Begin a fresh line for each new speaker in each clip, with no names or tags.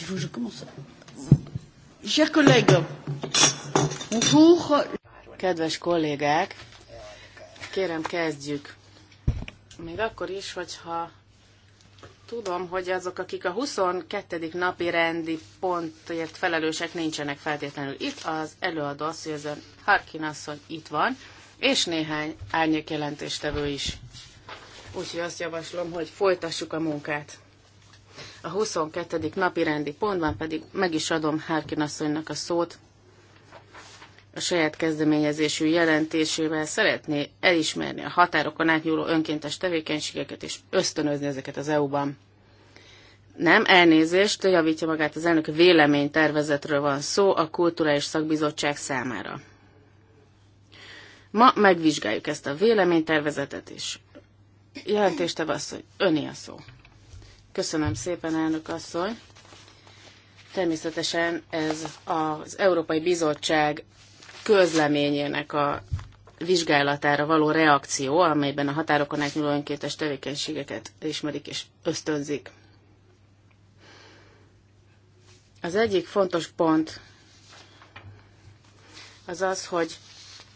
Il faut que je commence. Chers collègues, bonjour. Kedves kollégák, kérem kezdjük. Még akkor is, hogyha tudom, hogy azok, akik a 22. napi rendi pontért felelősek, nincsenek feltétlenül itt. Az előadó asszony, Harkin asszony itt van, és néhány árnyék jelentéstevő is. Úgyhogy azt javaslom, hogy folytassuk a munkát. A 22. napi rendi pontban pedig meg is adom Hárkin asszonynak a szót. A saját kezdeményezésű jelentésével szeretné elismerni a határokon átnyúló önkéntes tevékenységeket és ösztönözni ezeket az EU-ban. Nem, elnézést, javítja magát az elnök, véleménytervezetről van szó a Kulturális Szakbizottság számára. Ma megvizsgáljuk ezt a véleménytervezetet is. Jelentéstevő hogy öni a szó. Köszönöm szépen, elnök asszony. Természetesen ez az Európai Bizottság közleményének a vizsgálatára való reakció, amelyben a határokon átnyúló önkéntes tevékenységeket ismerik és ösztönzik. Az egyik fontos pont az az, hogy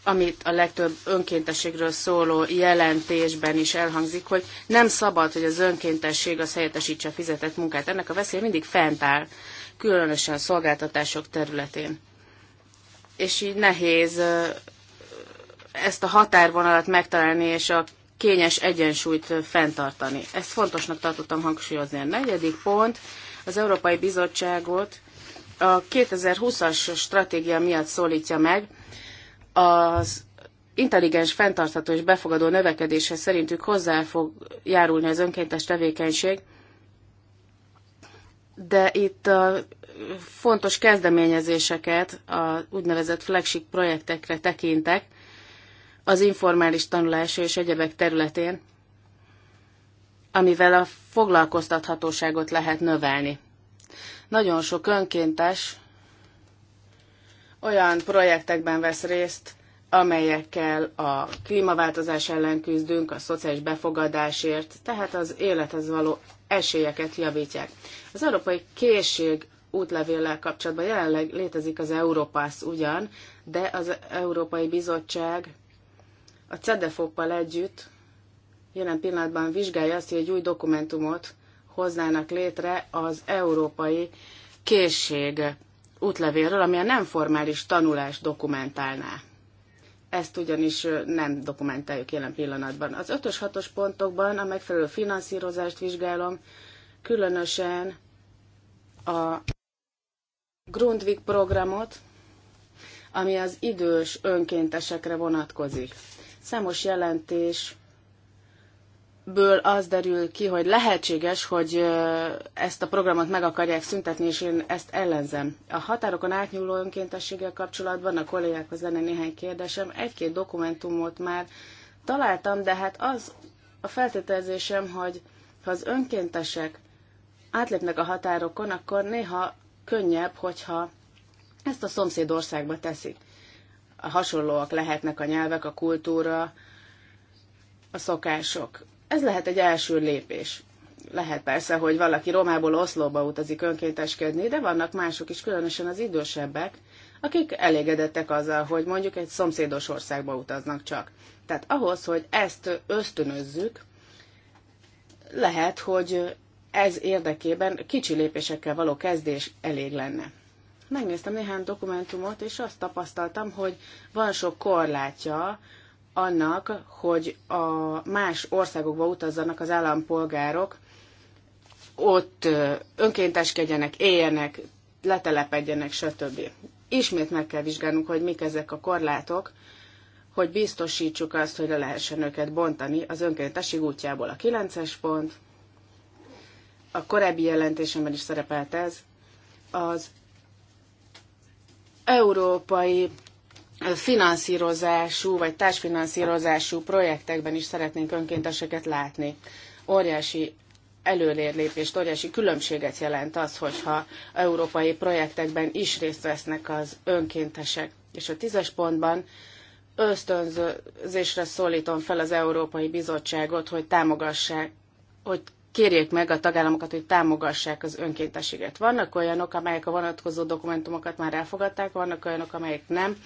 amit a legtöbb önkéntességről szóló jelentésben is elhangzik, hogy nem szabad, hogy az önkéntesség az helyettesítse a fizetett munkát. Ennek a veszélye mindig fent áll, különösen szolgáltatások területén. És így nehéz ezt a határvonalat megtalálni, és a kényes egyensúlyt fenntartani. Ezt fontosnak tartottam hangsúlyozni. A negyedik pont az Európai Bizottságot a 2020-as stratégia miatt szólítja meg, az intelligens, fenntartható és befogadó növekedéshez szerintük hozzá fog járulni az önkéntes tevékenység, de itt a fontos kezdeményezéseket, a úgynevezett flagship projektekre tekintek, az informális tanulás és egyebek területén, amivel a foglalkoztathatóságot lehet növelni. Nagyon sok önkéntes olyan projektekben vesz részt, amelyekkel a klímaváltozás ellen küzdünk, a szociális befogadásért, tehát az élethez való esélyeket javítják. Az Európai Készség útlevéllel kapcsolatban jelenleg létezik az Európász ugyan, de az Európai Bizottság a CEDEFOP-pal együtt jelen pillanatban vizsgálja azt, hogy egy új dokumentumot hoznának létre az európai készség útlevélről, ami a nem formális tanulás dokumentálná. Ezt ugyanis nem dokumentáljuk jelen pillanatban. Az 5-ös 6 pontokban a megfelelő finanszírozást vizsgálom, különösen a Grundvik programot, ami az idős önkéntesekre vonatkozik. Számos jelentés ből az derül ki, hogy lehetséges, hogy ezt a programot meg akarják szüntetni, és én ezt ellenzem. A határokon átnyúló önkéntességgel kapcsolatban a kollégákhoz lenne néhány kérdésem. Egy-két dokumentumot már találtam, de hát az a feltételezésem, hogy ha az önkéntesek átlépnek a határokon, akkor néha könnyebb, hogyha ezt a szomszédországba teszik. A hasonlóak lehetnek a nyelvek, a kultúra, a szokások. Ez lehet egy első lépés. Lehet persze, hogy valaki Romából Oszlóba utazik önkénteskedni, de vannak mások is, különösen az idősebbek, akik elégedettek azzal, hogy mondjuk egy szomszédos országba utaznak csak. Tehát ahhoz, hogy ezt ösztönözzük, lehet, hogy ez érdekében kicsi lépésekkel való kezdés elég lenne. Megnéztem néhány dokumentumot, és azt tapasztaltam, hogy van sok korlátja annak, hogy a más országokba utazzanak az állampolgárok, ott önkénteskedjenek, éljenek, letelepedjenek, stb. Ismét meg kell vizsgálnunk, hogy mik ezek a korlátok, hogy biztosítsuk azt, hogy le lehessen őket bontani az önkéntesség útjából. A 9-es pont, a korábbi jelentésemben is szerepelt ez, az európai finanszírozású vagy társfinanszírozású projektekben is szeretnénk önkénteseket látni. Óriási előrelépést, óriási különbséget jelent az, hogyha európai projektekben is részt vesznek az önkéntesek. És a tízes pontban ösztönzésre szólítom fel az Európai Bizottságot, hogy támogassák, hogy kérjék meg a tagállamokat, hogy támogassák az önkéntességet. Vannak olyanok, amelyek a vonatkozó dokumentumokat már elfogadták, vannak olyanok, amelyek nem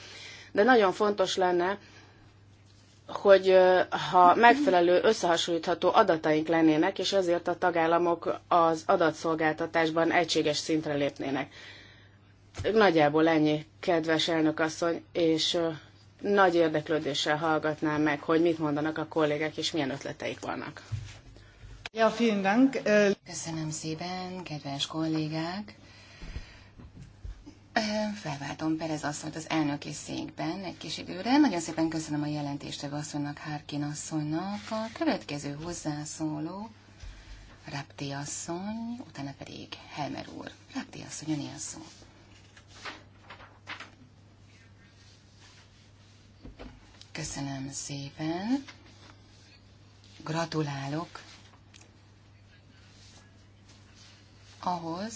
de nagyon fontos lenne, hogy ha megfelelő összehasonlítható adataink lennének, és ezért a tagállamok az adatszolgáltatásban egységes szintre lépnének. Nagyjából ennyi, kedves asszony és nagy érdeklődéssel hallgatnám meg, hogy mit mondanak a kollégák, és milyen ötleteik vannak.
Ja, vielen Dank. Köszönöm szépen, kedves kollégák. Felváltom Perez asszonyt az elnöki székben egy kis időre. Nagyon szépen köszönöm a jelentéstevő asszonynak, Hárkin asszonynak. A következő hozzászóló Rapti asszony, utána pedig Helmer úr. Rapti asszony, ön ilyen szó. Köszönöm szépen. Gratulálok ahhoz,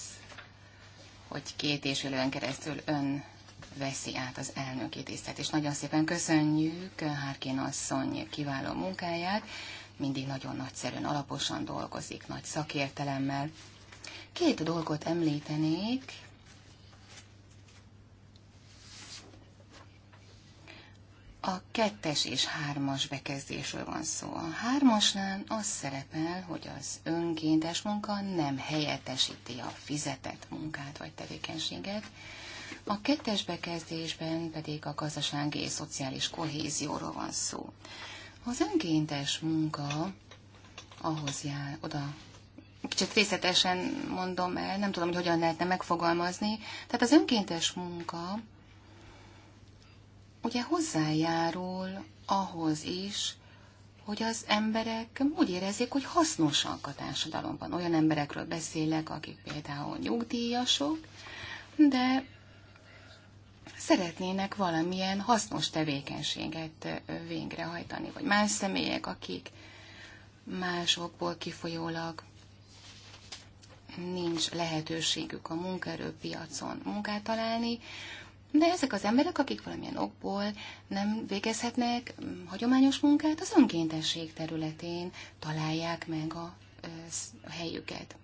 hogy két és élően keresztül ön veszi át az elnöki tisztet. És nagyon szépen köszönjük Harkin asszony kiváló munkáját, mindig nagyon nagyszerűen, alaposan dolgozik, nagy szakértelemmel. Két dolgot említenék, A kettes és hármas bekezdésről van szó. A hármasnál az szerepel, hogy az önkéntes munka nem helyettesíti a fizetett munkát vagy tevékenységet, a kettes bekezdésben pedig a gazdasági és szociális kohézióról van szó. Az önkéntes munka ahhoz jár oda, kicsit részletesen mondom el, nem tudom, hogy hogyan lehetne megfogalmazni. Tehát az önkéntes munka ugye hozzájárul ahhoz is, hogy az emberek úgy érezzék, hogy hasznosak a társadalomban. Olyan emberekről beszélek, akik például nyugdíjasok, de szeretnének valamilyen hasznos tevékenységet végrehajtani, vagy más személyek, akik másokból kifolyólag nincs lehetőségük a munkaerőpiacon munkát találni, de ezek az emberek, akik valamilyen okból nem végezhetnek mm, hagyományos munkát, az önkéntesség területén találják meg a, a helyüket.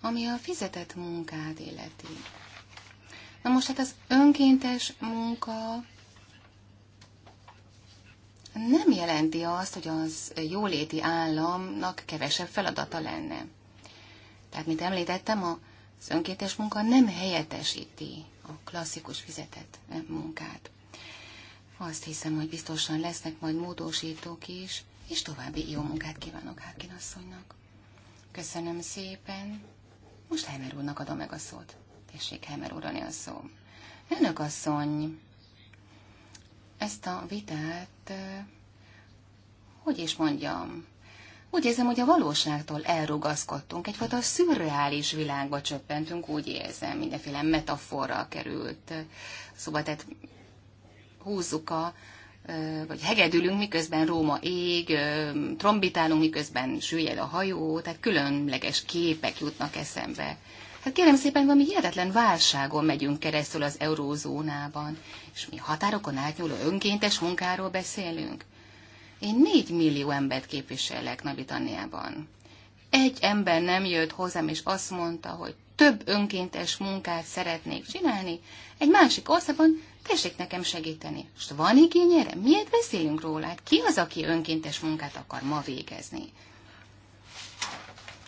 Ami a fizetett munkát illeti. Na most hát az önkéntes munka nem jelenti azt, hogy az jóléti államnak kevesebb feladata lenne. Tehát, mint említettem, az önkéntes munka nem helyettesíti a klasszikus fizetett munkát. Azt hiszem, hogy biztosan lesznek majd módosítók is, és további jó munkát kívánok Hákin asszonynak. Köszönöm szépen. Most Helmer úrnak adom meg a szót. Tessék, Helmer úrani a szó. Önök asszony, ezt a vitát, eh, hogy is mondjam, úgy érzem, hogy a valóságtól elrugaszkodtunk, egyfajta szürreális világba csöppentünk, úgy érzem, mindenféle metaforra került. Szóval tehát húzzuk a, vagy hegedülünk, miközben Róma ég, trombitálunk, miközben süllyed a hajó, tehát különleges képek jutnak eszembe. Hát kérem szépen, valami hihetetlen válságon megyünk keresztül az eurózónában, és mi határokon átnyúló önkéntes munkáról beszélünk. Én négy millió embert képviselek Nagy-Britanniában. Egy ember nem jött hozzám, és azt mondta, hogy több önkéntes munkát szeretnék csinálni, egy másik országban tessék nekem segíteni. Most van igény erre? Miért beszélünk róla? Hát ki az, aki önkéntes munkát akar ma végezni?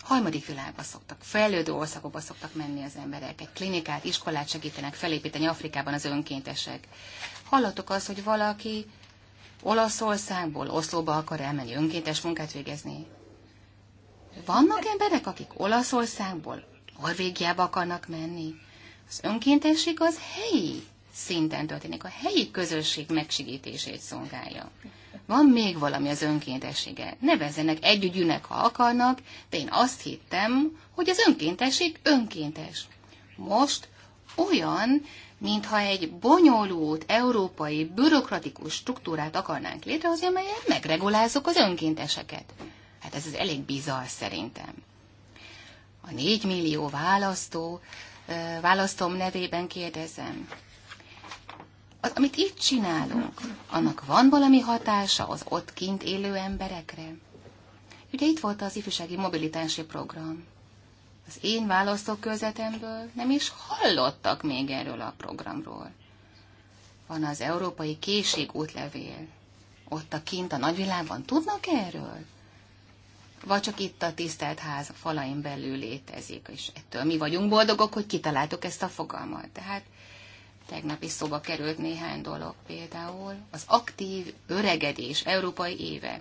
Harmadik világba szoktak, fejlődő országokba szoktak menni az emberek, egy klinikát, iskolát segítenek felépíteni Afrikában az önkéntesek. Hallatok azt, hogy valaki Olaszországból Oszlóba akar elmenni önkéntes munkát végezni. Vannak emberek, akik Olaszországból Norvégiába akarnak menni. Az önkéntesség az helyi szinten történik, a helyi közösség megsegítését szolgálja. Van még valami az önkéntessége. Nevezzenek együgyűnek, ha akarnak, de én azt hittem, hogy az önkéntesség önkéntes. Most olyan mintha egy bonyolult, európai, bürokratikus struktúrát akarnánk létrehozni, amelyet megregulázzuk az önkénteseket. Hát ez az elég bizarr szerintem. A négy millió választó, választom nevében kérdezem. Az, amit itt csinálunk, annak van valami hatása az ott kint élő emberekre? Ugye itt volt az ifjúsági mobilitási program az én választókörzetemből nem is hallottak még erről a programról. Van az Európai Készség útlevél. Ott a kint a nagyvilágban tudnak erről? Vagy csak itt a tisztelt ház falain belül létezik, és ettől mi vagyunk boldogok, hogy kitaláltuk ezt a fogalmat. Tehát tegnap is szóba került néhány dolog, például az aktív öregedés európai éve.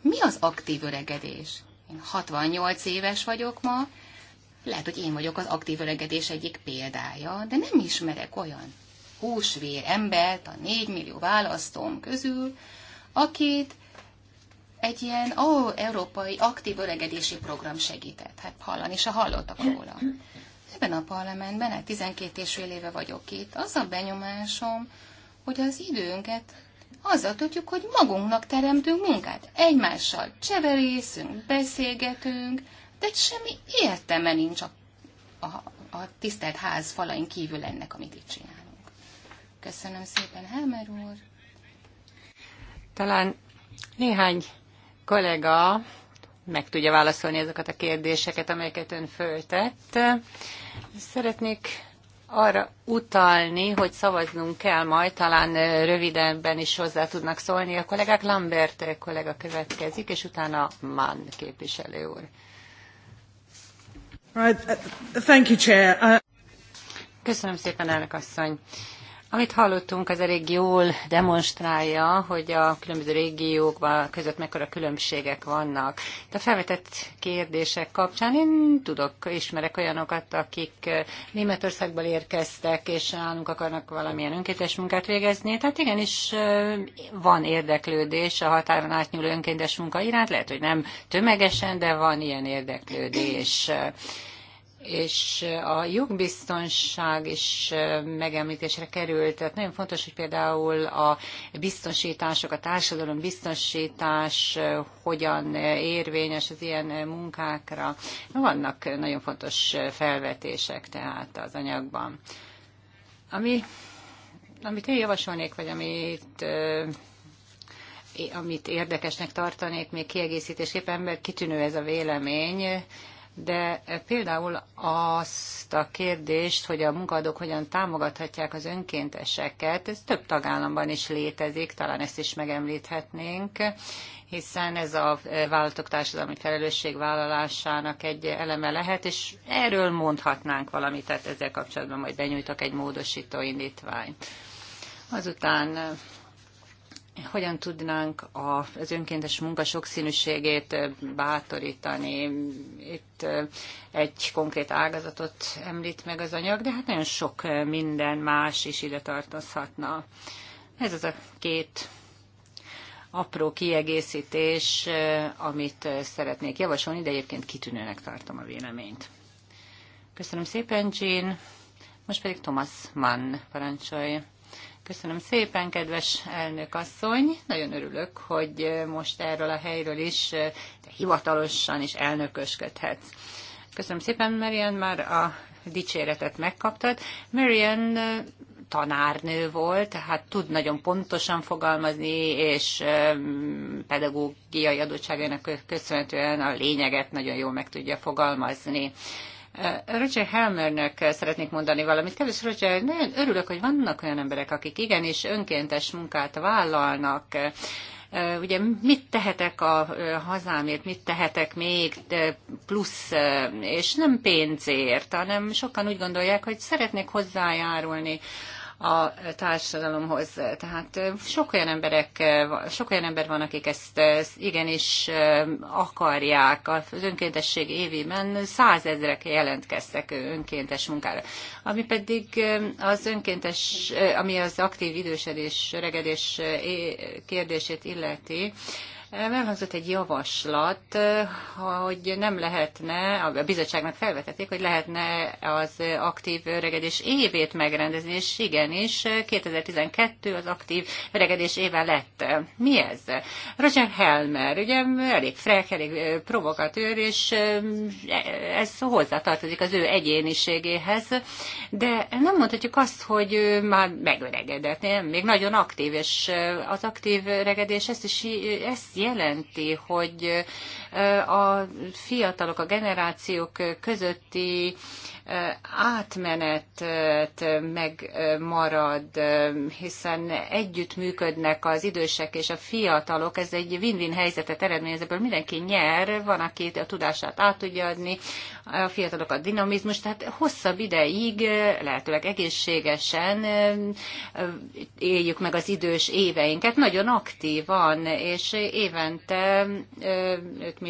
Mi az aktív öregedés? Én 68 éves vagyok ma, lehet, hogy én vagyok az aktív öregedés egyik példája, de nem ismerek olyan húsvér embert a 4 millió választóm közül, akit egy ilyen ó, európai aktív öregedési program segített. Hát hallani se hallottak róla. Ebben a parlamentben, hát 12 és fél éve vagyok itt, az a benyomásom, hogy az időnket azzal tudjuk, hogy magunknak teremtünk munkát. Egymással cseverészünk, beszélgetünk, de semmi értelme nincs a, a, a tisztelt ház falain kívül ennek, amit itt csinálunk.
Köszönöm szépen,
Helmer úr!
Talán néhány kollega meg tudja válaszolni ezeket a kérdéseket, amelyeket ön föltett. Szeretnék arra utalni, hogy szavaznunk kell majd, talán rövidebben is hozzá tudnak szólni a kollégák. Lambert kollega következik, és utána Mann képviselő úr. Right. Thank you, Chair. Uh, Köszönöm szépen, elnök asszony. Amit hallottunk, az elég jól demonstrálja, hogy a különböző régiókban között mekkora különbségek vannak. De a felvetett kérdések kapcsán én tudok, ismerek olyanokat, akik eh, Németországból érkeztek, és nálunk akarnak valamilyen önkéntes munkát végezni. Tehát igenis eh, van érdeklődés a határon átnyúló önkéntes munka iránt, lehet, hogy nem tömegesen, de van ilyen érdeklődés és a jogbiztonság is megemlítésre került. Tehát nagyon fontos, hogy például a biztosítások, a társadalom biztosítás hogyan érvényes az ilyen munkákra. Vannak nagyon fontos felvetések tehát az anyagban. Ami, amit én javasolnék, vagy amit amit érdekesnek tartanék, még kiegészítésképpen, mert kitűnő ez a vélemény, de például azt a kérdést, hogy a munkadók hogyan támogathatják az önkénteseket, ez több tagállamban is létezik, talán ezt is megemlíthetnénk, hiszen ez a vállalatok társadalmi vállalásának egy eleme lehet, és erről mondhatnánk valamit, tehát ezzel kapcsolatban majd benyújtok egy módosító indítványt. Azután hogyan tudnánk az önkéntes munka sokszínűségét eh, bátorítani. Itt eh, egy konkrét ágazatot említ meg az anyag, de hát nagyon sok eh, minden más is ide tartozhatna. Ez az a két apró kiegészítés, amit szeretnék javasolni, de egyébként kitűnőnek tartom a véleményt. Köszönöm szépen, Jean. Most pedig Thomas Mann parancsolja. Köszönöm szépen, kedves elnök asszony. Nagyon örülök, hogy most erről a helyről is eh, hivatalosan is elnökösködhetsz. Köszönöm szépen, Marian, már a dicséretet megkaptad. Marian eh, tanárnő volt, tehát tud nagyon pontosan fogalmazni, és eh, pedagógiai adottságainak köszönhetően a lényeget nagyon jól meg tudja fogalmazni. Roger Helmernek szeretnék mondani valamit. Kedves Roger, nagyon örülök, hogy vannak olyan emberek, akik igenis önkéntes munkát vállalnak ugye mit tehetek a hazámért, mit tehetek még plusz, és nem pénzért, hanem sokan úgy gondolják, hogy szeretnék hozzájárulni a társadalomhoz. Tehát sok olyan, emberek, sok olyan ember van, akik ezt igenis akarják. Az önkéntesség évében százezrek jelentkeztek önkéntes munkára. Ami pedig az önkéntes, ami az aktív idősedés, öregedés kérdését illeti, Elhangzott egy javaslat, hogy nem lehetne, a bizottságnak felvetették, hogy lehetne az aktív öregedés évét megrendezni, és igenis 2012 az aktív öregedés éve lett. Mi ez? Roger Helmer, ugye elég frek, elég provokatőr, és ez hozzátartozik az ő egyéniségéhez, de nem mondhatjuk azt, hogy ő már megöregedett, nem? még nagyon aktív, és az aktív öregedés ezt is ezt jelenti, hogy a fiatalok, a generációk közötti átmenetet megmarad, hiszen együtt működnek az idősek és a fiatalok, ez egy win-win helyzetet eredményez, ebből mindenki nyer, van, aki a tudását át tudja adni, a fiatalok a dinamizmus, tehát hosszabb ideig, lehetőleg egészségesen éljük meg az idős éveinket, nagyon aktívan, és évente 5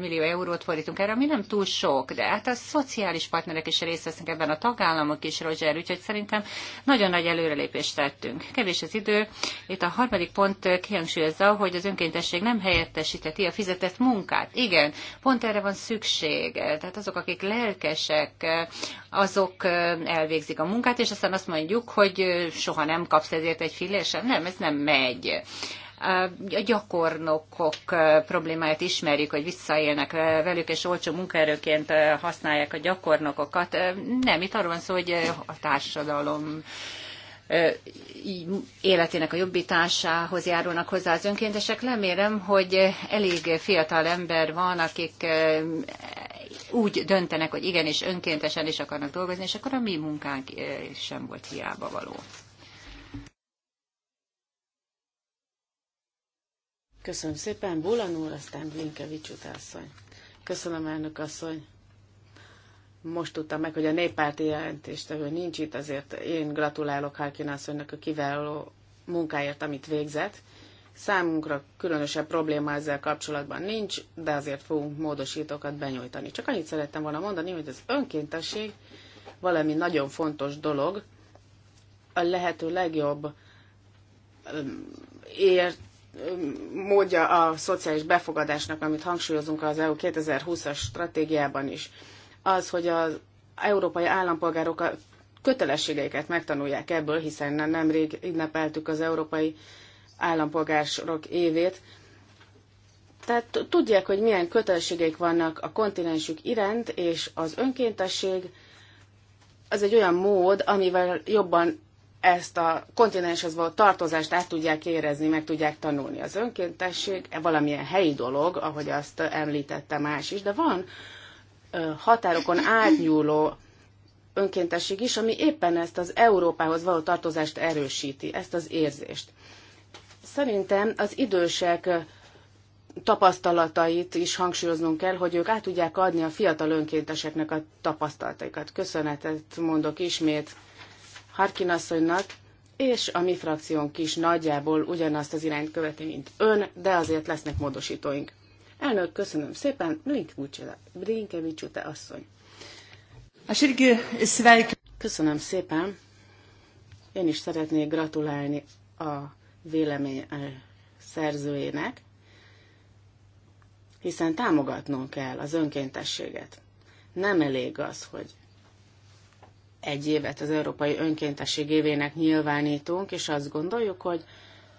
millió eurót fordítunk erre, ami nem túl sok, de hát a szociális partnerek is részt vesznek ebben a tagállamok is, Roger, úgyhogy szerintem nagyon nagy előrelépést tettünk. Kevés az idő. Itt a harmadik pont kihangsúlyozza, hogy az önkéntesség nem helyettesíteti a fizetett munkát. Igen, pont erre van szükség. Tehát azok, akik lelkesek, azok elvégzik a munkát, és aztán azt mondjuk, hogy soha nem kapsz ezért egy fillér sem. Nem, ez nem megy. A gyakornokok problémáját ismerjük, hogy visszaélnek velük, és olcsó munkaerőként használják a gyakornokokat. Nem, itt arról van szó, hogy a társadalom életének a jobbításához járulnak hozzá az önkéntesek. Lemérem, hogy elég fiatal ember van, akik úgy döntenek, hogy igenis önkéntesen is akarnak dolgozni, és akkor a mi munkánk sem volt hiába való.
Köszönöm szépen, Bulan úr, aztán Blinkevics utászony. Köszönöm, elnök asszony. Most tudtam meg, hogy a néppárti jelentéstevő nincs itt, azért én gratulálok Harkin asszonynak a kiváló munkáért, amit végzett. Számunkra különösebb probléma ezzel kapcsolatban nincs, de azért fogunk módosítókat benyújtani. Csak annyit szerettem volna mondani, hogy az önkéntesség valami nagyon fontos dolog, a lehető legjobb ért módja a szociális befogadásnak, amit hangsúlyozunk az EU 2020-as stratégiában is, az, hogy az európai állampolgárok a kötelességeiket megtanulják ebből, hiszen nemrég ünnepeltük az európai állampolgárok évét. Tehát tudják, hogy milyen kötelességeik vannak a kontinensük iránt, és az önkéntesség az egy olyan mód, amivel jobban ezt a kontinenshez való tartozást át tudják érezni, meg tudják tanulni. Az önkéntesség e valamilyen helyi dolog, ahogy azt említette más is, de van határokon átnyúló önkéntesség is, ami éppen ezt az Európához való tartozást erősíti, ezt az érzést. Szerintem az idősek tapasztalatait is hangsúlyoznunk kell, hogy ők át tudják adni a fiatal önkénteseknek a tapasztalataikat. Köszönetet mondok ismét Harkin asszonynak, és a mi frakciónk is nagyjából ugyanazt az irányt követi, mint ön, de azért lesznek módosítóink. Elnök, köszönöm szépen, Blinkevics Ute asszony. Köszönöm szépen. Én is szeretnék gratulálni a vélemény szerzőjének, hiszen támogatnunk kell az önkéntességet. Nem elég az, hogy egy évet az Európai Önkéntesség évének nyilvánítunk, és azt gondoljuk, hogy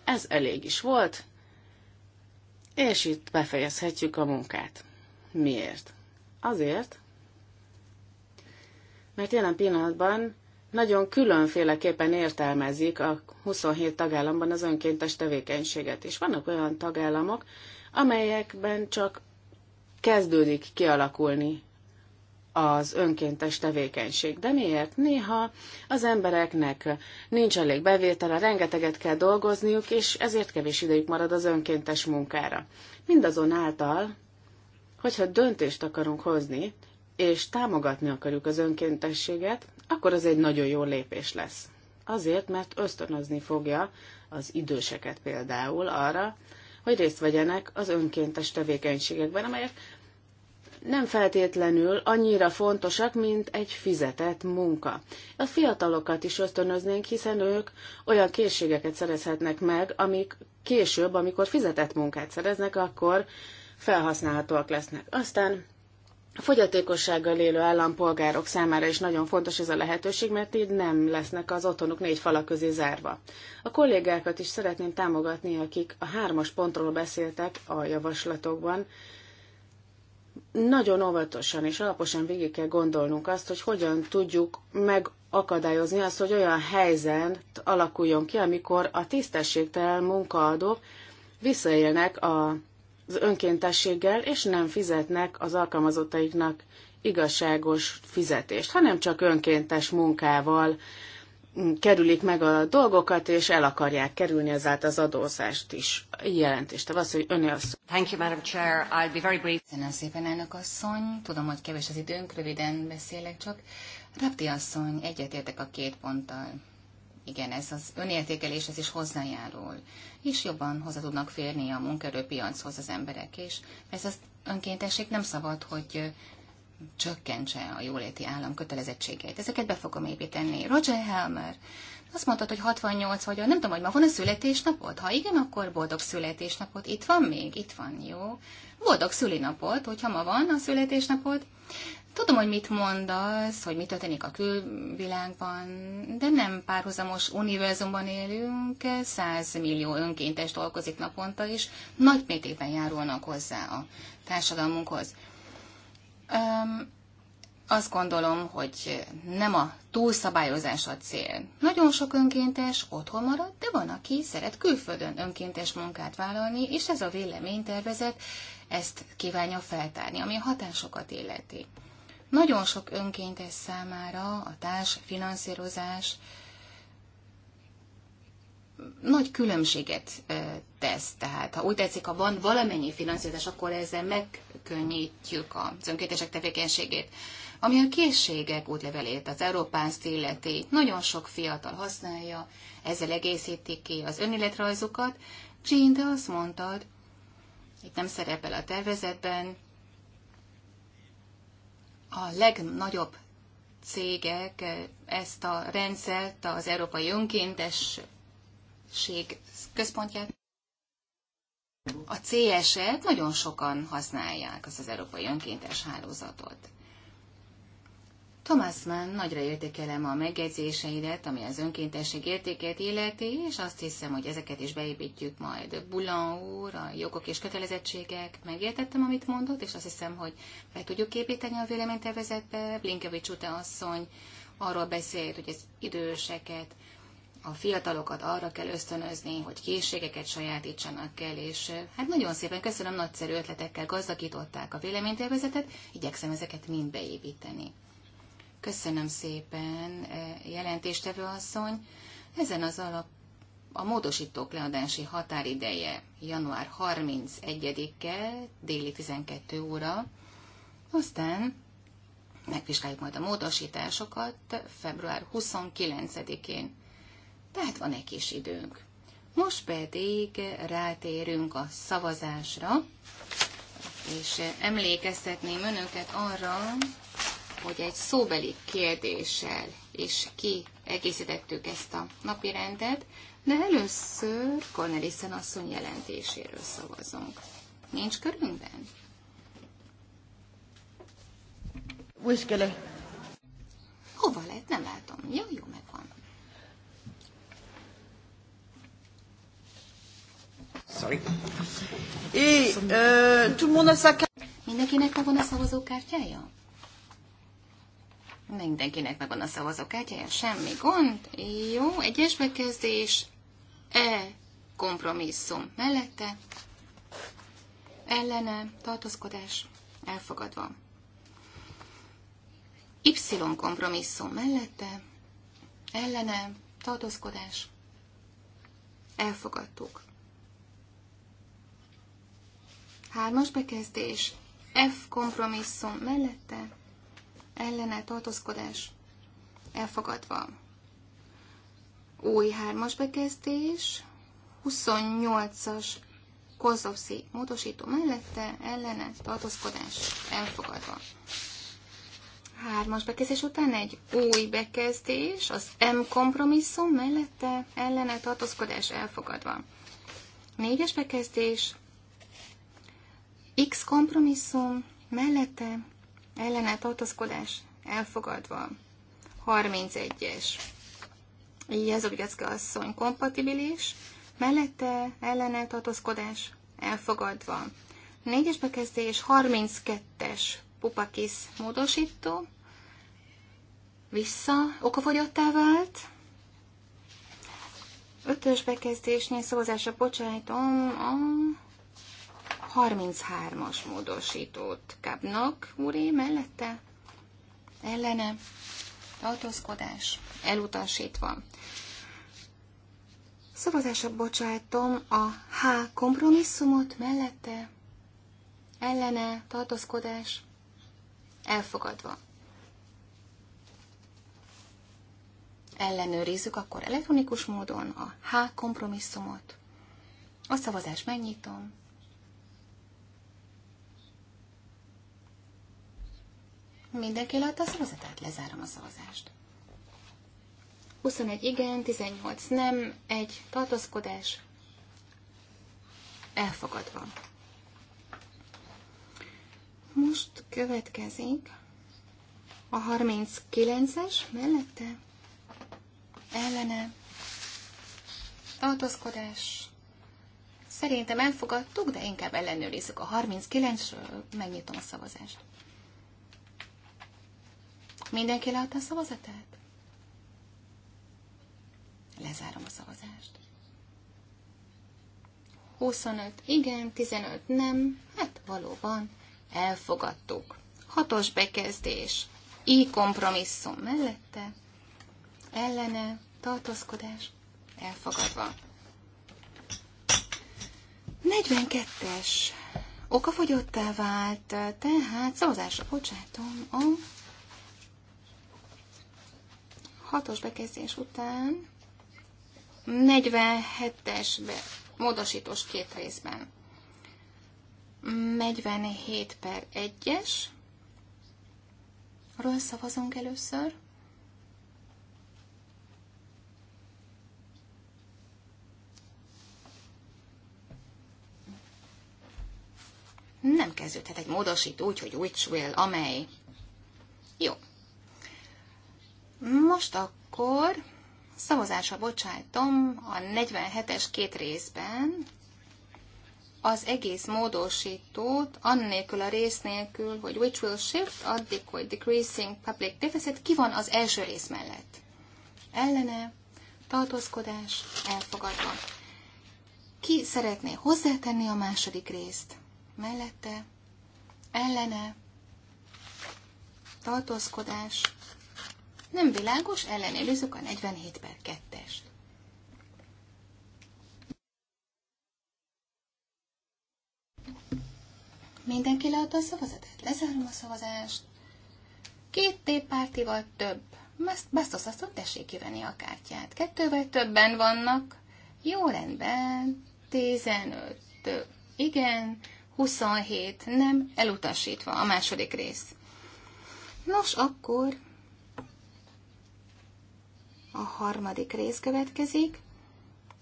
ez elég is volt, és itt befejezhetjük a munkát. Miért? Azért, mert jelen pillanatban nagyon különféleképpen értelmezik a 27 tagállamban az önkéntes tevékenységet. És vannak olyan tagállamok, amelyekben csak kezdődik kialakulni az önkéntes tevékenység. De miért? Néha az embereknek nincs elég bevétele, rengeteget kell dolgozniuk, és ezért kevés idejük marad az önkéntes munkára. Mindazonáltal, hogyha döntést akarunk hozni, és támogatni akarjuk az önkéntességet, akkor az egy nagyon jó lépés lesz. Azért, mert ösztönözni fogja az időseket például arra, hogy részt vegyenek az önkéntes tevékenységekben, amelyek nem feltétlenül annyira fontosak, mint egy fizetett munka. A fiatalokat is ösztönöznénk, hiszen ők olyan készségeket szerezhetnek meg, amik később, amikor fizetett munkát szereznek, akkor felhasználhatóak lesznek. Aztán a fogyatékossággal élő állampolgárok számára is nagyon fontos ez a lehetőség, mert így nem lesznek az otthonuk négy fala közé zárva. A kollégákat is szeretném támogatni, akik a hármas pontról beszéltek a javaslatokban, nagyon óvatosan és alaposan végig kell gondolnunk azt, hogy hogyan tudjuk megakadályozni azt, hogy olyan helyzet alakuljon ki, amikor a tisztességtelen munkaadók visszaélnek a, az önkéntességgel, és nem fizetnek az alkalmazottaiknak igazságos fizetést, hanem csak önkéntes munkával kerülik meg a dolgokat, és el akarják kerülni ezáltal az adózást is. Jelentést az, hogy ön az. Thank you, Madam
Chair. I'll be very brief. Köszönöm szépen, elnök asszony. Tudom, hogy kevés az időnk, röviden beszélek csak. Rapti asszony, egyetértek a két ponttal. Igen, ez az önértékelés, ez is hozzájárul. És jobban hozzá tudnak férni a munkerőpiachoz az emberek, és ez az önkéntesség nem szabad, hogy csökkentse a jóléti állam kötelezettségeit. Ezeket be fogom építeni. Roger Helmer azt mondtad, hogy 68 vagy, nem tudom, hogy ma van a születésnapod? Ha igen, akkor boldog születésnapot. Itt van még? Itt van, jó. Boldog szülinapot, hogyha ma van a születésnapod. Tudom, hogy mit mondasz, hogy mi történik a külvilágban, de nem párhuzamos univerzumban élünk, 100 millió önkéntes dolgozik naponta, és nagy mértékben járulnak hozzá a társadalmunkhoz. Öm, azt gondolom, hogy nem a túlszabályozás a cél. Nagyon sok önkéntes otthon marad, de van, aki szeret külföldön önkéntes munkát vállalni, és ez a véleménytervezet ezt kívánja feltárni, ami a hatásokat illeti. Nagyon sok önkéntes számára a társfinanszírozás, finanszírozás nagy különbséget tesz. Tehát, ha úgy tetszik, ha van valamennyi finanszírozás, akkor ezzel megkönnyítjük a önkéntesek tevékenységét. Ami a készségek útlevelét, az Európán illeti, nagyon sok fiatal használja, ezzel egészítik ki az önéletrajzukat. Jean, de azt mondtad, itt nem szerepel a tervezetben, a legnagyobb cégek ezt a rendszert az Európai Önkéntes ség központját. A CS-et nagyon sokan használják, az az Európai Önkéntes Hálózatot. Thomas Mann, nagyra értékelem a megjegyzéseidet, ami az önkéntesség értékét illeti, és azt hiszem, hogy ezeket is beépítjük majd. Bulan úr, a jogok és kötelezettségek, megértettem, amit mondott, és azt hiszem, hogy be tudjuk építeni a véleménytervezetbe. Blinkevics Ute asszony arról beszélt, hogy az időseket a fiatalokat arra kell ösztönözni, hogy készségeket sajátítsanak el, és eh, hát nagyon szépen köszönöm, nagyszerű ötletekkel gazdagították a véleménytervezetet, igyekszem ezeket mind beépíteni. Köszönöm szépen, eh, jelentéstevő asszony. Ezen az alap a módosítók leadási határideje január 31-e déli 12 óra, aztán megvizsgáljuk majd a módosításokat február 29-én tehát van egy kis időnk. Most pedig rátérünk a szavazásra, és emlékeztetném önöket arra, hogy egy szóbeli kérdéssel is kiegészítettük ezt a napi rendet, de először Cornelissen asszony jelentéséről szavazunk. Nincs körünkben? Hova lett? Nem látom. Jó jó, megvan. Sorry. Et, euh, tout le monde a sa... Mindenkinek megvan a szavazókártyája? Mindenkinek megvan a szavazókártyája, semmi gond. Jó, egyes bekezdés, E kompromisszum mellette, ellene tartózkodás elfogadva. Y kompromisszum mellette, ellene tartózkodás elfogadtuk. Hármas bekezdés. F kompromisszum mellette ellene tartózkodás elfogadva. Új hármas bekezdés. 28-as Kozovszi módosító mellette ellene tartózkodás elfogadva. Hármas bekezdés után egy új bekezdés, az M kompromisszum mellette ellene tartózkodás elfogadva. Négyes bekezdés, X kompromisszum mellette ellene tartozkodás elfogadva. 31-es. Így ez a asszony kompatibilis, mellette ellene tartózkodás elfogadva. 4-es bekezdés 32-es pupakis módosító. Vissza okafogyottá vált. Ötös bekezdésnél szavazásra bocsájtom a 33-as módosítót kapnak, úré, mellette, ellene, tartózkodás, elutasítva. Szavazásra bocsátom a H kompromisszumot mellette, ellene, tartózkodás, elfogadva. Ellenőrizzük akkor elektronikus módon a H kompromisszumot. A szavazást megnyitom. Mindenki látta a szavazatát? Lezárom a szavazást. 21 igen, 18 nem, egy tartózkodás elfogadva. Most következik a 39-es mellette ellene tartózkodás. Szerintem elfogadtuk, de inkább ellenőrizzük a 39-ről, megnyitom a szavazást. Mindenki leadta a szavazatát? Lezárom a szavazást. 25 igen, 15 nem, hát valóban elfogadtuk. Hatos bekezdés, i kompromisszum mellette, ellene, tartózkodás, elfogadva. 42-es okafogyottá vált, tehát szavazásra bocsátom a 6-os bekezdés után 47-es módosítós két részben. 47 per 1-es. Arról szavazunk először. Nem kezdődhet egy módosító úgy, hogy which will, amely. Jó, most akkor szavazásra bocsájtom a 47-es két részben az egész módosítót, annélkül a rész nélkül, hogy which will shift, addig, hogy decreasing public deficit, ki van az első rész mellett. Ellene, tartózkodás, elfogadva. Ki szeretné hozzátenni a második részt? Mellette, ellene, tartózkodás, nem világos, ellenőrizzük a 47 per 2-est. Mindenki leadta a szavazatát, lezárom a szavazást. Két vagy több. Basztos azt mondta, tessék kivenni a kártyát. Kettővel többen vannak. Jó rendben. 15. Igen. 27. Nem. Elutasítva a második rész. Nos, akkor a harmadik rész következik,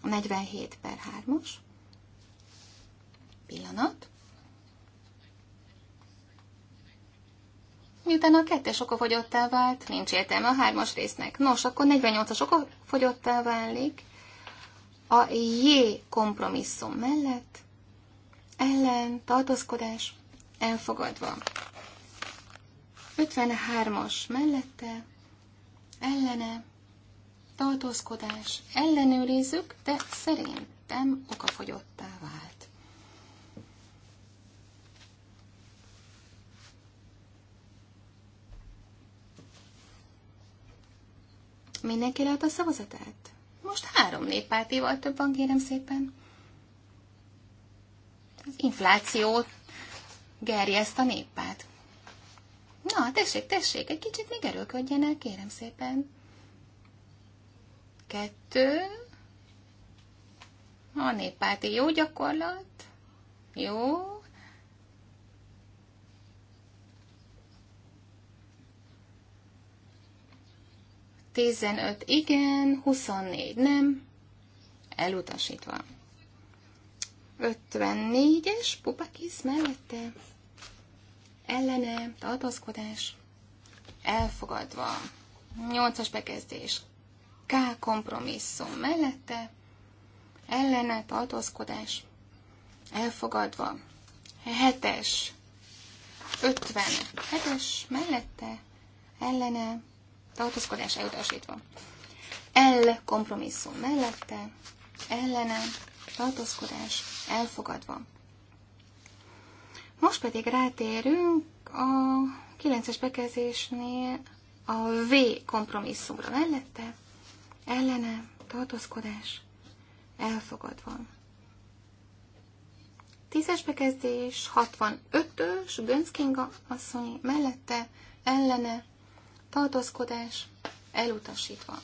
a 47 per 3-os. Pillanat. Miután a kettes okafogyottá vált, nincs értelme a hármas résznek. Nos, akkor 48-as okafogyottá válik. A J kompromisszum mellett ellen tartozkodás, elfogadva. 53-as mellette ellene tartózkodás, ellenőrizzük, de szerintem okafogyottá vált. Mindenki lehet a szavazatát? Most három néppártival több van, kérem szépen. Az infláció gerjeszt a néppárt. Na, tessék, tessék, egy kicsit még erőködjenek, kérem szépen kettő. A néppárti jó gyakorlat. Jó. Tizenöt igen, huszonnégy nem. Elutasítva. 54-es pupakisz mellette. Ellene, tartózkodás. Elfogadva. 8-as bekezdés. K kompromisszum mellette, ellene tartózkodás elfogadva. hetes, ötven 57-es mellette, ellene tartózkodás elutasítva. L kompromisszum mellette, ellene tartózkodás elfogadva. Most pedig rátérünk a 9-es bekezésnél a V kompromisszumra mellette, ellene, tartózkodás, elfogadva. Tízes bekezdés, 65-ös, Gönckinga asszony mellette, ellene, tartózkodás, elutasítva.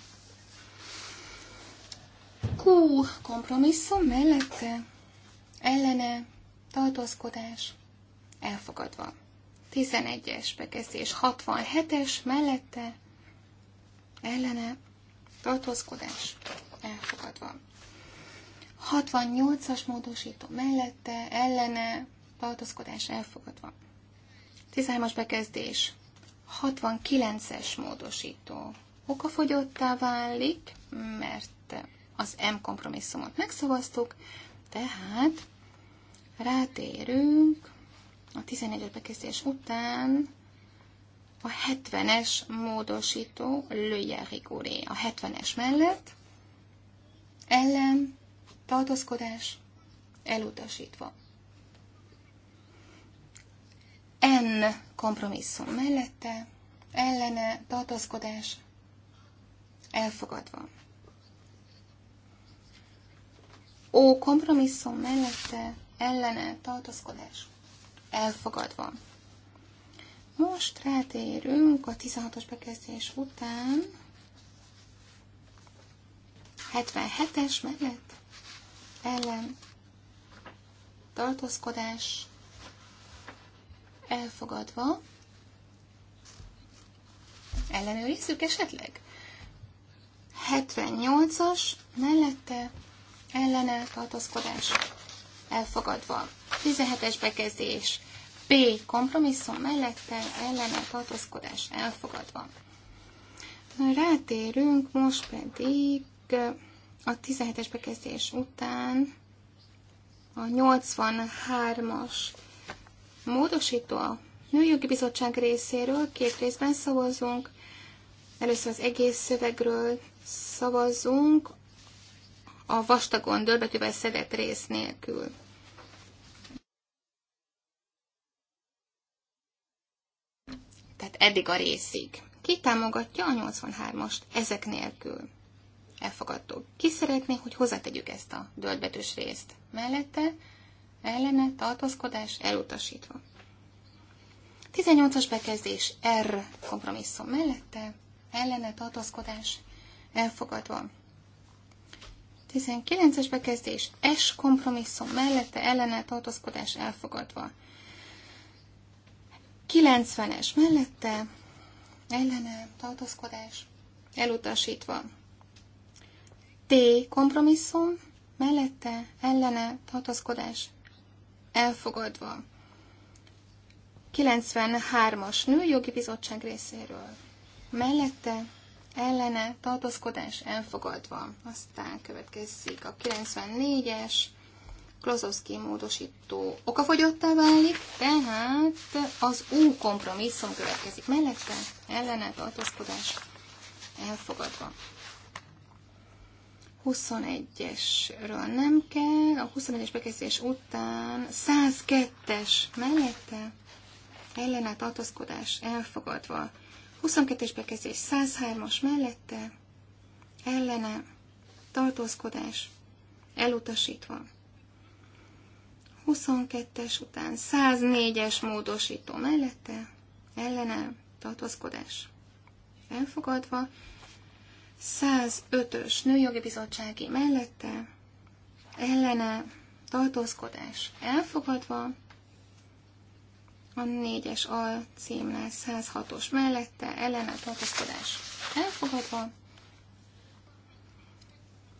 Q kompromisszum mellette, ellene, tartózkodás, elfogadva. 11-es bekezdés, 67-es mellette, ellene, tartózkodás elfogadva. 68-as módosító mellette, ellene, tartózkodás elfogadva. 13-as bekezdés, 69-es módosító okafogyottá válik, mert az M kompromisszumot megszavaztuk, tehát rátérünk a 14-es bekezdés után a 70-es módosító Lőjeriguré. A 70-es mellett ellen tartózkodás elutasítva. N kompromisszum mellette ellene tartózkodás elfogadva. o kompromisszum mellette ellene tartózkodás elfogadva. Most rátérünk a 16-os bekezdés után 77-es mellett ellen tartózkodás elfogadva. Ellenőrizzük esetleg? 78-as mellette ellene tartózkodás elfogadva. 17-es bekezdés B kompromisszum mellette ellene tartózkodás elfogadva. Rátérünk most pedig a 17-es bekezdés után a 83-as módosító a Nőjogi Bizottság részéről. Két részben szavazunk. Először az egész szövegről szavazunk, a vastagon dörbetűvel szedett rész nélkül. tehát eddig a részig. Ki támogatja a 83-ast ezek nélkül? Elfogadtuk. Ki szeretné, hogy hozzátegyük ezt a döldbetűs részt? Mellette ellene tartózkodás elutasítva. 18-as bekezdés R kompromisszum mellette ellene tartózkodás elfogadva. 19-es bekezdés S kompromisszum mellette ellene tartózkodás elfogadva. 90-es mellette ellene tartózkodás elutasítva. T kompromisszum mellette ellene tartózkodás elfogadva. 93-as nőjogi bizottság részéről mellette ellene tartózkodás elfogadva. Aztán következik a 94-es Klozowski módosító okafogyottá válik, tehát az U kompromisszum következik. Mellette ellene tartózkodás elfogadva. 21-esről nem kell, a 21-es bekezdés után 102-es mellette ellene tartózkodás elfogadva. 22-es bekezdés 103-as mellette ellene tartózkodás elutasítva. 22-es után 104-es módosító mellette, ellene, tartózkodás elfogadva, 105-ös nőjogi bizottsági mellette, ellene, tartózkodás elfogadva, a 4-es alcímlás 106-os mellette, ellene, tartózkodás elfogadva,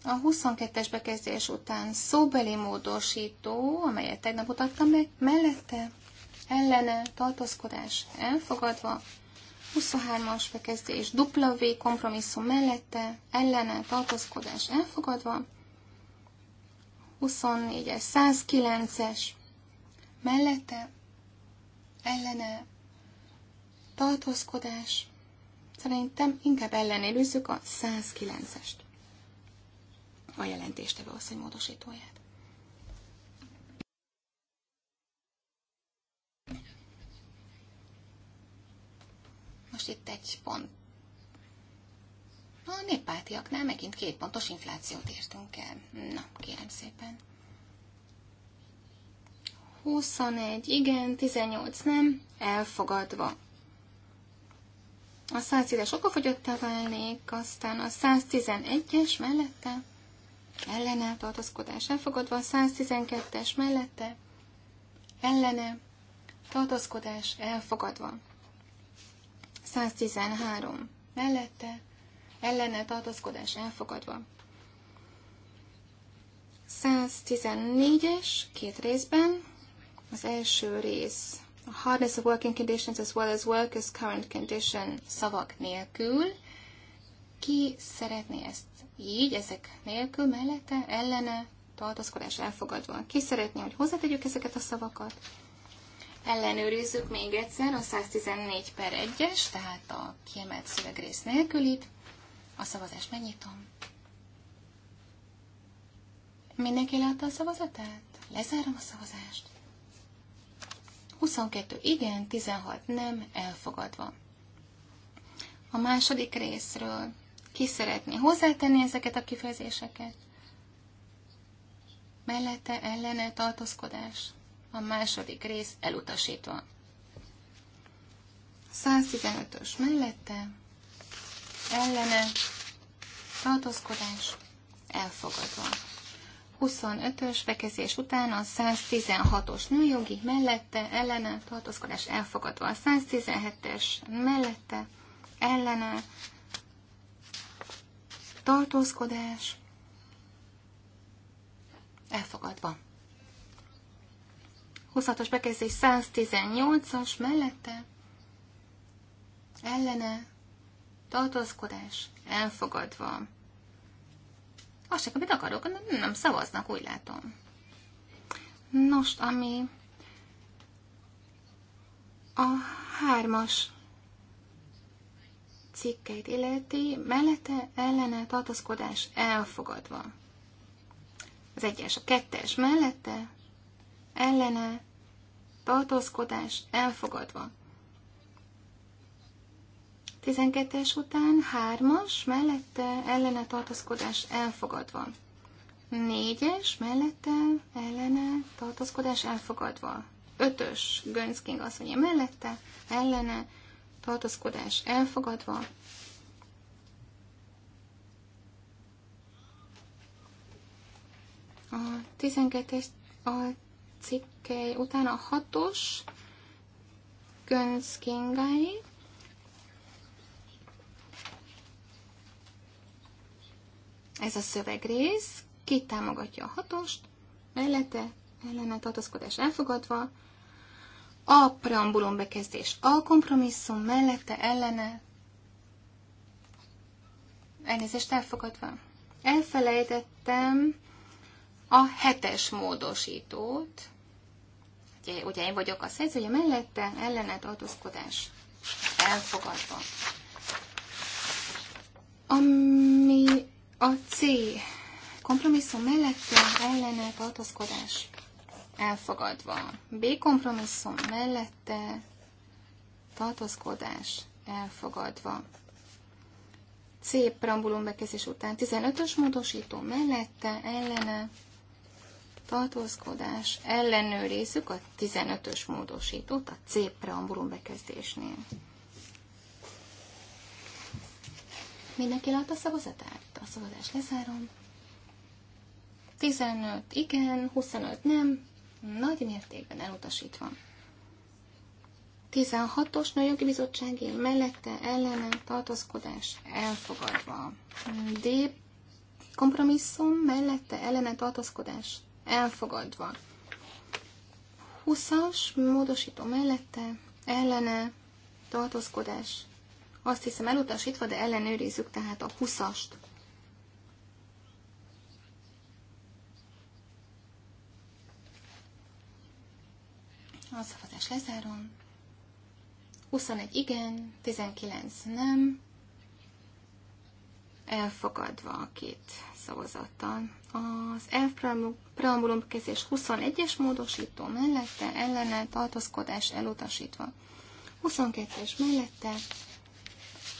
a 22-es bekezdés után szóbeli módosító, amelyet tegnap mutattam meg, mellette ellene tartózkodás elfogadva, 23-as bekezdés W kompromisszum mellette ellene tartózkodás elfogadva, 24-es 109-es mellette ellene tartózkodás. Szerintem inkább ellenélőzzük a 109-est a jelentéstevő asszony módosítóját. Most itt egy pont. A néppártiaknál megint két pontos inflációt értünk el. Na, kérem szépen. 21, igen, 18, nem, elfogadva. A 110-es okafogyottá válnék, aztán a 111-es mellette ellene tartózkodás elfogadva, 112-es mellette ellene tartózkodás elfogadva, 113 mellette ellene tartózkodás elfogadva. 114-es, két részben, az első rész a hardness of working conditions as well as workers' current condition szavak nélkül. Ki szeretné ezt így ezek nélkül mellette ellene tartozkodás elfogadva. Ki szeretné, hogy hozzátegyük ezeket a szavakat? Ellenőrizzük még egyszer a 114 per 1-es, tehát a kiemelt szövegrész nélkülit. A szavazást megnyitom. Mindenki látta a szavazatát? Lezárom a szavazást. 22 igen, 16 nem, elfogadva. A második részről ki szeretné hozzátenni ezeket a kifejezéseket? Mellette ellene tartózkodás. A második rész elutasítva. 115-ös mellette ellene tartózkodás elfogadva. 25-ös bekezdés után a 116-os nőjogi mellette ellene tartózkodás elfogadva, a 117-es mellette ellene tartózkodás, elfogadva. 26-os bekezdés 118-as mellette, ellene, tartózkodás, elfogadva. Azt csak, amit akarok, nem szavaznak, úgy látom. Nos, ami a hármas cikkeit illeti, mellette ellene tartaszkodás elfogadva. Az egyes, a kettes mellette ellene tartózkodás elfogadva. 12-es után 3-as, mellette ellene tartózkodás elfogadva. 4-es, mellette ellene tartózkodás elfogadva. 5-ös, Gönc King asszonya mellette ellene tartozkodás elfogadva. A 12-es a cikkely utána a 6-os Gönc Ez a szövegrész, ki támogatja a hatost, mellette ellene tartozkodás elfogadva, a preambulum bekezdés a kompromisszum mellette ellene elnézést elfogadva. Elfelejtettem a hetes módosítót. Ugye, ugye én vagyok a szerzője mellette, ellene tartózkodás elfogadva. Ami a C kompromisszum mellette ellene tartózkodás elfogadva. B kompromisszum mellette tartózkodás elfogadva. C preambulum bekezdés után 15-ös módosító mellette ellene tartózkodás ellenőrizzük a 15-ös módosítót a C preambulum bekezdésnél. Mindenki látta a szavazatát? A szavazást lezárom. 15 igen, 25 nem, nagy mértékben elutasítva. 16-os Nőjogi Bizottsági mellette ellene tartózkodás elfogadva. D. Kompromisszum mellette ellene tartózkodás elfogadva. 20-as módosító mellette ellene tartózkodás. Azt hiszem elutasítva, de ellenőrizzük tehát a 20-ast. A szavazást lezárom. 21 igen, 19 nem. Elfogadva a két szavazattal. Az elpreambulum kezés 21-es módosító mellette ellene tartózkodás elutasítva. 22-es mellette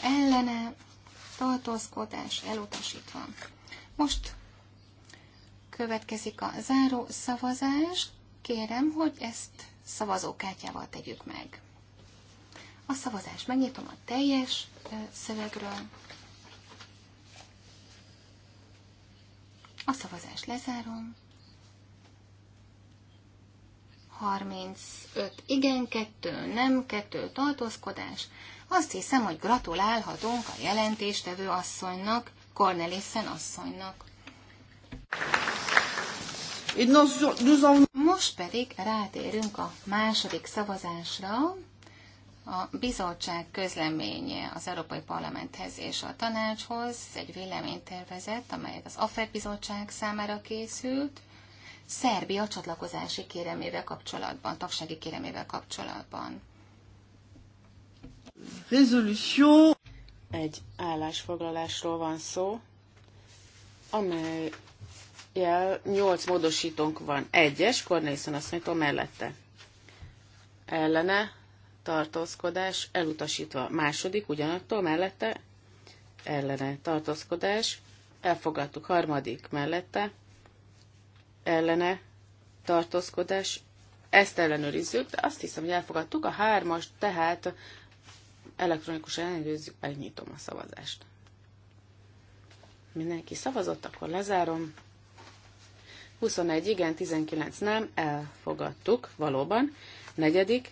ellene tartózkodás elutasítva. Most következik a záró szavazás. Kérem, hogy ezt szavazókártyával tegyük meg. A szavazást megnyitom a teljes szövegről. A szavazást lezárom. 35 igen, 2 nem, 2 tartózkodás. Azt hiszem, hogy gratulálhatunk a jelentéstevő asszonynak, Cornelissen asszonynak. Most pedig rátérünk a második szavazásra, a bizottság közleménye az Európai Parlamenthez és a tanácshoz egy véleménytervezet, amelyet az AFER bizottság számára készült, Szerbia csatlakozási kéremével kapcsolatban, tagsági kéremével kapcsolatban.
Resolution. Egy állásfoglalásról van szó, amely jel, nyolc módosítónk van. Egyes, azt mondja, mellette. Ellene, tartózkodás, elutasítva. Második, ugyanattól mellette, ellene, tartózkodás, elfogadtuk. Harmadik, mellette, ellene, tartózkodás, ezt ellenőrizzük, de azt hiszem, hogy elfogadtuk a hármas, tehát elektronikusan ellenőrizzük, megnyitom a szavazást. Mindenki szavazott, akkor lezárom. 21 igen, 19 nem, elfogadtuk, valóban. Negyedik,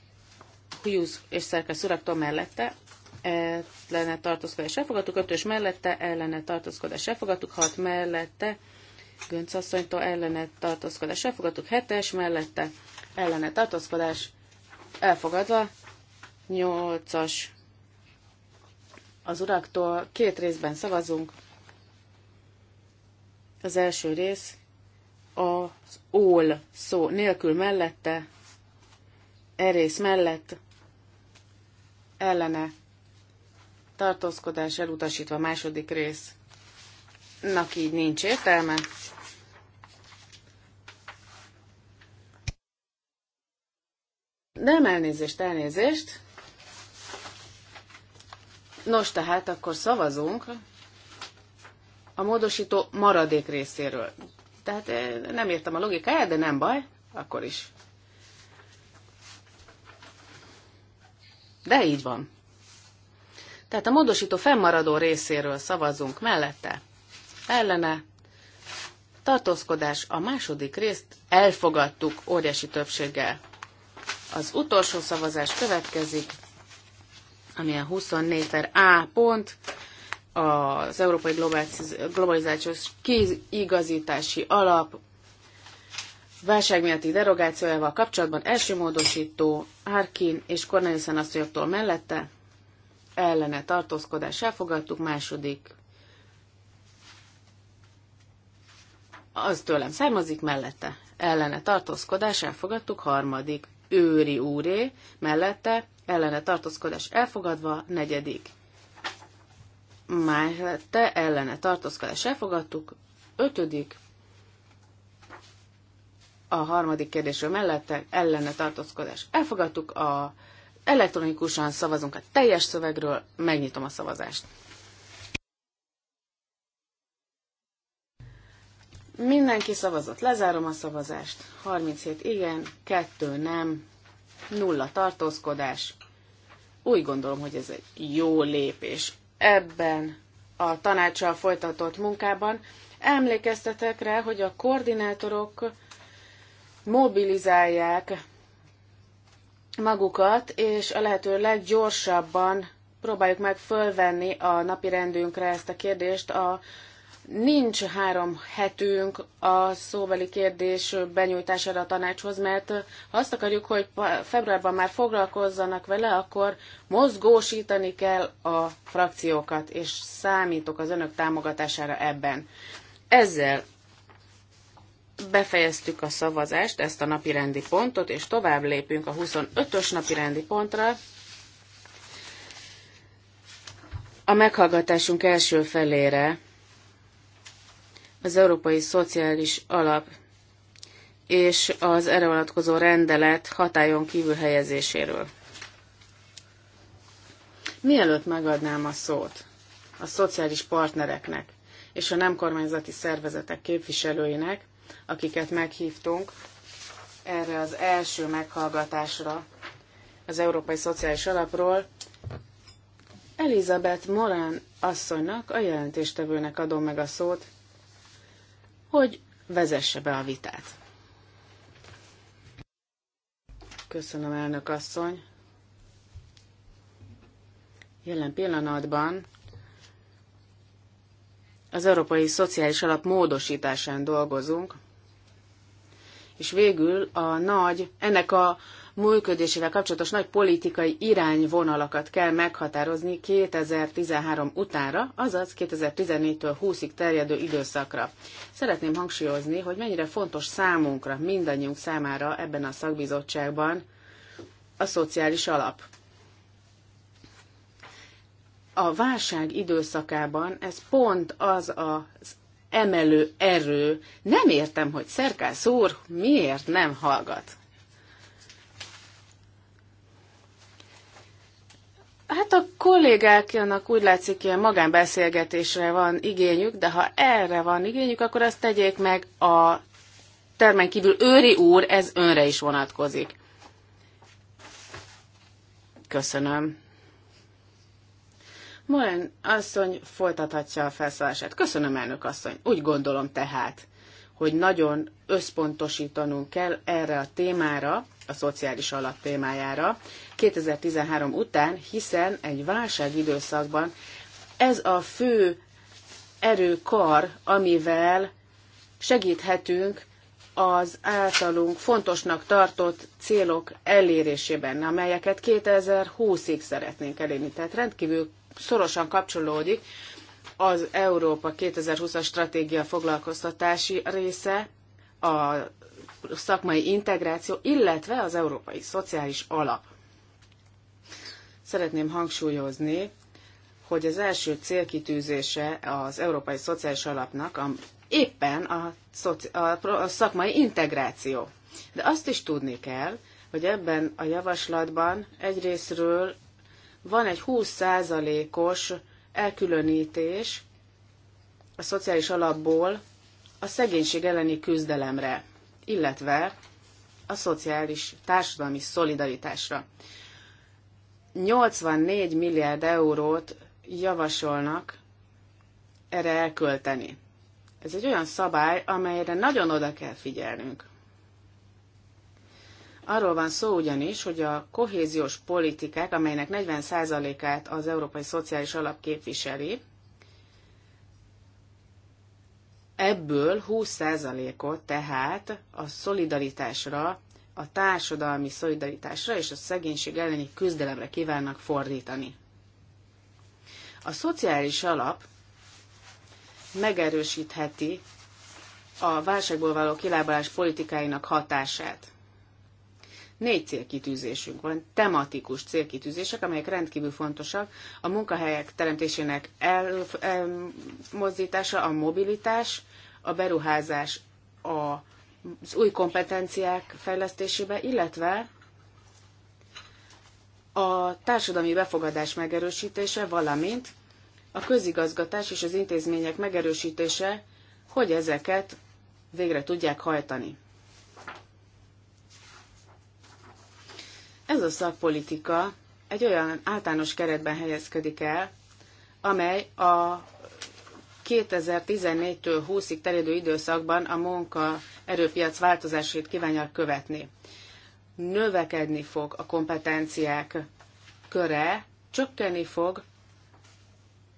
Hughes és Szerkesz uraktól mellette, ellene tartózkodás elfogadtuk, ötös mellette, ellene tartózkodás elfogadtuk, hat mellette, Gönc asszonytól ellene tartózkodás elfogadtuk, hetes mellette, ellene tartózkodás elfogadva, nyolcas az uraktól két részben szavazunk. Az első rész az ól szó nélkül mellette, erész mellett, ellene, tartózkodás elutasítva második rész. Nak így nincs értelme. Nem elnézést, elnézést. Nos, tehát akkor szavazunk a módosító maradék részéről. Tehát eh, nem értem a logikáját, de nem baj, akkor is. De így van. Tehát a módosító fennmaradó részéről szavazunk mellette, ellene, tartózkodás a második részt elfogadtuk óriási többséggel. Az utolsó szavazás következik, ami a 24 per A pont, az Európai Globalizációs Kiigazítási Alap válság miatti derogációjával kapcsolatban első módosító Arkin és Cornelissen asszonyoktól mellette ellene tartózkodás elfogadtuk, második az tőlem származik mellette, ellene tartózkodás elfogadtuk, harmadik őri úré mellette, ellene tartózkodás elfogadva, negyedik te ellene tartózkodás elfogadtuk. Ötödik, a harmadik kérdésről mellette ellene tartózkodás elfogadtuk. A elektronikusan szavazunk a teljes szövegről, megnyitom a szavazást. Mindenki szavazott, lezárom a szavazást. 37 igen, 2 nem, nulla tartózkodás. Úgy gondolom, hogy ez egy jó lépés ebben a tanácssal folytatott munkában. Emlékeztetek rá, hogy a koordinátorok mobilizálják magukat, és a lehető leggyorsabban próbáljuk meg fölvenni a napirendünkre ezt a kérdést a Nincs három hetünk a szóbeli kérdés benyújtására a tanácshoz, mert ha azt akarjuk, hogy februárban már foglalkozzanak vele, akkor mozgósítani kell a frakciókat, és számítok az önök támogatására ebben. Ezzel befejeztük a szavazást, ezt a napi rendi pontot, és tovább lépünk a 25-ös napi rendi pontra. A meghallgatásunk első felére az Európai Szociális Alap és az erre vonatkozó rendelet hatályon kívül helyezéséről. Mielőtt megadnám a szót a szociális partnereknek és a nem kormányzati szervezetek képviselőinek, akiket meghívtunk erre az első meghallgatásra az Európai Szociális Alapról, Elizabeth Morán asszonynak, a jelentéstevőnek adom meg a szót, hogy vezesse be a vitát. Köszönöm, elnök asszony. Jelen pillanatban az Európai Szociális Alap módosításán dolgozunk, és végül a nagy, ennek a működésével kapcsolatos nagy politikai irányvonalakat kell meghatározni 2013 utánra, azaz 2014-től 20-ig terjedő időszakra. Szeretném hangsúlyozni, hogy mennyire fontos számunkra, mindannyiunk számára ebben a szakbizottságban a szociális alap. A válság időszakában ez pont az az emelő erő. Nem értem, hogy Szerkász úr miért nem hallgat. Hát a kollégáknak úgy látszik, ilyen magánbeszélgetésre van igényük, de ha erre van igényük, akkor azt tegyék meg a termen kívül őri úr, ez önre is vonatkozik. Köszönöm. Molen asszony folytathatja a felszállását. Köszönöm, elnök asszony. Úgy gondolom tehát, hogy nagyon összpontosítanunk kell erre a témára, a szociális alap témájára, 2013 után, hiszen egy válság időszakban, ez a fő erőkar, amivel segíthetünk az általunk fontosnak tartott célok elérésében, amelyeket 2020-ig szeretnénk elérni. Tehát rendkívül szorosan kapcsolódik az Európa 2020-as stratégia foglalkoztatási része, a szakmai integráció, illetve az európai szociális alap. Szeretném hangsúlyozni, hogy az első célkitűzése az Európai Szociális Alapnak a, éppen a, a, a szakmai integráció. De azt is tudni kell, hogy ebben a javaslatban egyrésztről van egy 20%-os elkülönítés a szociális alapból a szegénység elleni küzdelemre, illetve a szociális társadalmi szolidaritásra. 84 milliárd eurót javasolnak erre elkölteni. Ez egy olyan szabály, amelyre nagyon oda kell figyelnünk. Arról van szó ugyanis, hogy a kohéziós politikák, amelynek 40%-át az Európai Szociális Alap képviseli, ebből 20%-ot tehát a szolidaritásra a társadalmi szolidaritásra és a szegénység elleni küzdelemre kívánnak fordítani. A szociális alap megerősítheti a válságból való kilábalás politikáinak hatását. Négy célkitűzésünk van, tematikus célkitűzések, amelyek rendkívül fontosak. A munkahelyek teremtésének elmozdítása, a mobilitás, a beruházás, a az új kompetenciák fejlesztésébe, illetve a társadalmi befogadás megerősítése, valamint a közigazgatás és az intézmények megerősítése, hogy ezeket végre tudják hajtani. Ez a szakpolitika egy olyan általános keretben helyezkedik el, amely a 2014-től 20-ig terjedő időszakban a munka erőpiac változásait kívánja követni. Növekedni fog a kompetenciák köre, csökkenni fog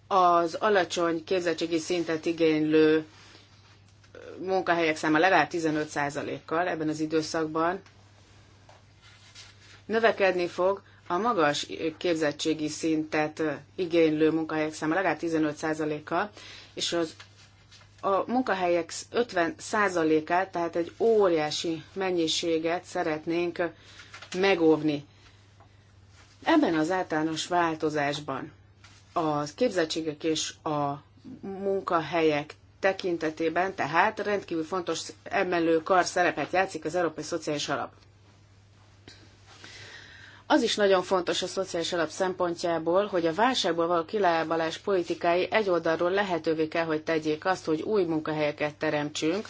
az alacsony képzettségi szintet igénylő munkahelyek száma legalább 15%-kal ebben az időszakban, növekedni fog a magas képzettségi szintet igénylő munkahelyek száma legalább 15%-kal, és az a munkahelyek 50%-át, tehát egy óriási mennyiséget szeretnénk megóvni. Ebben az általános változásban a képzettségek és a munkahelyek tekintetében tehát rendkívül fontos emelő kar szerepet játszik az Európai Szociális Alap. Az is nagyon fontos a szociális alap szempontjából, hogy a válságból való kilábalás politikái egy oldalról lehetővé kell, hogy tegyék azt, hogy új munkahelyeket teremtsünk,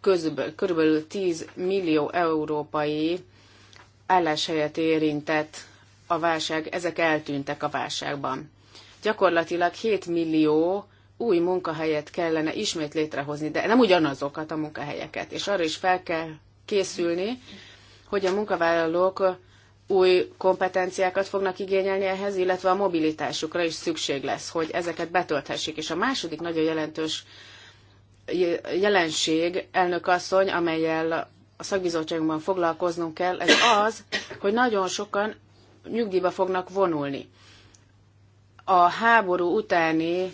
közből, körülbelül 10 millió európai álláshelyet érintett a válság, ezek eltűntek a válságban. Gyakorlatilag 7 millió új munkahelyet kellene ismét létrehozni, de nem ugyanazokat a munkahelyeket, és arra is fel kell készülni, hogy a munkavállalók új kompetenciákat fognak igényelni ehhez, illetve a mobilitásukra is szükség lesz, hogy ezeket betölthessék. És a második nagyon jelentős jelenség, elnök asszony, amelyel a szakbizottságunkban foglalkoznunk kell, ez az, hogy nagyon sokan nyugdíjba fognak vonulni. A háború utáni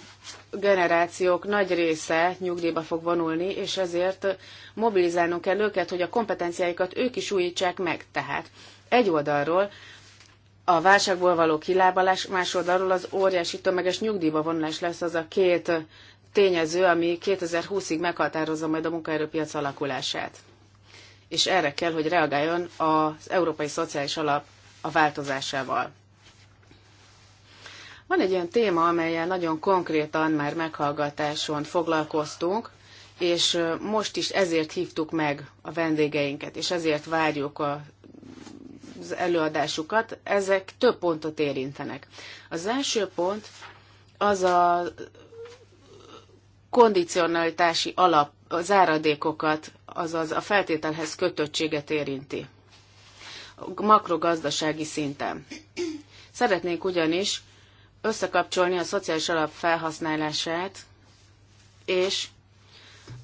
generációk nagy része nyugdíjba fog vonulni, és ezért mobilizálnunk kell őket, hogy a kompetenciáikat ők is újítsák meg. Tehát egy oldalról a válságból való kilábalás, más oldalról az óriási tömeges nyugdíjba vonulás lesz az a két tényező, ami 2020-ig meghatározza majd a munkaerőpiac alakulását. És erre kell, hogy reagáljon az Európai Szociális Alap a változásával. Van egy olyan téma, amellyel nagyon konkrétan már meghallgatáson foglalkoztunk, és most is ezért hívtuk meg a vendégeinket, és ezért várjuk a, az előadásukat. Ezek több pontot érintenek. Az első pont az a kondicionalitási alap, az áradékokat, azaz a feltételhez kötöttséget érinti makrogazdasági szinten. Szeretnénk ugyanis összekapcsolni a szociális alap felhasználását és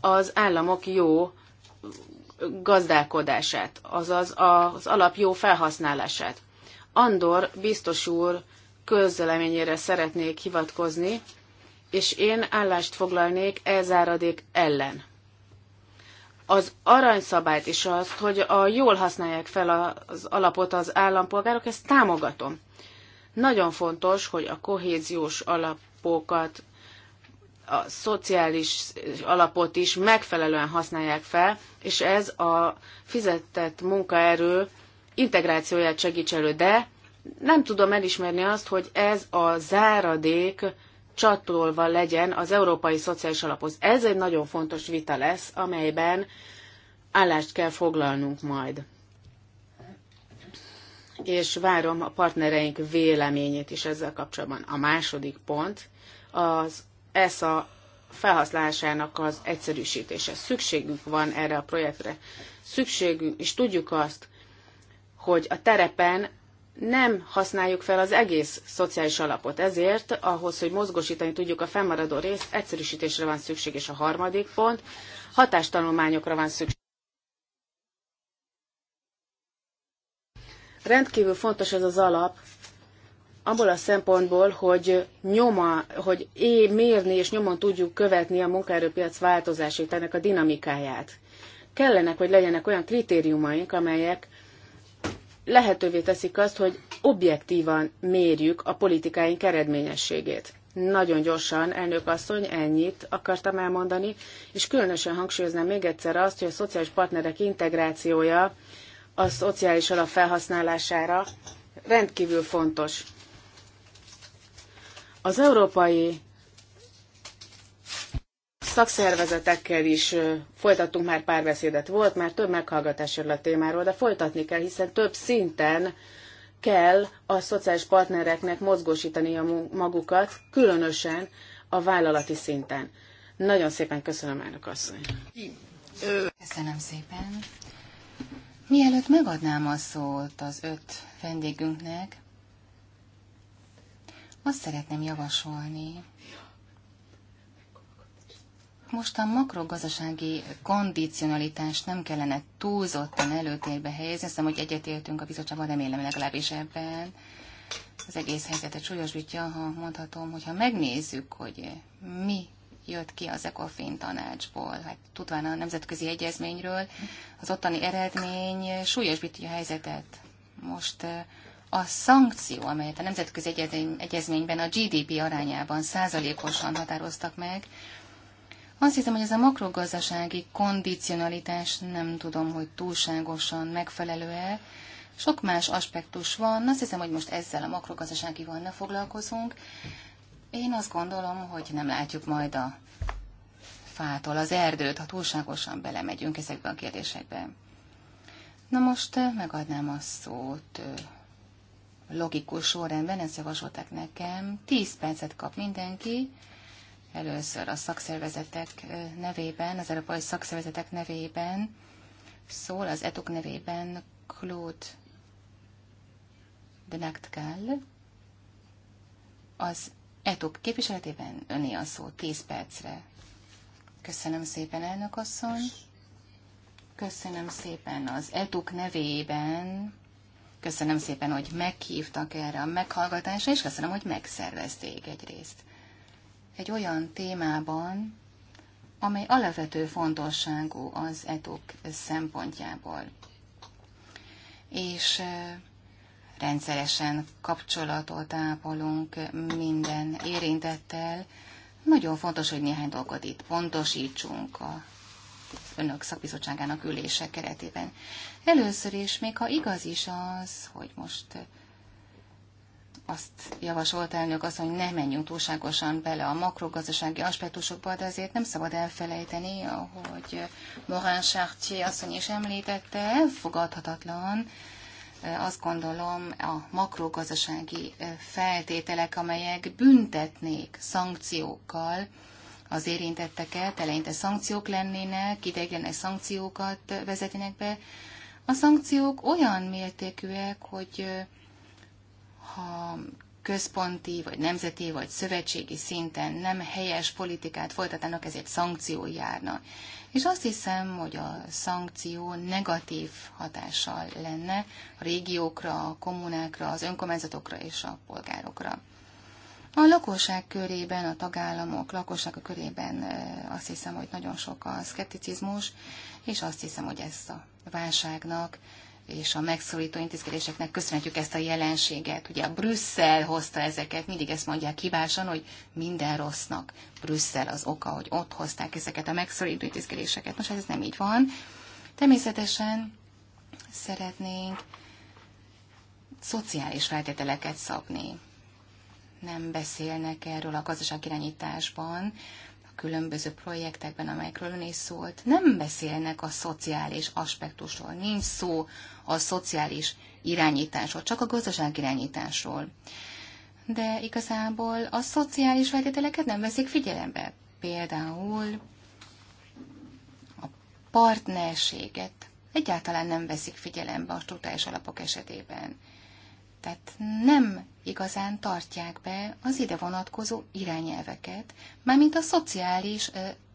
az államok jó gazdálkodását, azaz az alap jó felhasználását. Andor biztos úr közleményére szeretnék hivatkozni, és én állást foglalnék elzáradék ellen. Az aranyszabályt is azt, hogy a jól használják fel az alapot az állampolgárok, ezt támogatom. Nagyon fontos, hogy a kohéziós alapokat, a szociális alapot is megfelelően használják fel, és ez a fizetett munkaerő integrációját segíts elő, de nem tudom elismerni azt, hogy ez a záradék csatolva legyen az Európai Szociális Alaphoz. Ez egy nagyon fontos vita lesz, amelyben állást kell foglalnunk majd és várom a partnereink véleményét is ezzel kapcsolatban. A második pont az ESA felhasználásának az egyszerűsítése. Szükségünk van erre a projektre. Szükségünk, és tudjuk azt, hogy a terepen nem használjuk fel az egész szociális alapot. Ezért ahhoz, hogy mozgósítani tudjuk a fennmaradó részt, egyszerűsítésre van szükség, és a harmadik pont, hatástanulmányokra van szükség. Rendkívül fontos ez az alap, abból a szempontból, hogy nyoma, hogy é, mérni és nyomon tudjuk követni a munkaerőpiac változásait, ennek a dinamikáját. Kellenek, hogy legyenek olyan kritériumaink, amelyek lehetővé teszik azt, hogy objektívan mérjük a politikáink eredményességét. Nagyon gyorsan, elnök asszony, ennyit akartam elmondani, és különösen hangsúlyoznám még egyszer azt, hogy a szociális partnerek integrációja a szociális alap felhasználására rendkívül fontos. Az európai szakszervezetekkel is folytattunk már párbeszédet. Volt már több meghallgatás erről a témáról, de folytatni kell, hiszen több szinten kell a szociális partnereknek mozgósítani a magukat, különösen a vállalati szinten. Nagyon szépen köszönöm, elnök asszony.
Köszönöm szépen. Mielőtt megadnám a szót az öt vendégünknek, azt szeretném javasolni, most a makrogazdasági kondicionalitást nem kellene túlzottan előtérbe helyezni, hiszem, hogy egyetértünk a bizottságban, remélem legalábbis ebben. Az egész helyzetet súlyosítja, ha mondhatom, hogyha megnézzük, hogy mi jött ki az ECOFIN tanácsból, hát tudván a nemzetközi egyezményről, az ottani eredmény súlyosbítja a helyzetet. Most a szankció, amelyet a nemzetközi egyezményben a GDP arányában százalékosan határoztak meg, azt hiszem, hogy ez a makrogazdasági kondicionalitás nem tudom, hogy túlságosan megfelelő-e. Sok más aspektus van, azt hiszem, hogy most ezzel a makrogazdasági ne foglalkozunk. Én azt gondolom, hogy nem látjuk majd a fától az erdőt, ha túlságosan belemegyünk ezekbe a kérdésekbe. Na most megadnám a szót logikus sorrendben, ezt javasolták nekem. Tíz percet kap mindenki, először a szakszervezetek nevében, az európai szakszervezetek nevében szól, az etok nevében Claude de Nactgall, az ETUP képviseletében öné a szó 10 percre. Köszönöm szépen, elnök asszony. Köszönöm szépen az ETUK nevében. Köszönöm szépen, hogy meghívtak erre a meghallgatásra, és köszönöm, hogy megszervezték egyrészt. Egy olyan témában, amely alapvető fontosságú az ETUK szempontjából. És rendszeresen kapcsolatot ápolunk minden érintettel. Nagyon fontos, hogy néhány dolgot itt pontosítsunk a önök szakbizottságának ülése keretében. Először is, még ha igaz is az, hogy most azt javasolt elnök az, hogy ne menjünk túlságosan bele a makrogazdasági aspektusokba, de azért nem szabad elfelejteni, ahogy Morin Chartier asszony is említette, elfogadhatatlan, azt gondolom a makrogazdasági feltételek, amelyek büntetnék szankciókkal az érintetteket, eleinte szankciók lennének, ideiglenes szankciókat vezetnének be. A szankciók olyan mértékűek, hogy ha központi, vagy nemzeti, vagy szövetségi szinten nem helyes politikát folytatnának, ezért szankció járna. És azt hiszem, hogy a szankció negatív hatással lenne a régiókra, a kommunákra, az önkormányzatokra és a polgárokra. A lakosság körében, a tagállamok lakosság körében azt hiszem, hogy nagyon sok a szkepticizmus, és azt hiszem, hogy ezt a válságnak és a megszorító intézkedéseknek köszönhetjük ezt a jelenséget. Ugye a Brüsszel hozta ezeket, mindig ezt mondják hibásan, hogy minden rossznak Brüsszel az oka, hogy ott hozták ezeket a megszorító intézkedéseket. Most hát ez nem így van. Természetesen szeretnénk szociális feltételeket szabni. Nem beszélnek erről a gazdaságirányításban, irányításban, különböző projektekben, amelyekről ön is szólt, nem beszélnek a szociális aspektusról, nincs szó a szociális irányításról, csak a gazdaság irányításról. De igazából a szociális feltételeket nem veszik figyelembe. Például a partnerséget egyáltalán nem veszik figyelembe a struktúrális alapok esetében. Tehát nem igazán tartják be az ide vonatkozó irányelveket, mármint a szociális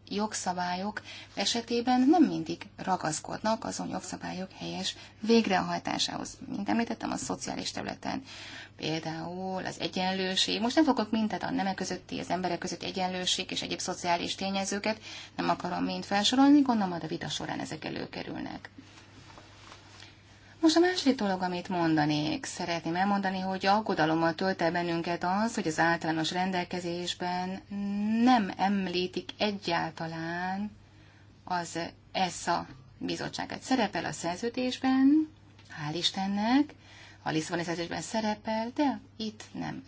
jogszabályok esetében nem mindig ragaszkodnak azon jogszabályok helyes végrehajtásához. Mint említettem, a szociális területen például az egyenlőség, most nem fogok mintet a nemek közötti, az emberek közötti egyenlőség és egyéb szociális tényezőket, nem akarom mind felsorolni, gondolom majd a vita során ezek előkerülnek. Most a másik dolog, amit mondanék, szeretném elmondani, hogy aggodalommal tölt el bennünket az, hogy az általános rendelkezésben nem említik egyáltalán az ESSA bizottságát. Szerepel a szerződésben, hál' Istennek, a Lisszaboni szerződésben szerepel, de itt nem,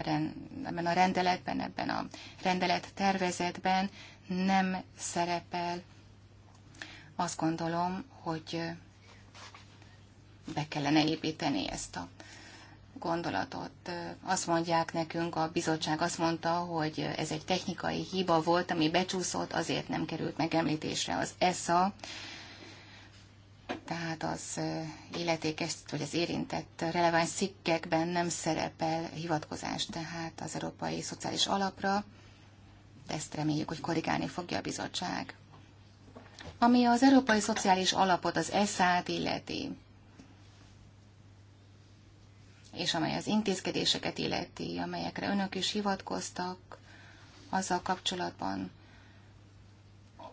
ebben a rendeletben, ebben a rendelet tervezetben nem szerepel. Azt gondolom, hogy be kellene építeni ezt a gondolatot. Azt mondják nekünk, a bizottság azt mondta, hogy ez egy technikai hiba volt, ami becsúszott, azért nem került megemlítésre az ESA, tehát az illetékes, vagy az érintett releváns szikkekben nem szerepel hivatkozás, tehát az Európai Szociális Alapra, de ezt reméljük, hogy korrigálni fogja a bizottság. Ami az Európai Szociális Alapot, az ESZ-át illeti, és amely az intézkedéseket illeti, amelyekre önök is hivatkoztak azzal kapcsolatban,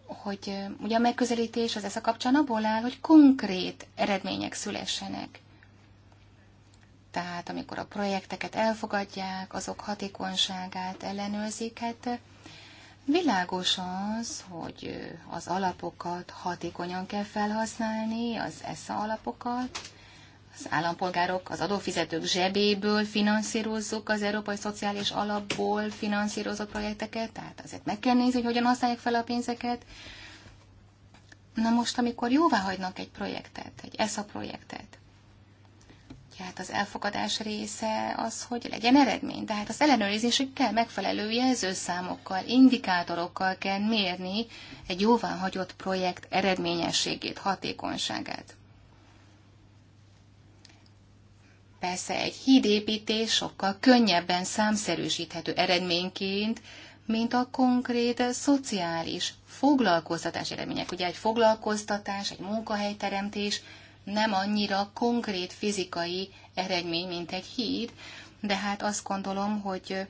hogy ugye a megközelítés az a kapcsán abból áll, hogy konkrét eredmények szülessenek. Tehát amikor a projekteket elfogadják, azok hatékonyságát ellenőrzik, hát világos az, hogy az alapokat hatékonyan kell felhasználni, az ESZA alapokat, az állampolgárok, az adófizetők zsebéből finanszírozzuk az Európai Szociális Alapból finanszírozott projekteket, tehát azért meg kell nézni, hogy hogyan használják fel a pénzeket. Na most, amikor jóvá hagynak egy projektet, egy ESZA projektet, tehát az elfogadás része az, hogy legyen eredmény. Tehát az ellenőrizésük kell megfelelő jelzőszámokkal, indikátorokkal kell mérni egy jóváhagyott projekt eredményességét, hatékonyságát. Persze egy hídépítés sokkal könnyebben számszerűsíthető eredményként, mint a konkrét szociális foglalkoztatás eredmények. Ugye egy foglalkoztatás, egy munkahelyteremtés nem annyira konkrét fizikai eredmény, mint egy híd, de hát azt gondolom, hogy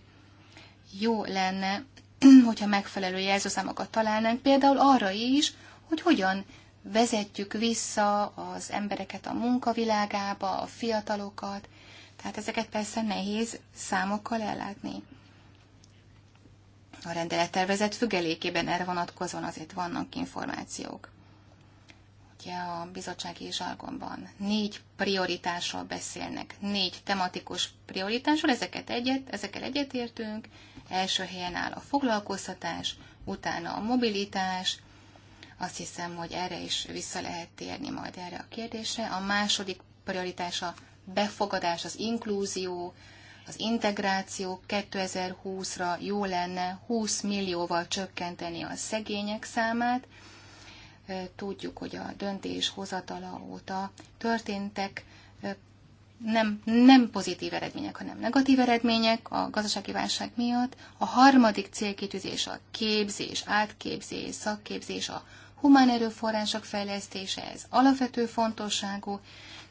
jó lenne, hogyha megfelelő jelzőszámokat találnánk, például arra is, hogy hogyan vezetjük vissza az embereket a munkavilágába, a fiatalokat, tehát ezeket persze nehéz számokkal ellátni. A rendelettervezet függelékében erre vonatkozóan azért vannak információk. Ugye a bizottsági zsargonban négy prioritásról beszélnek, négy tematikus prioritásról, ezeket egyet, ezekkel egyetértünk. Első helyen áll a foglalkoztatás, utána a mobilitás, azt hiszem, hogy erre is vissza lehet térni majd erre a kérdésre. A második prioritás a befogadás, az inklúzió, az integráció 2020-ra jó lenne 20 millióval csökkenteni a szegények számát. Tudjuk, hogy a döntés hozatala óta történtek nem, nem pozitív eredmények, hanem negatív eredmények a gazdasági válság miatt. A harmadik célkitűzés a képzés, átképzés, szakképzés, a humán erőforrások fejlesztése, ez alapvető fontosságú,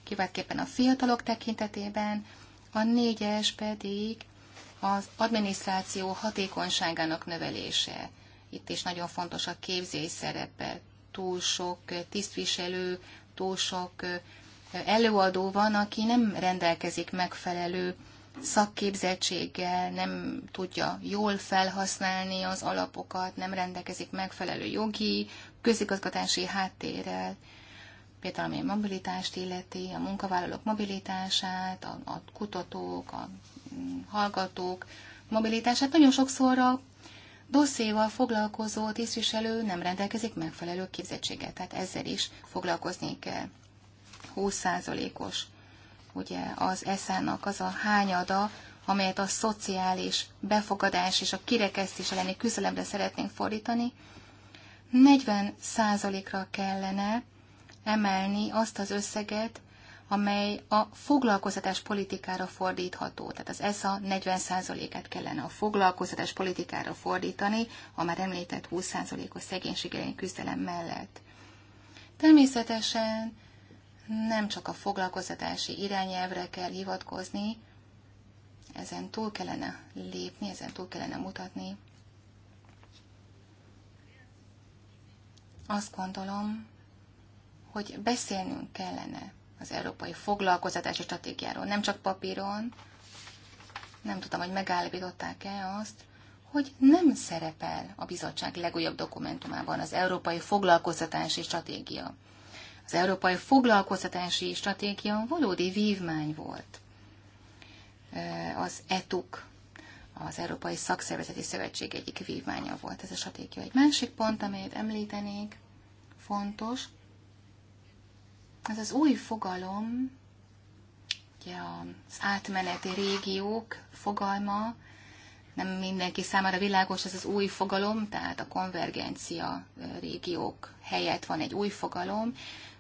kiváltképpen a fiatalok tekintetében, a négyes pedig az adminisztráció hatékonyságának növelése. Itt is nagyon fontos a képzés szerepe. Túl sok tisztviselő, túl sok előadó van, aki nem rendelkezik megfelelő szakképzettséggel, nem tudja jól felhasználni az alapokat, nem rendelkezik megfelelő jogi, közigazgatási háttérrel, például ami a mobilitást illeti, a munkavállalók mobilitását, a, a kutatók, a mm, hallgatók mobilitását. Nagyon sokszor a dosszéval foglalkozó tisztviselő nem rendelkezik megfelelő képzettséggel, tehát ezzel is foglalkozni kell. 20%-os ugye az eszának az a hányada, amelyet a szociális befogadás és a kirekesztés elleni küzdelemre szeretnénk fordítani, 40%-ra kellene emelni azt az összeget, amely a foglalkoztatás politikára fordítható. Tehát az ESA 40%-át kellene a foglalkoztatás politikára fordítani, a már említett 20%-os szegénység küzdelem mellett. Természetesen nem csak a foglalkoztatási irányelvre kell hivatkozni, ezen túl kellene lépni, ezen túl kellene mutatni. Azt gondolom, hogy beszélnünk kellene az európai foglalkoztatási stratégiáról, nem csak papíron. Nem tudom, hogy megállapították-e azt, hogy nem szerepel a bizottság legújabb dokumentumában az európai foglalkoztatási stratégia. Az európai foglalkoztatási stratégia valódi vívmány volt az ETUK az Európai Szakszervezeti Szövetség egyik vívmánya volt ez a stratégia. Egy másik pont, amelyet említenék, fontos, az az új fogalom, ugye az átmeneti régiók fogalma, nem mindenki számára világos ez az új fogalom, tehát a konvergencia régiók helyett van egy új fogalom.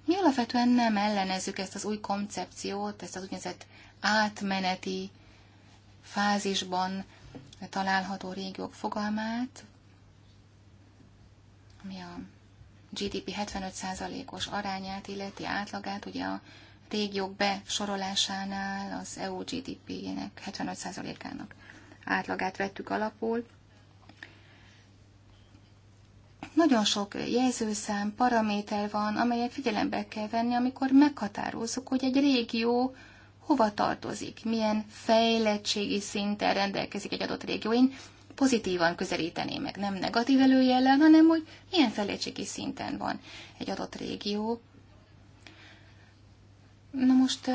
Mi alapvetően nem ellenezzük ezt az új koncepciót, ezt az úgynevezett átmeneti fázisban található régiók fogalmát, ami a GDP 75%-os arányát illeti átlagát, ugye a régiók besorolásánál az EU GDP-jének 75%-ának átlagát vettük alapul. Nagyon sok jelzőszám, paraméter van, amelyet figyelembe kell venni, amikor meghatározzuk, hogy egy régió hova tartozik, milyen fejlettségi szinten rendelkezik egy adott régióin, pozitívan közelítené meg, nem negatív előjellel, hanem hogy milyen fejlettségi szinten van egy adott régió. Na most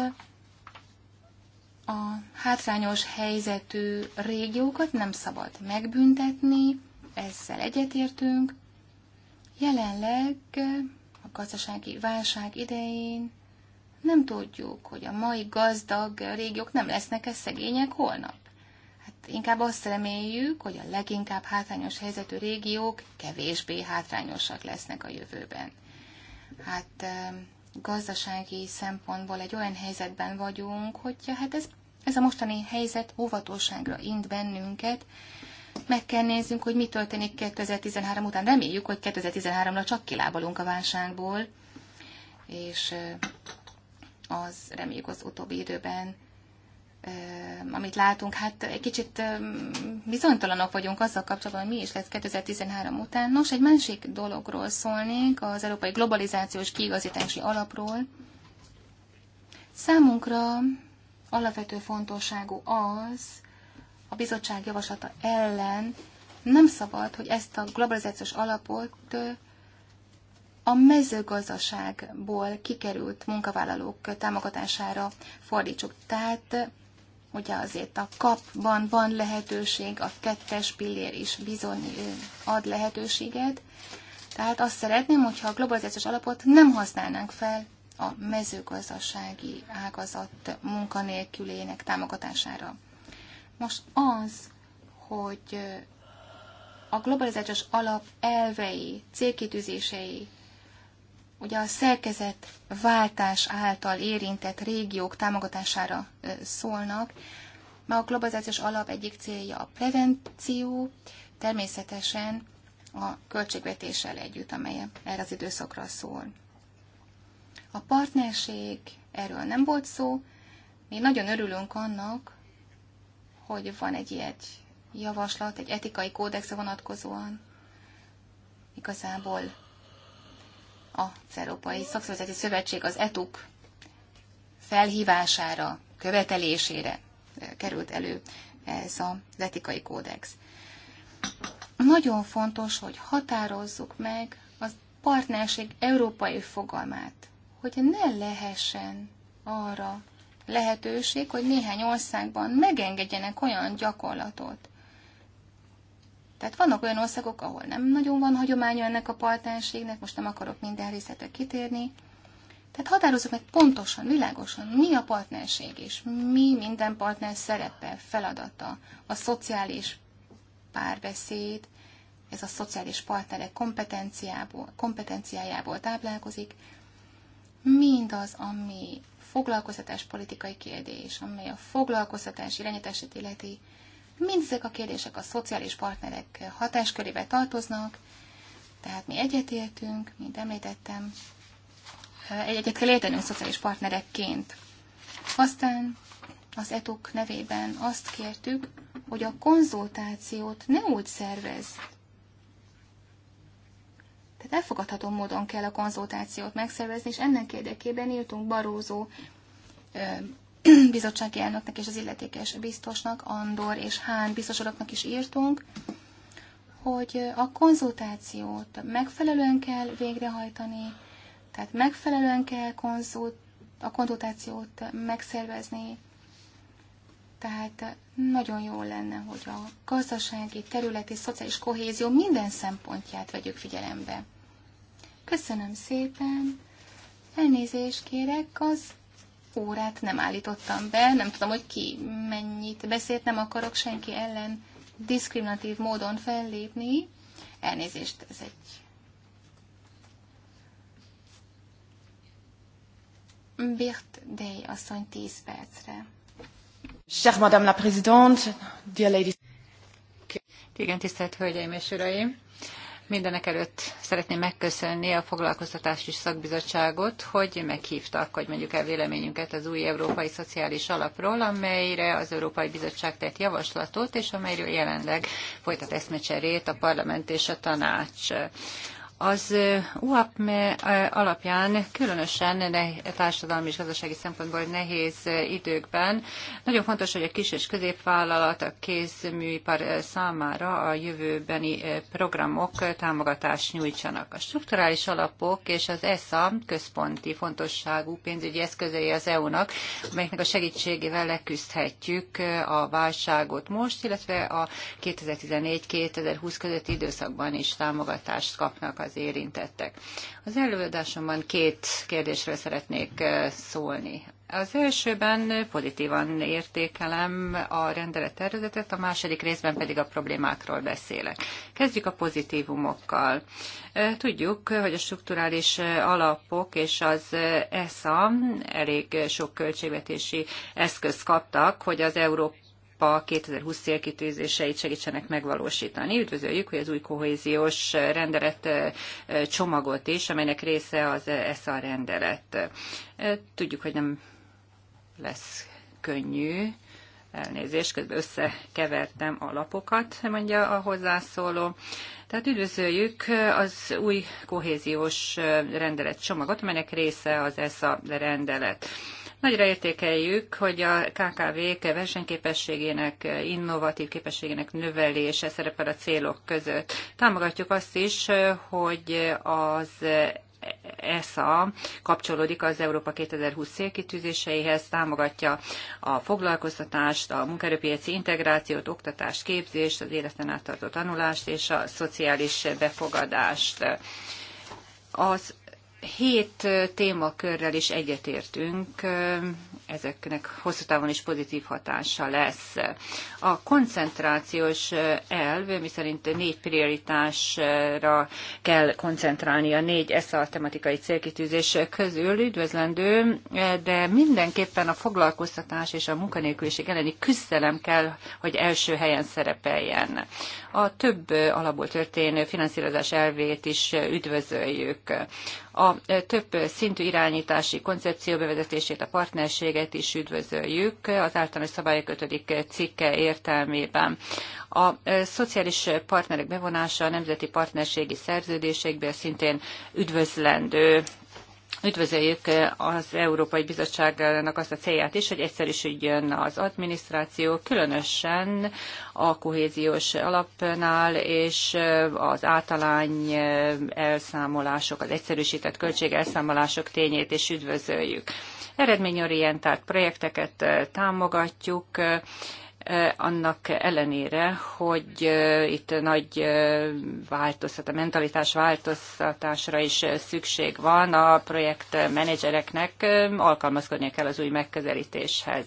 a hátrányos helyzetű régiókat nem szabad megbüntetni, ezzel egyetértünk. Jelenleg a gazdasági válság idején nem tudjuk, hogy a mai gazdag régiók nem lesznek-e szegények holnap. Hát inkább azt reméljük, hogy a leginkább hátrányos helyzetű régiók kevésbé hátrányosak lesznek a jövőben. Hát gazdasági szempontból egy olyan helyzetben vagyunk, hogy ja, hát ez, ez a mostani helyzet óvatosságra ind bennünket, meg kell néznünk, hogy mi történik 2013 után. Reméljük, hogy 2013-ra csak kilábalunk a válságból, és az reméljük az utóbbi időben, amit látunk, hát egy kicsit bizonytalanok vagyunk azzal kapcsolatban, hogy mi is lesz 2013 után. Nos, egy másik dologról szólnék, az Európai Globalizációs Kiigazítási Alapról. Számunkra alapvető fontosságú az, a bizottság javaslata ellen nem szabad, hogy ezt a globalizációs alapot a mezőgazdaságból kikerült munkavállalók támogatására fordítsuk. Tehát ugye azért a kapban van lehetőség, a kettes pillér is bizony ad lehetőséget. Tehát azt szeretném, hogyha a globalizációs alapot nem használnánk fel a mezőgazdasági ágazat munkanélkülének támogatására. Most az, hogy a globalizációs alap elvei, célkitűzései ugye a szerkezet váltás által érintett régiók támogatására szólnak, Ma a globalizációs alap egyik célja a prevenció, természetesen a költségvetéssel együtt, amely erre az időszakra szól. A partnerség, erről nem volt szó, mi nagyon örülünk annak, hogy van egy ilyen javaslat, egy etikai kódexre vonatkozóan. Igazából az Európai Szakszervezeti Szövetség az ETUK felhívására, követelésére eh, került elő ez az etikai kódex. Nagyon fontos, hogy határozzuk meg az partnerség európai fogalmát, hogy ne lehessen arra lehetőség, hogy néhány országban megengedjenek olyan gyakorlatot, tehát vannak olyan országok, ahol nem nagyon van hagyománya ennek a partnerségnek, most nem akarok minden részletre kitérni. Tehát határozzuk meg pontosan, világosan, mi a partnerség, és mi minden partner szerepe, feladata, a szociális párbeszéd, ez a szociális partnerek kompetenciából, kompetenciájából táplálkozik, mindaz, ami foglalkoztatás politikai kérdés, amely a foglalkoztatás irányítását illeti, Mindezek a kérdések a szociális partnerek hatáskörébe tartoznak, tehát mi egyetértünk, mint említettem, egyet kell értenünk szociális partnerekként. Aztán az etok nevében azt kértük, hogy a konzultációt ne úgy szervez. Tehát elfogadható módon kell a konzultációt megszervezni, és ennek érdekében írtunk Barózó bizottsági elnöknek és az illetékes biztosnak, Andor és Hán biztosoroknak is írtunk, hogy a konzultációt megfelelően kell végrehajtani, tehát megfelelően kell konzult, a konzultációt megszervezni, tehát nagyon jó lenne, hogy a gazdasági, területi, szociális kohézió minden szempontját vegyük figyelembe. Köszönöm szépen! Elnézést kérek, az órát nem állítottam be, nem tudom, hogy ki mennyit beszélt, nem akarok senki ellen diszkriminatív módon fellépni. Elnézést, ez egy Birt Day asszony 10 percre.
Cher Madame la Présidente, dear ladies.
Igen, tisztelt Hölgyeim és Uraim! Mindenek előtt szeretném megköszönni a foglalkoztatási szakbizottságot, hogy meghívtak, hogy mondjuk el véleményünket az új Európai Szociális Alapról, amelyre az Európai Bizottság tett javaslatot, és amelyről jelenleg folytat eszmecserét a parlament és a tanács az UAPME alapján különösen társadalmi és gazdasági szempontból nehéz időkben nagyon fontos, hogy a kis és középvállalat a kézműipar számára a jövőbeni programok támogatást nyújtsanak. A strukturális alapok és az ESA központi fontosságú pénzügyi eszközei az EU-nak, amelyeknek a segítségével leküzdhetjük a válságot most, illetve a 2014-2020 közötti időszakban is támogatást kapnak az érintettek. Az előadásomban két kérdésről szeretnék szólni. Az elsőben pozitívan értékelem a rendelet tervezetet, a második részben pedig a problémákról beszélek. Kezdjük a pozitívumokkal. Tudjuk, hogy a strukturális alapok és az ESA elég sok költségvetési eszközt kaptak, hogy az Európa Európa 2020 célkitűzéseit segítsenek megvalósítani. Üdvözöljük, hogy az új kohéziós rendelet csomagot is, amelynek része az ESA rendelet. Tudjuk, hogy nem lesz könnyű, elnézést, közben összekevertem a lapokat, mondja a hozzászóló. Tehát üdvözöljük az új kohéziós rendelet csomagot, amelynek része az ESA rendelet. Nagyra értékeljük, hogy a KKV-k versenyképességének, innovatív képességének növelése szerepel a célok között. Támogatjuk azt is, hogy az ESA kapcsolódik az Európa 2020 célkitűzéseihez, támogatja a foglalkoztatást, a munkaerőpiaci integrációt, oktatást, képzést, az életen áttartó tanulást és a szociális befogadást. Az hét témakörrel is egyetértünk, ezeknek hosszú távon is pozitív hatása lesz. A koncentrációs elv, miszerint négy prioritásra kell koncentrálni a négy ESZA tematikai célkitűzés közül, üdvözlendő, de mindenképpen a foglalkoztatás és a munkanélküliség elleni küzdelem kell, hogy első helyen szerepeljen a több alapból történő finanszírozás elvét is üdvözöljük. A több szintű irányítási koncepció bevezetését, a partnerséget is üdvözöljük az általános szabályok 5. cikke értelmében. A szociális partnerek bevonása a nemzeti partnerségi szerződésekbe szintén üdvözlendő Üdvözöljük eh, az Európai Bizottságnak azt a célját is, hogy egyszerűsödjön az adminisztráció, különösen a kohéziós alapnál és eh, az általány eh, elszámolások, az egyszerűsített költségelszámolások tényét is üdvözöljük. Eredményorientált projekteket támogatjuk, annak ellenére, hogy itt nagy változtat, a mentalitás változtatásra is szükség van a projekt menedzsereknek, alkalmazkodnia kell az új megközelítéshez.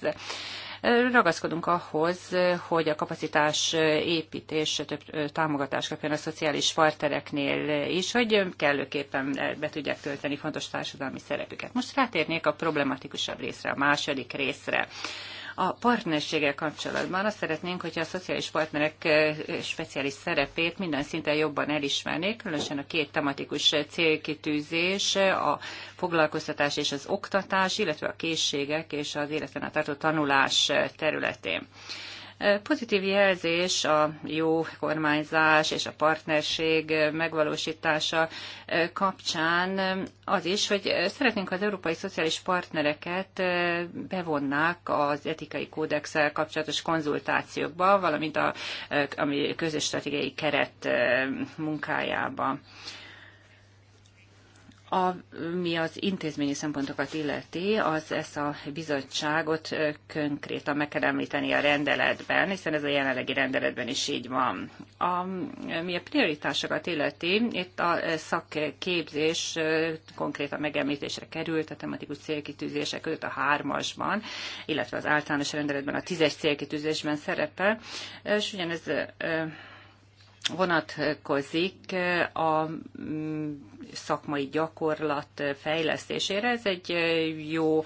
Ragaszkodunk ahhoz, hogy a kapacitás építés több támogatást kapjon a szociális partnereknél is, hogy kellőképpen be tudják tölteni fontos társadalmi szerepüket. Most rátérnék a problematikusabb részre, a második részre. A partnerséggel kapcsolatban azt szeretnénk, hogyha a szociális partnerek eh, speciális szerepét minden szinten jobban elismernék, különösen a két tematikus célkitűzés, a foglalkoztatás és az oktatás, illetve a készségek és az életen a tartó tanulás területén. Pozitív jelzés a jó kormányzás és a partnerség megvalósítása kapcsán az is, hogy szeretnénk, az európai szociális partnereket bevonnák az etikai kódexel kapcsolatos konzultációkba, valamint a ami közös stratégiai keret munkájába. Ami az intézményi szempontokat illeti, az ezt a bizottságot konkrétan meg kell említeni a rendeletben, hiszen ez a jelenlegi rendeletben is így van. A, mi a prioritásokat illeti, itt a szakképzés konkrétan megemlítésre került a tematikus célkitűzések között a hármasban, illetve az általános rendeletben a tízes célkitűzésben szerepel, és ugyanez vonatkozik a szakmai gyakorlat fejlesztésére. Ez egy jó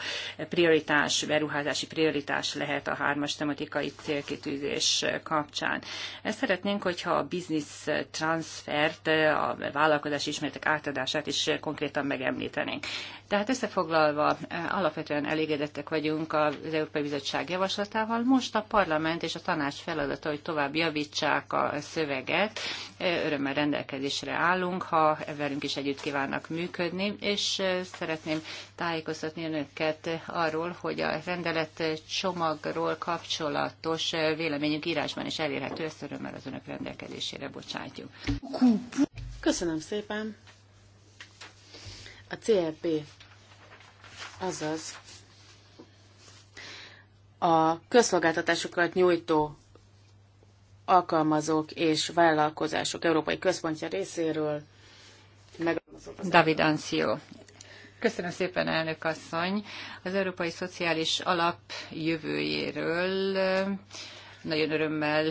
prioritás, beruházási prioritás lehet a hármas tematikai célkitűzés kapcsán. Ezt szeretnénk, hogyha a business transfert, a vállalkozási ismeretek átadását is konkrétan megemlítenénk. Tehát összefoglalva, alapvetően elégedettek vagyunk az Európai Bizottság javaslatával. Most a parlament és a tanács feladata, hogy tovább javítsák a szöveget. Örömmel rendelkezésre állunk, ha velünk is egy együtt kívánnak működni, és szeretném tájékoztatni önöket arról, hogy a rendelet csomagról kapcsolatos véleményünk írásban is elérhető, ezt örömmel az önök rendelkezésére bocsátjuk.
Köszönöm szépen! A CLP, azaz a közszolgáltatásokat nyújtó alkalmazók és vállalkozások Európai Központja részéről David
Ancio. Köszönöm szépen, elnök asszony. Az Európai Szociális Alap jövőjéről nagyon örömmel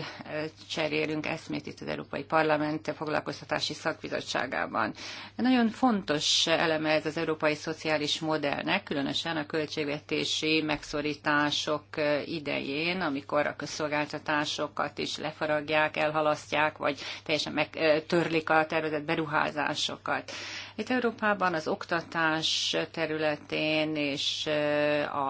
cserélünk eszmét itt az Európai Parlament foglalkoztatási szakbizottságában. Nagyon fontos eleme ez az európai szociális modellnek, különösen a költségvetési megszorítások idején, amikor a közszolgáltatásokat is lefaragják, elhalasztják, vagy teljesen megtörlik a tervezett beruházásokat. Itt Európában az oktatás területén és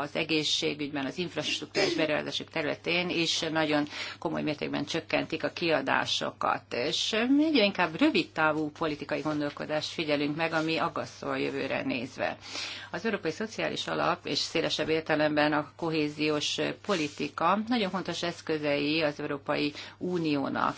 az egészségügyben, az infrastruktúrás beruházások területén is nagyon komoly mértékben csökkentik a kiadásokat. És egyre inkább rövid távú politikai gondolkodást figyelünk meg, ami aggasztó a jövőre nézve. Az Európai Szociális Alap és szélesebb értelemben a kohéziós politika nagyon fontos eszközei az Európai Uniónak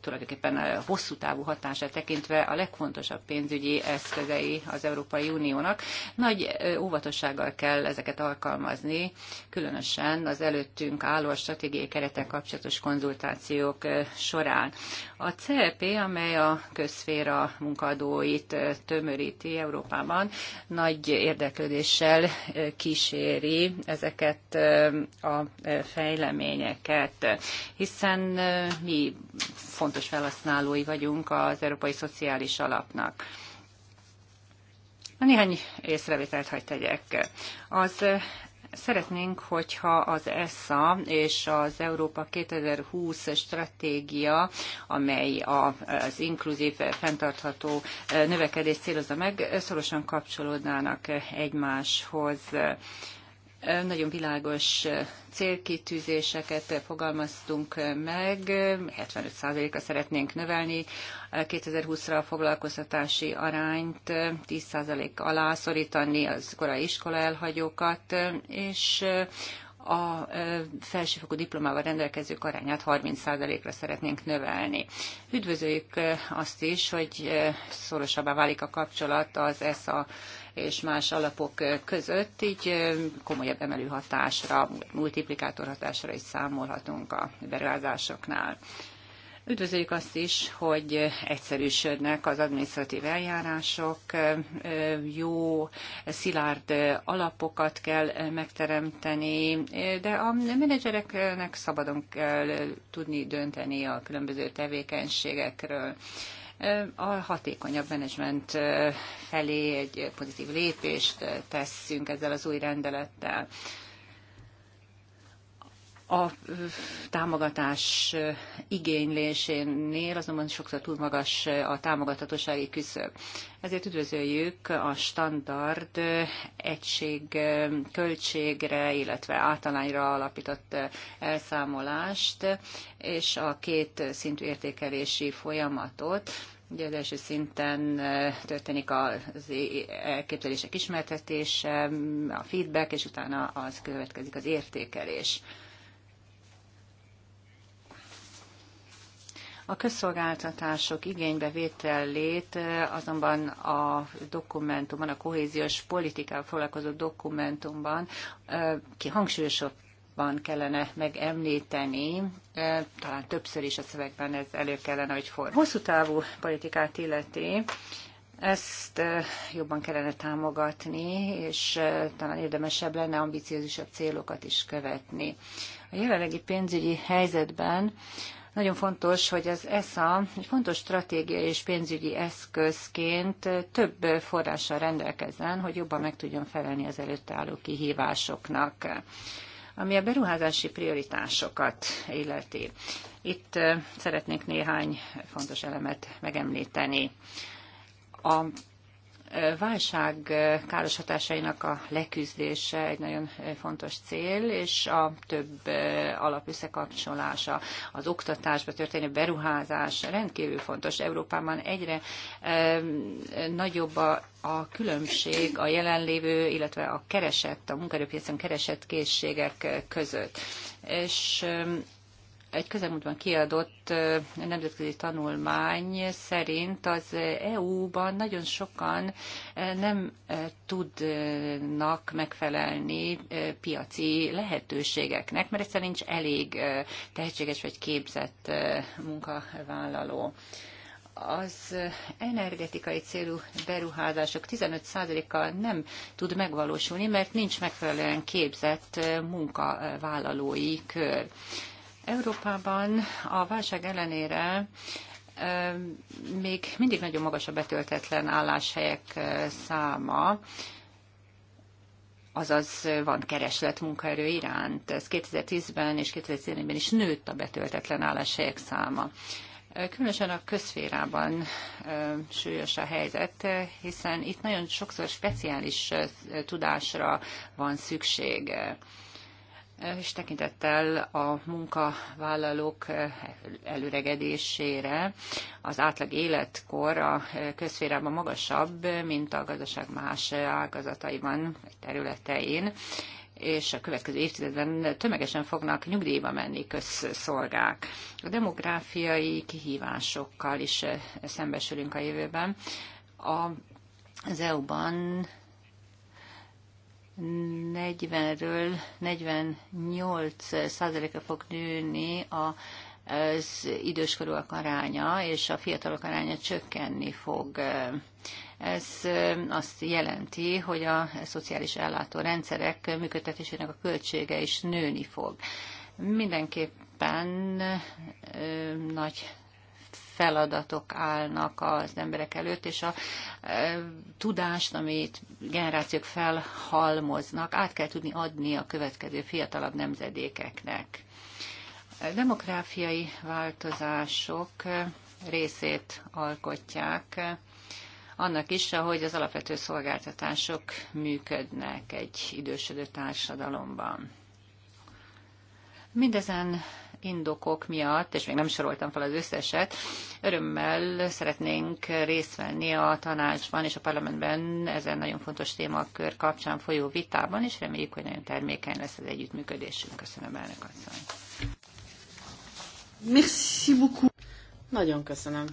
tulajdonképpen a hosszú távú hatását tekintve a legfontosabb pénz pénzügyi eszközei az Európai Uniónak. Nagy óvatossággal kell ezeket alkalmazni, különösen az előttünk álló a stratégiai kereten kapcsolatos konzultációk során. A CEP, amely a közféra munkadóit tömöríti Európában, nagy érdeklődéssel kíséri ezeket a fejleményeket, hiszen mi fontos felhasználói vagyunk az Európai Szociális Alapnak. Néhány észrevételt hagy tegyek. Az Szeretnénk, hogyha az ESSA és az Európa 2020 stratégia, amely az inkluzív, fenntartható növekedés célozza meg, szorosan kapcsolódnának egymáshoz. Nagyon világos célkitűzéseket fogalmaztunk meg, 75 a szeretnénk növelni 2020-ra a foglalkoztatási arányt, 10% alá szorítani az korai iskola elhagyókat, és a felsőfokú diplomával rendelkezők arányát 30%-ra szeretnénk növelni. Üdvözöljük azt is, hogy szorosabbá válik a kapcsolat az ESA és más alapok között, így komolyabb emelő hatásra, multiplikátor hatásra is számolhatunk a beruházásoknál. Üdvözöljük azt is, hogy egyszerűsödnek az adminisztratív eljárások, jó, szilárd alapokat kell megteremteni, de a menedzsereknek szabadon kell tudni dönteni a különböző tevékenységekről a hatékonyabb menedzsment felé egy pozitív lépést tesszünk ezzel az új rendelettel. A támogatás igénylésénél azonban sokszor túl magas a támogatatósági küszöb. Ezért üdvözöljük a standard egység költségre, illetve általányra alapított elszámolást, és a két szintű értékelési folyamatot, Ugye az első szinten történik az elképzelések ismertetése, a feedback, és utána az következik az értékelés. A közszolgáltatások igénybevételét azonban a dokumentumban, a kohéziós politikával foglalkozó dokumentumban ki hangsúlyosabb van kellene megemlíteni, talán többször is a szövegben ez elő kellene, hogy fordul. Hosszú távú politikát illeti, ezt jobban kellene támogatni, és talán érdemesebb lenne ambiciózusabb célokat is követni. A jelenlegi pénzügyi helyzetben nagyon fontos, hogy az ESA egy fontos stratégiai és pénzügyi eszközként több forrással rendelkezzen, hogy jobban meg tudjon felelni az előtte álló kihívásoknak ami a beruházási prioritásokat illeti. Itt szeretnék néhány fontos elemet megemlíteni. A válság káros hatásainak a leküzdése egy nagyon fontos cél, és a több alap az oktatásba történő beruházás rendkívül fontos. Európában egyre nagyobb a a különbség a jelenlévő, illetve a keresett, a munkaerőpiacon keresett készségek között. És egy közelmúltban kiadott nemzetközi tanulmány szerint az EU-ban nagyon sokan nem tudnak megfelelni piaci lehetőségeknek, mert egyszerűen nincs elég tehetséges vagy képzett munkavállaló az energetikai célú beruházások 15%-a nem tud megvalósulni, mert nincs megfelelően képzett munkavállalói kör. Európában a válság ellenére még mindig nagyon magas a betöltetlen álláshelyek száma, azaz van kereslet munkaerő iránt. Ez 2010-ben és 2014-ben is nőtt a betöltetlen álláshelyek száma. Különösen a közférában súlyos a helyzet, hiszen itt nagyon sokszor speciális tudásra van szükség és tekintettel a munkavállalók előregedésére az átlag életkor a közférában magasabb, mint a gazdaság más ágazataiban, területein, és a következő évtizedben tömegesen fognak nyugdíjba menni közszolgák. A demográfiai kihívásokkal is szembesülünk a jövőben. A, az EU-ban 40-ről 48 százaléka fog nőni a az időskorúak aránya és a fiatalok aránya csökkenni fog. Ez azt jelenti, hogy a szociális ellátórendszerek működtetésének a költsége is nőni fog. Mindenképpen nagy feladatok állnak az emberek előtt, és a e, tudást, amit generációk felhalmoznak, át kell tudni adni a következő fiatalabb nemzedékeknek. A demográfiai változások részét alkotják annak is, ahogy az alapvető szolgáltatások működnek egy idősödő társadalomban. Mindezen indokok miatt, és még nem soroltam fel az összeset, örömmel szeretnénk részt venni a tanácsban és a parlamentben ezen nagyon fontos témakör kapcsán folyó vitában, és reméljük, hogy nagyon termékeny lesz az együttműködésünk. Köszönöm, elnök asszony.
Merci beaucoup. Nagyon köszönöm.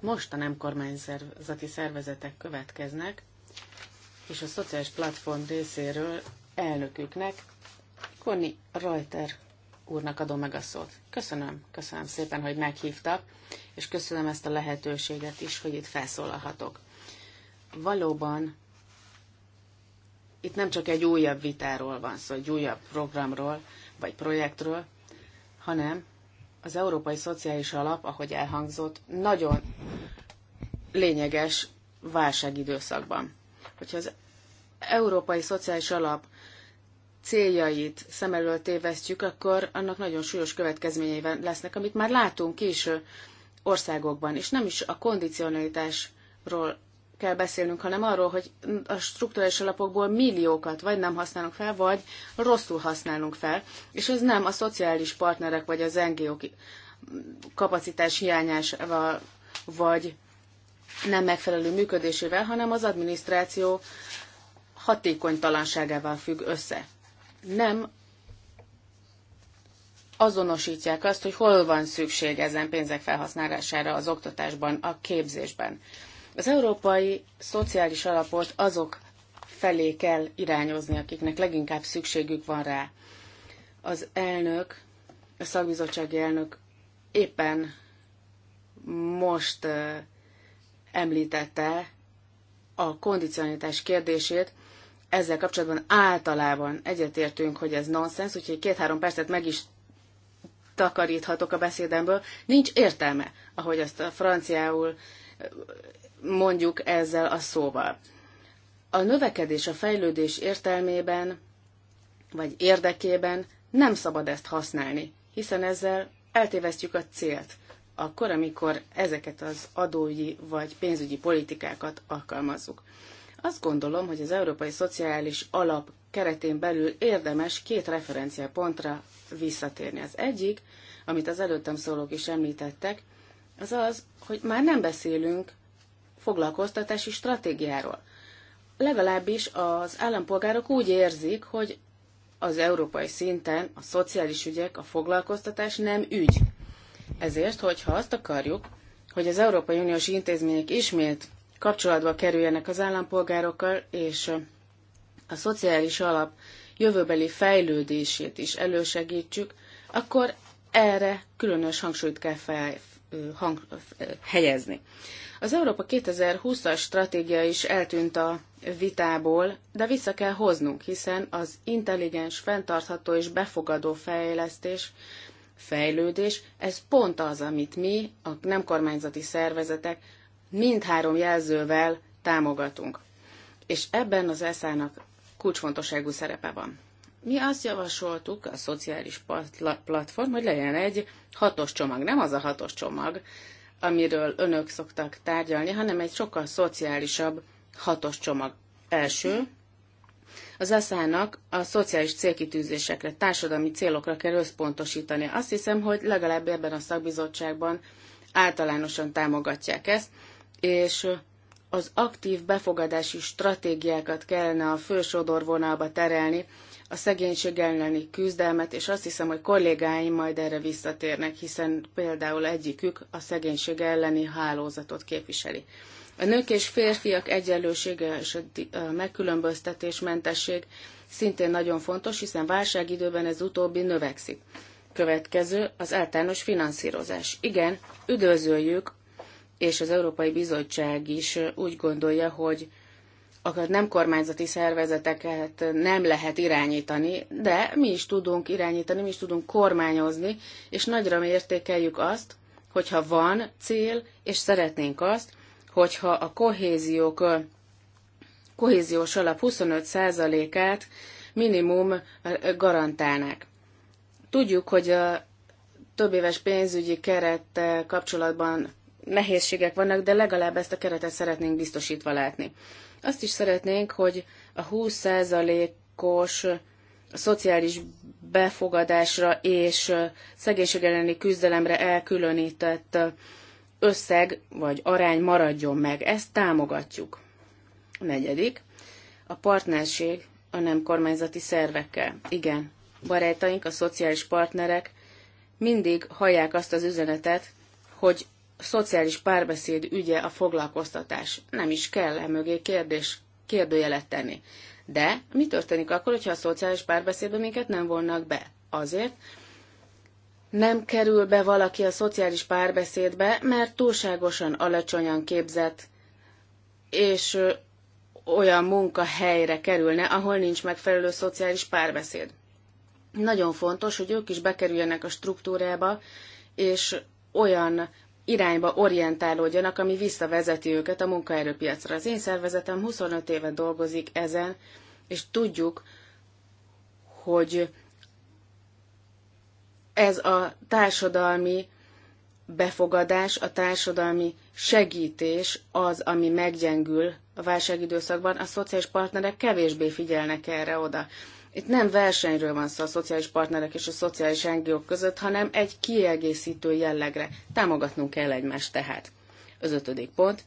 Most a nem kormányzati szervezetek következnek, és a szociális platform részéről elnöküknek, Konni Reuter úrnak adom meg a szót. Köszönöm, köszönöm szépen, hogy meghívtak, és köszönöm ezt a lehetőséget is, hogy itt felszólalhatok. Valóban itt nem csak egy újabb vitáról van szó, egy újabb programról vagy projektről, hanem az Európai Szociális Alap, ahogy elhangzott, nagyon lényeges válságidőszakban. Hogyha az Európai Szociális Alap céljait szem elől tévesztjük, akkor annak nagyon súlyos következményei lesznek, amit már látunk is országokban. És nem is a kondicionalitásról kell beszélnünk, hanem arról, hogy a strukturális alapokból milliókat vagy nem használunk fel, vagy rosszul használunk fel, és ez nem a szociális partnerek vagy az NGO kapacitás hiányával, vagy nem megfelelő működésével, hanem az adminisztráció hatékonytalanságával függ össze nem azonosítják azt, hogy hol van szükség ezen pénzek felhasználására az oktatásban, a képzésben. Az európai szociális alapot azok felé kell irányozni, akiknek leginkább szükségük van rá. Az elnök, a szakbizottsági elnök éppen most említette a kondicionitás kérdését, ezzel kapcsolatban általában egyetértünk, hogy ez nonsens, úgyhogy két-három percet meg is takaríthatok a beszédemből. Nincs értelme, ahogy azt a franciául mondjuk ezzel a szóval. A növekedés, a fejlődés értelmében, vagy érdekében nem szabad ezt használni, hiszen ezzel eltévesztjük a célt, akkor, amikor ezeket az adói vagy pénzügyi politikákat alkalmazzuk. Azt gondolom, hogy az Európai Szociális Alap keretén belül érdemes két referenciapontra visszatérni. Az egyik, amit az előttem szólók is említettek, az az, hogy már nem beszélünk foglalkoztatási stratégiáról. Legalábbis az állampolgárok úgy érzik, hogy az európai szinten a szociális ügyek, a foglalkoztatás nem ügy. Ezért, hogyha azt akarjuk, hogy az Európai Uniós intézmények ismét kapcsolatba kerüljenek az állampolgárokkal, és a szociális alap jövőbeli fejlődését is elősegítsük, akkor erre különös hangsúlyt kell fel, hang, helyezni. Az Európa 2020-as stratégia is eltűnt a vitából, de vissza kell hoznunk, hiszen az intelligens, fenntartható és befogadó fejlesztés, fejlődés, ez pont az, amit mi, a nem kormányzati szervezetek mindhárom jelzővel támogatunk. És ebben az eszának kulcsfontosságú szerepe van. Mi azt javasoltuk, a szociális platform, hogy legyen egy hatos csomag. Nem az a hatos csomag, amiről önök szoktak tárgyalni, hanem egy sokkal szociálisabb hatos csomag. Első, az eszának a szociális célkitűzésekre, társadalmi célokra kell összpontosítani. Azt hiszem, hogy legalább ebben a szakbizottságban általánosan támogatják ezt, és az aktív befogadási stratégiákat kellene a fősodorvonalba terelni, a szegénység elleni küzdelmet, és azt hiszem, hogy kollégáim majd erre visszatérnek, hiszen például egyikük a szegénység elleni hálózatot képviseli. A nők és férfiak egyenlősége és a megkülönböztetésmentesség szintén nagyon fontos, hiszen válságidőben ez utóbbi növekszik. Következő az általános finanszírozás. Igen, üdvözöljük és az Európai Bizottság is úgy gondolja, hogy a nem kormányzati szervezeteket nem lehet irányítani, de mi is tudunk irányítani, mi is tudunk kormányozni, és nagyra értékeljük azt, hogyha van cél, és szeretnénk azt, hogyha a kohéziók, kohéziós alap 25%-át minimum garantálnák. Tudjuk, hogy a több éves pénzügyi kerettel kapcsolatban nehézségek vannak, de legalább ezt a keretet szeretnénk biztosítva látni. Azt is szeretnénk, hogy a 20%-os szociális befogadásra és szegénység elleni küzdelemre elkülönített összeg vagy arány maradjon meg. Ezt támogatjuk. A negyedik, a partnerség a nem kormányzati szervekkel. Igen, barátaink, a szociális partnerek mindig hallják azt az üzenetet, hogy szociális párbeszéd ügye a foglalkoztatás. Nem is kell emögé kérdés, kérdőjelet tenni. De mi történik akkor, hogyha a szociális párbeszédbe minket nem vonnak be? Azért, nem kerül be valaki a szociális párbeszédbe, mert túlságosan alacsonyan képzett, és olyan munkahelyre kerülne, ahol nincs megfelelő szociális párbeszéd. Nagyon fontos, hogy ők is bekerüljenek a struktúrába, és olyan irányba orientálódjanak, ami visszavezeti őket a munkaerőpiacra. Az én szervezetem 25 éve dolgozik ezen, és tudjuk, hogy ez a társadalmi befogadás, a társadalmi segítés az, ami meggyengül a válságidőszakban, a szociális partnerek kevésbé figyelnek erre oda. Itt nem versenyről van szó a szociális partnerek és a szociális NGO-k között, hanem egy kiegészítő jellegre. Támogatnunk kell egymást tehát. Az ötödik pont.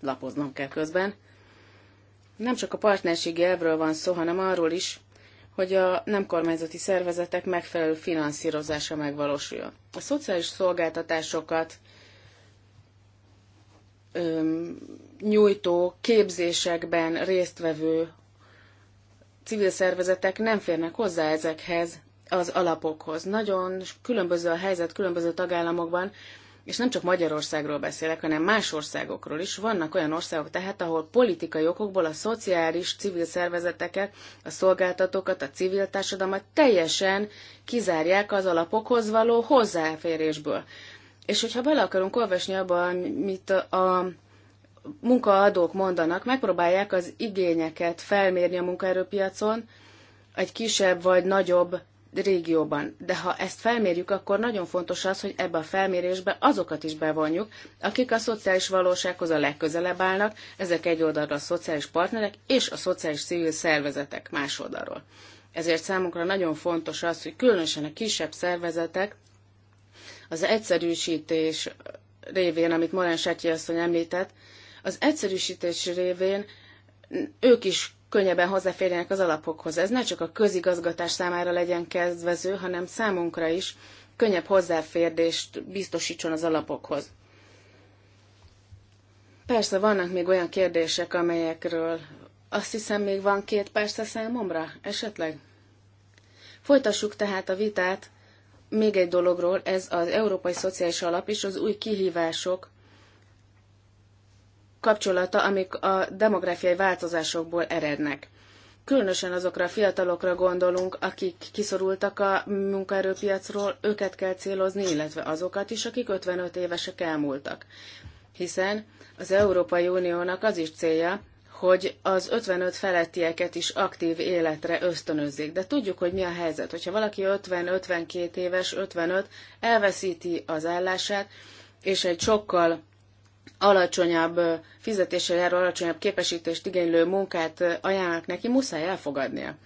Lapoznom kell közben. Nem csak a partnerségi elvről van szó, hanem arról is, hogy a nem kormányzati szervezetek megfelelő finanszírozása megvalósuljon. A szociális szolgáltatásokat öm, nyújtó képzésekben résztvevő civil szervezetek nem férnek hozzá ezekhez az alapokhoz. Nagyon különböző a helyzet különböző tagállamokban, és nem csak Magyarországról beszélek, hanem más országokról is. Vannak olyan országok tehát, ahol politikai okokból a szociális civil szervezeteket, a szolgáltatókat, a civil társadalmat teljesen kizárják az alapokhoz való hozzáférésből. És hogyha bele akarunk olvasni mit amit a munkaadók mondanak, megpróbálják az igényeket felmérni a munkaerőpiacon egy kisebb vagy nagyobb régióban. De ha ezt felmérjük, akkor nagyon fontos az, hogy ebbe a felmérésbe azokat is bevonjuk, akik a szociális valósághoz a legközelebb állnak, ezek egy a szociális partnerek és a szociális civil szervezetek más oldalról. Ezért számunkra nagyon fontos az, hogy különösen a kisebb szervezetek az egyszerűsítés révén, amit Morán Sátyi asszony említett, az egyszerűsítés révén ők is könnyebben hozzáférjenek az alapokhoz. Ez ne csak a közigazgatás számára legyen kedvező, hanem számunkra is könnyebb hozzáférést biztosítson az alapokhoz. Persze vannak még olyan kérdések, amelyekről azt hiszem még van két perc a számomra, esetleg? Folytassuk tehát a vitát még egy dologról, ez az Európai Szociális Alap és az új kihívások kapcsolata, amik a demográfiai változásokból erednek. Különösen azokra a fiatalokra gondolunk, akik kiszorultak a munkaerőpiacról, őket kell célozni, illetve azokat is, akik 55 évesek elmúltak. Hiszen az Európai Uniónak az is célja, hogy az 55 felettieket is aktív életre ösztönözzék. De tudjuk, hogy mi a helyzet. Hogyha valaki 50-52 éves, 55, elveszíti az állását, és egy sokkal alacsonyabb fizetéssel járó, alacsonyabb képesítést igénylő munkát ajánlnak neki, muszáj elfogadnia.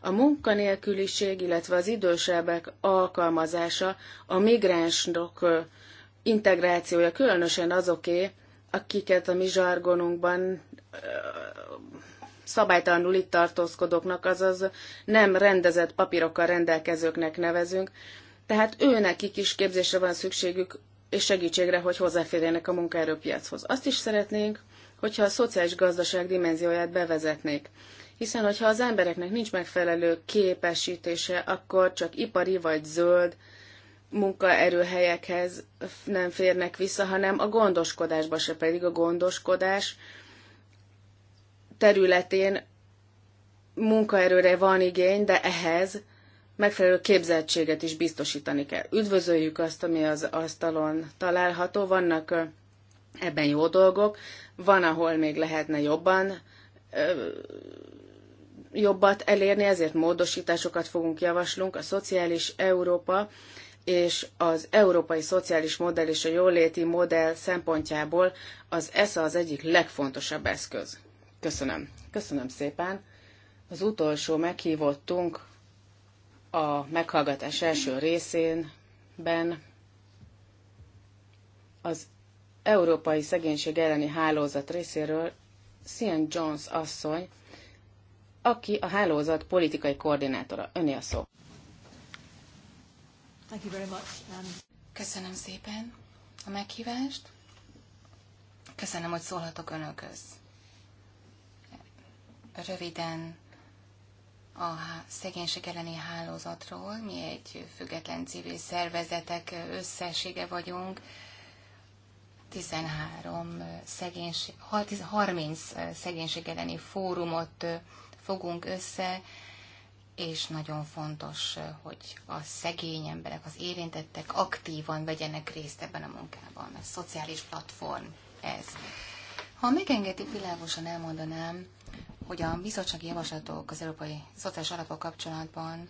A munkanélküliség, illetve az idősebbek alkalmazása, a migránsok integrációja, különösen azoké, akiket a mi zsargonunkban szabálytalanul itt tartózkodóknak, azaz nem rendezett papírokkal rendelkezőknek nevezünk. Tehát őnek is képzésre van szükségük és segítségre, hogy hozzáférjenek a munkaerőpiachoz. Azt is szeretnénk, hogyha a szociális gazdaság dimenzióját bevezetnék. Hiszen, hogyha az embereknek nincs megfelelő képesítése, akkor csak ipari vagy zöld munkaerőhelyekhez nem férnek vissza, hanem a gondoskodásba se pedig a gondoskodás területén munkaerőre van igény, de ehhez megfelelő képzeltséget is biztosítani kell. Üdvözöljük azt, ami az asztalon található. Vannak ebben jó dolgok, van, ahol még lehetne jobban jobbat elérni, ezért módosításokat fogunk javaslunk. A szociális Európa és az európai szociális modell és a jóléti modell szempontjából az ESZA az egyik legfontosabb eszköz. Köszönöm. Köszönöm szépen. Az utolsó meghívottunk a meghallgatás első részénben az Európai Szegénység elleni hálózat részéről Sian Jones asszony, aki a hálózat politikai koordinátora. Öné a szó.
Thank you very much. Um, Köszönöm szépen a meghívást. Köszönöm, hogy szólhatok Önökhöz. Röviden a szegénység elleni hálózatról. Mi egy független civil szervezetek összessége vagyunk. 13 szegénység, 30 szegénység elleni fórumot fogunk össze, és nagyon fontos, hogy a szegény emberek, az érintettek aktívan vegyenek részt ebben a munkában. A szociális platform ez. Ha megengedik, világosan elmondanám, hogy a bizottsági javaslatok az Európai Szociális Alapok kapcsolatban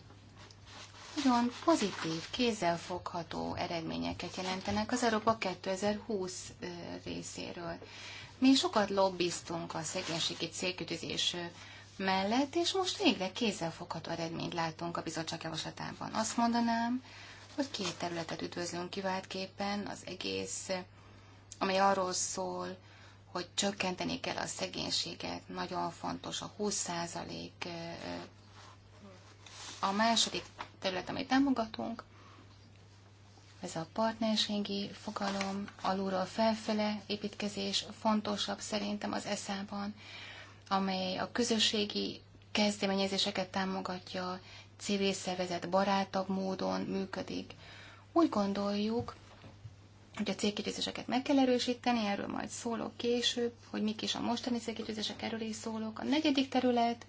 nagyon pozitív, kézzelfogható eredményeket jelentenek az Európa 2020 részéről. Mi sokat lobbiztunk a szegénységi célkütözés mellett, és most végre kézzelfogható eredményt látunk a bizottság javaslatában. Azt mondanám, hogy két területet üdvözlünk kiváltképpen, az egész, amely arról szól, hogy csökkenteni kell a szegénységet, nagyon fontos a 20%. A második terület, amit támogatunk, ez a partnerségi fogalom, alulról felfele építkezés fontosabb szerintem az eszában, amely a közösségi kezdeményezéseket támogatja, civil szervezet barátabb módon működik. Úgy gondoljuk, hogy a célkitűzéseket meg kell erősíteni, erről majd szólok később, hogy mik is a mostani célkitűzések, erről is szólok. A negyedik terület,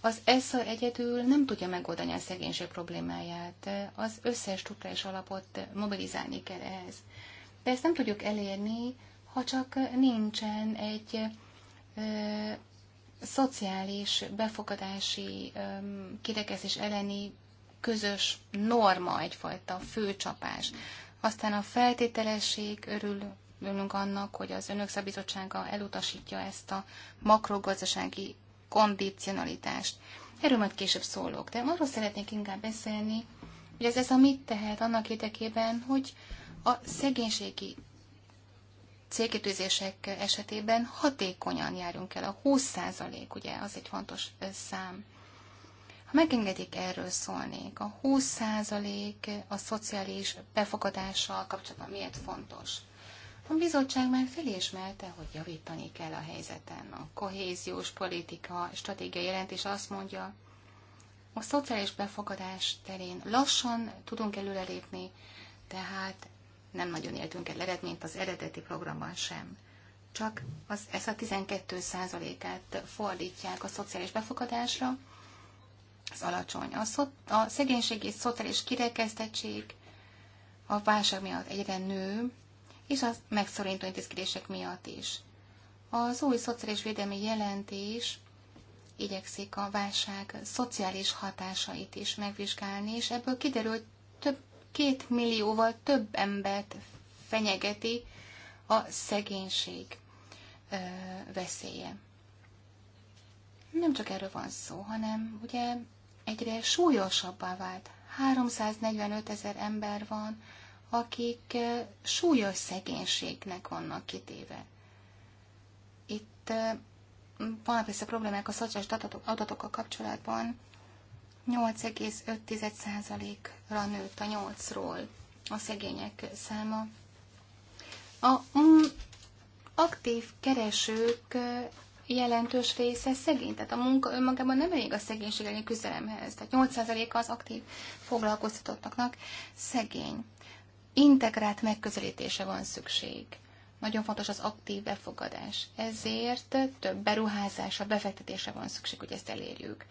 az ESZA egyedül nem tudja megoldani a szegénység problémáját. Az összes struktúrás alapot mobilizálni kell ehhez. De ezt nem tudjuk elérni, ha csak nincsen egy ö, szociális befogadási ö, kirekesztés elleni közös norma, egyfajta főcsapás. Aztán a feltételesség, örülünk annak, hogy az Önök Szabizottsága elutasítja ezt a makrogazdasági kondicionalitást. Erről majd később szólok, de arról szeretnék inkább beszélni, hogy ez, ez a mit tehet annak érdekében, hogy a szegénységi célkitűzések esetében hatékonyan járunk el. A 20% ugye az egy fontos szám megengedik erről szólni? A 20% a szociális befogadással kapcsolatban miért fontos? A bizottság már felismerte, hogy javítani kell a helyzeten. A kohéziós politika stratégia jelentés azt mondja, a szociális befogadás terén lassan tudunk előrelépni, tehát nem nagyon éltünk el eredményt az eredeti programban sem. Csak az, ezt a 12%-át fordítják a szociális befogadásra, az alacsony. A, szot, a szegénység és szociális kirekesztettség a válság miatt egyre nő, és a megszorító intézkedések miatt is. Az új szociális védelmi jelentés igyekszik a válság szociális hatásait is megvizsgálni, és ebből kiderül, hogy több két millióval több embert fenyegeti a szegénység ö, veszélye. Nem csak erről van szó, hanem ugye egyre súlyosabbá vált. 345 ezer ember van, akik eh, súlyos szegénységnek vannak kitéve. Itt eh, van persze problémák a szociális adatok, adatokkal kapcsolatban. 8,5%-ra nőtt a 8-ról a szegények száma. A mm, aktív keresők eh, jelentős része szegény, tehát a munka önmagában nem elég a szegénység elleni küzdelemhez. Tehát 8%-a az aktív foglalkoztatottaknak szegény. Integrált megközelítése van szükség. Nagyon fontos az aktív befogadás. Ezért több beruházásra, befektetése van szükség, hogy ezt elérjük.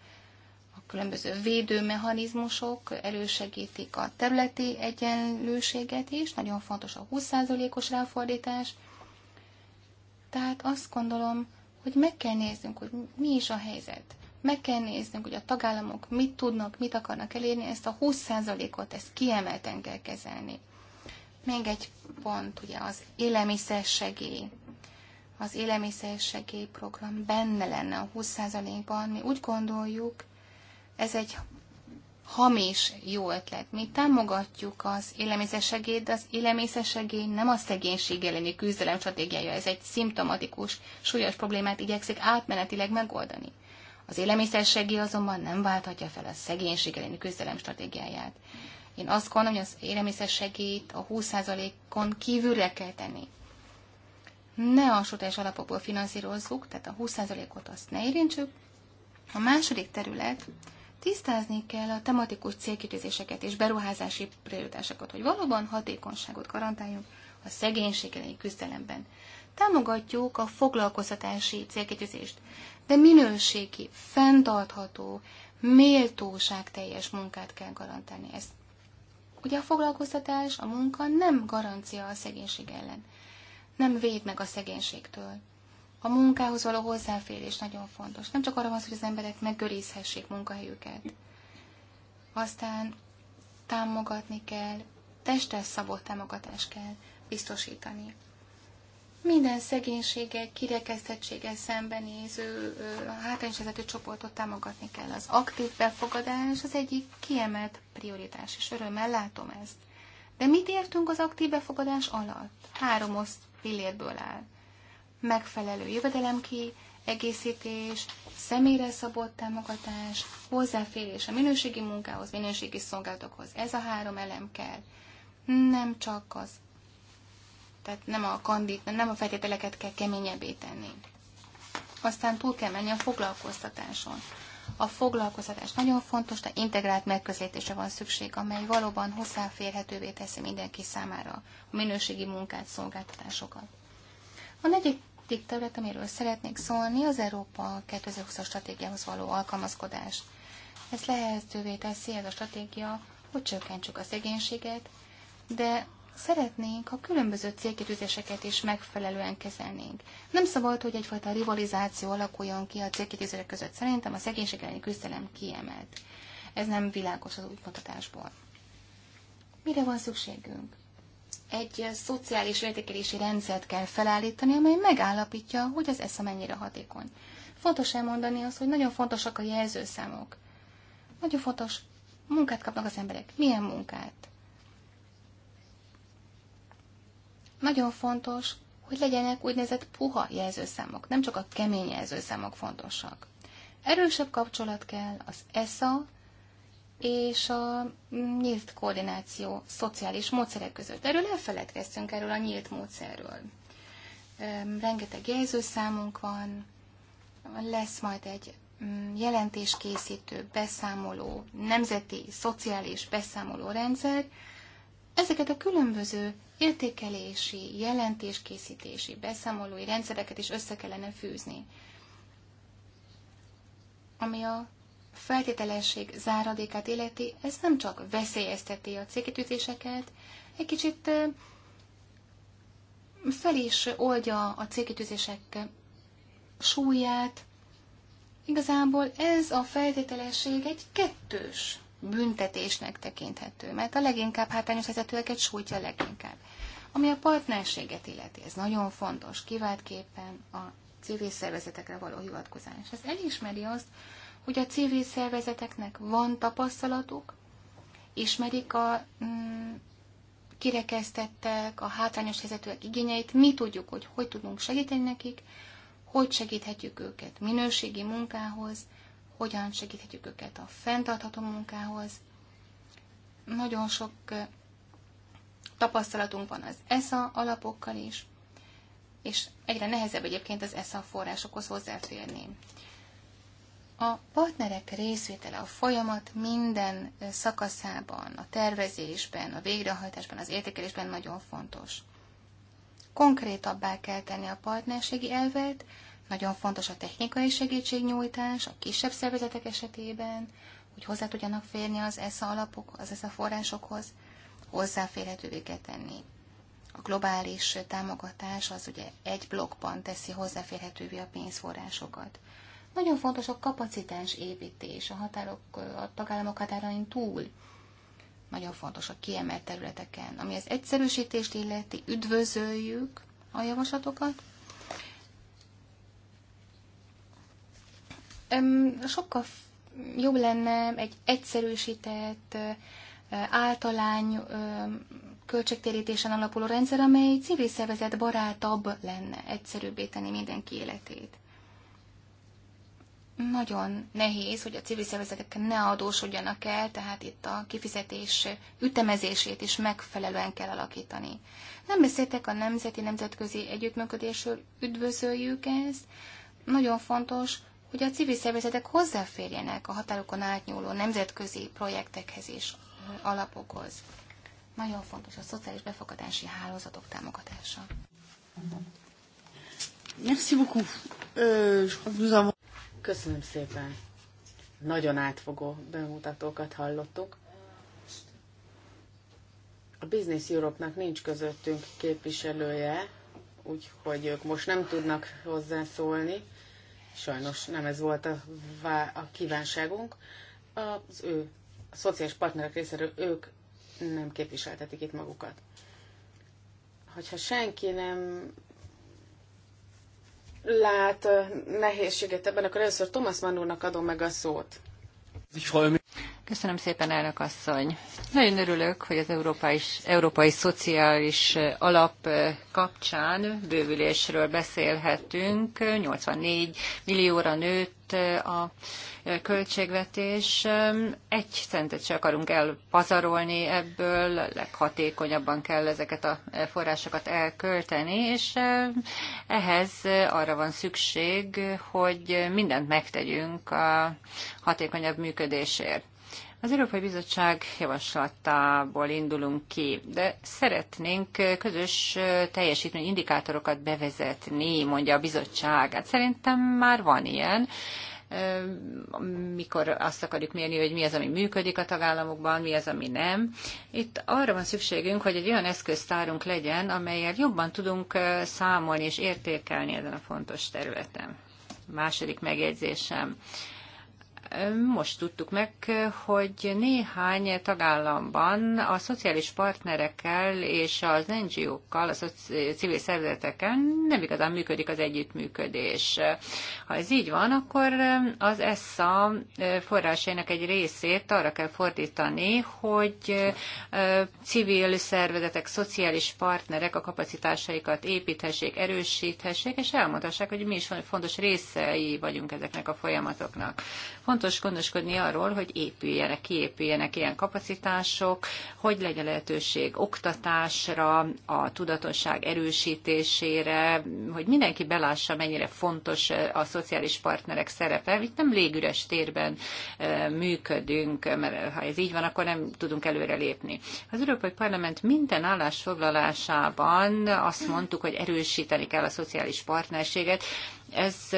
A különböző védőmechanizmusok elősegítik a területi egyenlőséget is, nagyon fontos a 20%-os ráfordítás. Tehát azt gondolom, hogy meg kell néznünk, hogy mi is a helyzet. Meg kell néznünk, hogy a tagállamok mit tudnak, mit akarnak elérni, ezt a 20%-ot, ezt kiemelten kell kezelni. Még egy pont, ugye az élelmiszersegély. Az program benne lenne a 20%-ban. Mi úgy gondoljuk, ez egy hamis jó ötlet. Mi támogatjuk az élelmiszersegélyt, de az élelmiszersegély nem a szegénység elleni küzdelem stratégiája, ez egy szimptomatikus, súlyos problémát igyekszik átmenetileg megoldani. Az élelmiszersegély azonban nem válthatja fel a szegénység elleni küzdelem stratégiáját. Én azt gondolom, hogy az élelmiszersegélyt a 20%-on kívülre kell tenni. Ne a sotás alapokból finanszírozzuk, tehát a 20%-ot azt ne érintsük. A második terület, tisztázni kell a tematikus célkitűzéseket és beruházási prioritásokat, hogy valóban hatékonyságot garantáljunk a szegénység elleni küzdelemben. Támogatjuk a foglalkoztatási célkitűzést, de minőségi, fenntartható, méltóság teljes munkát kell garantálni. Ezt Ugye a foglalkoztatás, a munka nem garancia a szegénység ellen. Nem véd meg a szegénységtől. A munkához való hozzáférés nagyon fontos. Nem csak arra van szó, hogy az emberek megőrizhessék munkahelyüket. Aztán támogatni kell, testes szabott támogatás kell biztosítani. Minden szegénysége, kirekesztettsége szembenéző hátrányos csoportot támogatni kell. Az aktív befogadás az egyik kiemelt prioritás, és örömmel látom ezt. De mit értünk az aktív befogadás alatt? Három oszt pillérből áll megfelelő jövedelemki, egészítés, személyre szabott támogatás, hozzáférés a minőségi munkához, minőségi szolgálatokhoz. Ez a három elem kell. Nem csak az, tehát nem a kandit, nem a feltételeket kell keményebbé tenni. Aztán túl kell menni a foglalkoztatáson. A foglalkoztatás nagyon fontos, de integrált megközelítésre van szükség, amely valóban hozzáférhetővé teszi mindenki számára a minőségi munkát, szolgáltatásokat. A negyedik terület, amiről szeretnék szólni, az Európa 2020-as stratégiához való alkalmazkodás. Ez lehetővé teszi ez a stratégia, hogy csökkentsük a szegénységet, de szeretnénk, ha különböző célkitűzéseket is megfelelően kezelnénk. Nem szabad, hogy egyfajta rivalizáció alakuljon ki a célkitűzések között. Szerintem a szegénység elleni küzdelem kiemelt. Ez nem világos az útmutatásból. Mire van szükségünk? egy szociális értékelési rendszert kell felállítani, amely megállapítja, hogy az esze mennyire hatékony. Fontos elmondani azt, hogy nagyon fontosak a jelzőszámok. Nagyon fontos, munkát kapnak az emberek. Milyen munkát? Nagyon fontos, hogy legyenek úgynevezett puha jelzőszámok, nem csak a kemény jelzőszámok fontosak. Erősebb kapcsolat kell az ESA és a nyílt koordináció szociális módszerek között. Erről elfeledkeztünk, erről a nyílt módszerről. Rengeteg jelzőszámunk van, lesz majd egy mm, jelentéskészítő, beszámoló, nemzeti, szociális beszámoló rendszer. Ezeket a különböző értékelési, jelentéskészítési, beszámolói rendszereket is össze kellene fűzni. Ami a feltételesség záradékát életi, ez nem csak veszélyezteti a cégkitűzéseket, egy kicsit fel is oldja a cégkitűzések súlyát. Igazából ez a feltételesség egy kettős büntetésnek tekinthető, mert a leginkább hátrányos helyzetűeket sújtja leginkább. Ami a partnerséget illeti, ez nagyon fontos, kiváltképpen a civil szervezetekre való hivatkozás. Ez elismeri azt, hogy a civil szervezeteknek van tapasztalatuk, ismerik a mm, kirekesztettek, a hátrányos helyzetűek igényeit, mi tudjuk, hogy hogy tudunk segíteni nekik, hogy segíthetjük őket minőségi munkához, hogyan segíthetjük őket a fenntartható munkához. Nagyon sok tapasztalatunk van az ESA alapokkal is, és egyre nehezebb egyébként az ESA forrásokhoz hozzáférni. A partnerek részvétele a folyamat minden szakaszában, a tervezésben, a végrehajtásban, az értékelésben nagyon fontos. Konkrétabbá kell tenni a partnerségi elvet, nagyon fontos a technikai segítségnyújtás a kisebb szervezetek esetében, hogy hozzá tudjanak férni az ESZA alapok, az ESZA forrásokhoz, hozzáférhetővé kell tenni. A globális támogatás az ugye egy blokkban teszi hozzáférhetővé a pénzforrásokat. Nagyon fontos a kapacitás építés a határok, a tagállamok határain túl. Nagyon fontos a kiemelt területeken. Ami az egyszerűsítést illeti, üdvözöljük a javaslatokat. Sokkal jobb lenne egy egyszerűsített, általány költségtérítésen alapuló rendszer, amely civil szervezet barátabb lenne, egyszerűbbé tenni mindenki életét nagyon nehéz, hogy a civil szervezetek ne adósodjanak el, tehát itt a kifizetés ütemezését is megfelelően kell alakítani. Nem beszéltek a nemzeti nemzetközi együttműködésről, üdvözöljük ezt. Nagyon fontos, hogy a civil szervezetek hozzáférjenek a határokon átnyúló nemzetközi projektekhez és alapokhoz. Nagyon fontos a szociális befogadási hálózatok támogatása.
Merci beaucoup. Euh, je crois que nous avons... Köszönöm szépen. Nagyon átfogó bemutatókat hallottuk. A Business Europe-nak nincs közöttünk képviselője, úgyhogy ők most nem tudnak hozzászólni. Sajnos nem ez volt a, a kívánságunk. Az ő a szociális partnerek részéről ők nem képviseltetik itt magukat. Hogyha senki nem lát nehézséget ebben, akkor először Thomas Mann úrnak adom meg a szót.
Köszönöm szépen, elnök asszony. Nagyon örülök, hogy az Európai, Európai Szociális Alap kapcsán bővülésről beszélhetünk. 84 millióra nőtt a költségvetés. Egy centet se akarunk elpazarolni ebből, leghatékonyabban kell ezeket a forrásokat elkölteni, és ehhez arra van szükség, hogy mindent megtegyünk a hatékonyabb működésért. Az Európai Bizottság javaslatából indulunk ki, de szeretnénk közös teljesítmény indikátorokat bevezetni, mondja a bizottság. Hát szerintem már van ilyen mikor azt akarjuk mérni, hogy mi az, ami működik a tagállamokban, mi az, ami nem. Itt arra van szükségünk, hogy egy olyan eszköztárunk legyen, amelyel jobban tudunk számolni és értékelni ezen a fontos területen. Második megjegyzésem most tudtuk meg, hogy néhány tagállamban a szociális partnerekkel és az NGO-kkal, a civil szervezeteken nem igazán működik az együttműködés. Ha ez így van, akkor az ESSA forrásainak egy részét arra kell fordítani, hogy civil szervezetek, szociális partnerek a kapacitásaikat építhessék, erősíthessék, és elmondhassák, hogy mi is fontos részei vagyunk ezeknek a folyamatoknak. Fontos fontos gondoskodni arról, hogy épüljenek, kiépüljenek ilyen kapacitások, hogy legyen lehetőség oktatásra, a tudatosság erősítésére, hogy mindenki belássa, mennyire fontos a szociális partnerek szerepe. Itt nem légüres térben működünk, mert ha ez így van, akkor nem tudunk előrelépni. Az Európai Parlament minden állásfoglalásában azt mondtuk, hogy erősíteni kell a szociális partnerséget, ez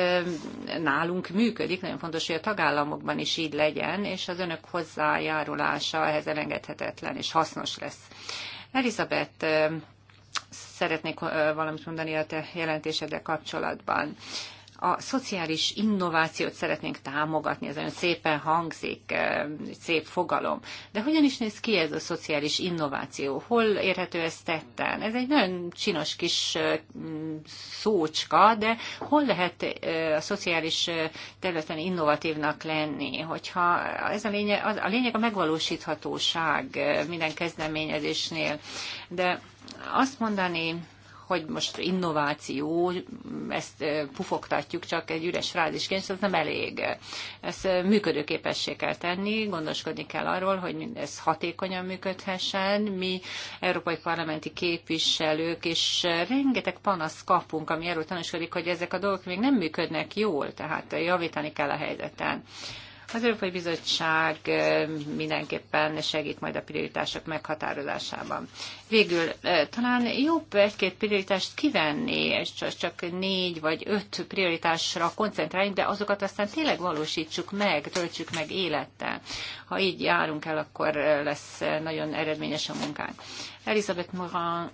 nálunk működik, nagyon fontos, hogy a tagállamokban is így legyen, és az önök hozzájárulása ehhez elengedhetetlen és hasznos lesz. Elizabeth, szeretnék valamit mondani a te jelentéseddel kapcsolatban a szociális innovációt szeretnénk támogatni, ez nagyon szépen hangzik, eh, szép fogalom. De hogyan is néz ki ez a szociális innováció? Hol érhető ez tetten? Ez egy nagyon csinos kis eh, mm, szócska, de hol lehet eh, a szociális területen innovatívnak lenni? Hogyha ez a lényeg, az, a lényeg a megvalósíthatóság minden kezdeményezésnél. De azt mondani, hogy most innováció, ezt pufogtatjuk csak egy üres frázisként, szóval ez nem elég. Ezt működőképessé kell tenni, gondoskodni kell arról, hogy mindez hatékonyan működhessen. Mi európai parlamenti képviselők, és rengeteg panaszt kapunk, ami erről tanúskodik, hogy ezek a dolgok még nem működnek jól, tehát javítani kell a helyzeten. Az Európai Bizottság mindenképpen segít majd a prioritások meghatározásában. Végül talán jobb egy-két prioritást kivenni, és csak négy vagy öt prioritásra koncentrálni, de azokat aztán tényleg valósítsuk meg, töltsük meg élettel. Ha így járunk el, akkor lesz nagyon eredményes a munkánk. Elizabeth Morin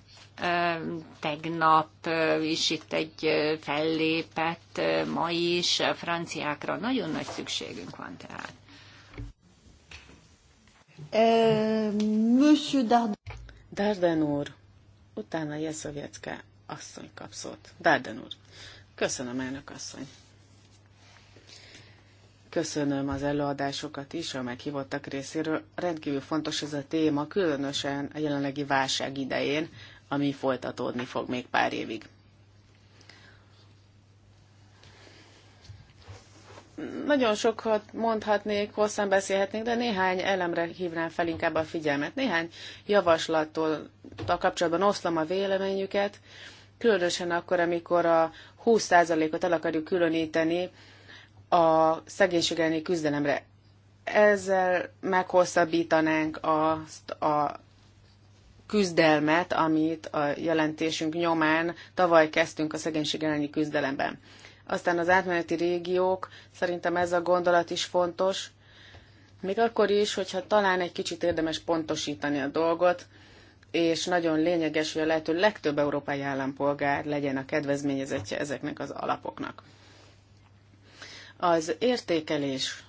Tegnap is itt egy fellépett, ma is a franciákra nagyon nagy szükségünk van
tehát. Monsieur Darden. úr, utána Jeszovjecke asszony kapszott. Darden úr, köszönöm elnök asszony. Köszönöm az előadásokat is, a meghívottak részéről. Rendkívül fontos ez a téma, különösen a jelenlegi válság idején, ami folytatódni fog még pár évig. Nagyon sokat mondhatnék, hosszan beszélhetnék, de néhány elemre hívnám fel inkább a figyelmet. Néhány javaslattól a kapcsolatban oszlom a véleményüket, különösen akkor, amikor a 20%-ot el akarjuk különíteni a szegénységelni küzdelemre. Ezzel meghosszabbítanánk azt a küzdelmet, amit a jelentésünk nyomán tavaly kezdtünk a szegénység elleni küzdelemben. Aztán az átmeneti régiók, szerintem ez a gondolat is fontos, még akkor is, hogyha talán egy kicsit érdemes pontosítani a dolgot, és nagyon lényeges, hogy a lehető legtöbb európai állampolgár legyen a kedvezményezetje ezeknek az alapoknak. Az értékelés,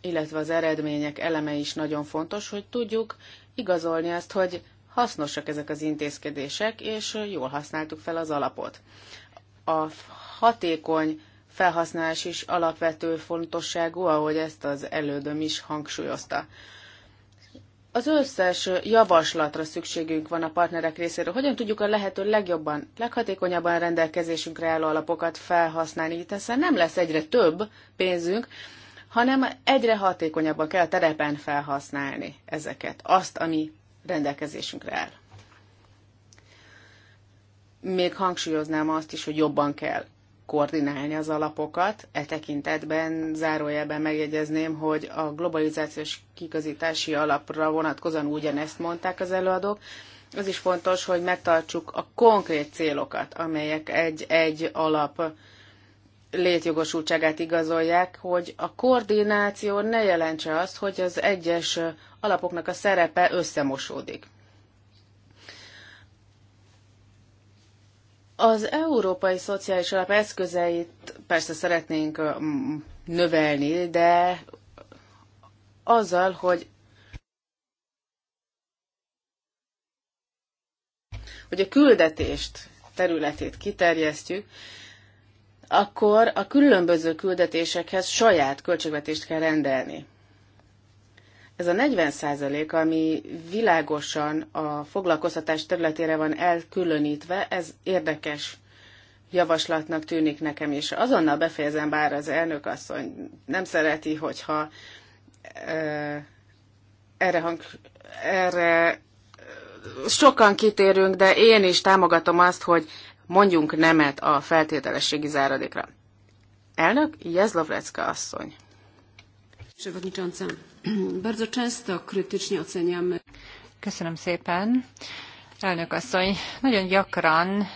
illetve az eredmények eleme is nagyon fontos, hogy tudjuk igazolni azt, hogy hasznosak ezek az intézkedések, és jól használtuk fel az alapot. A hatékony felhasználás is alapvető fontosságú, ahogy ezt az elődöm is hangsúlyozta. Az összes javaslatra szükségünk van a partnerek részéről. Hogyan tudjuk a lehető legjobban, leghatékonyabban rendelkezésünkre álló alapokat felhasználni, hiszen nem lesz egyre több pénzünk, hanem egyre hatékonyabban kell a terepen felhasználni ezeket, azt, ami rendelkezésünkre áll. Még hangsúlyoznám azt is, hogy jobban kell koordinálni az alapokat. E tekintetben zárójelben megjegyezném, hogy a globalizációs kiközítási alapra vonatkozóan ugyanezt mondták az előadók. Az is fontos, hogy megtartsuk a konkrét célokat, amelyek egy-egy alap létjogosultságát igazolják, hogy a koordináció ne jelentse azt, hogy az egyes alapoknak a szerepe összemosódik. Az Európai Szociális Alap eszközeit persze szeretnénk mm, növelni, de azzal, hogy hogy a küldetést területét kiterjesztjük, akkor a különböző küldetésekhez saját költségvetést kell rendelni. Ez a 40 százalék, ami világosan a foglalkoztatás területére van elkülönítve, ez érdekes javaslatnak tűnik nekem is. Azonnal befejezem, bár az elnök asszony nem szereti, hogyha e, erre, hang, erre sokan kitérünk, de én is támogatom azt, hogy mondjunk nemet a feltételességi záradékra. Elnök Jezlovrecka asszony.
Przewodnicząca, bardzo często krytycznie oceniamy. Köszönöm szépen. Elnök asszony, nagyon gyakran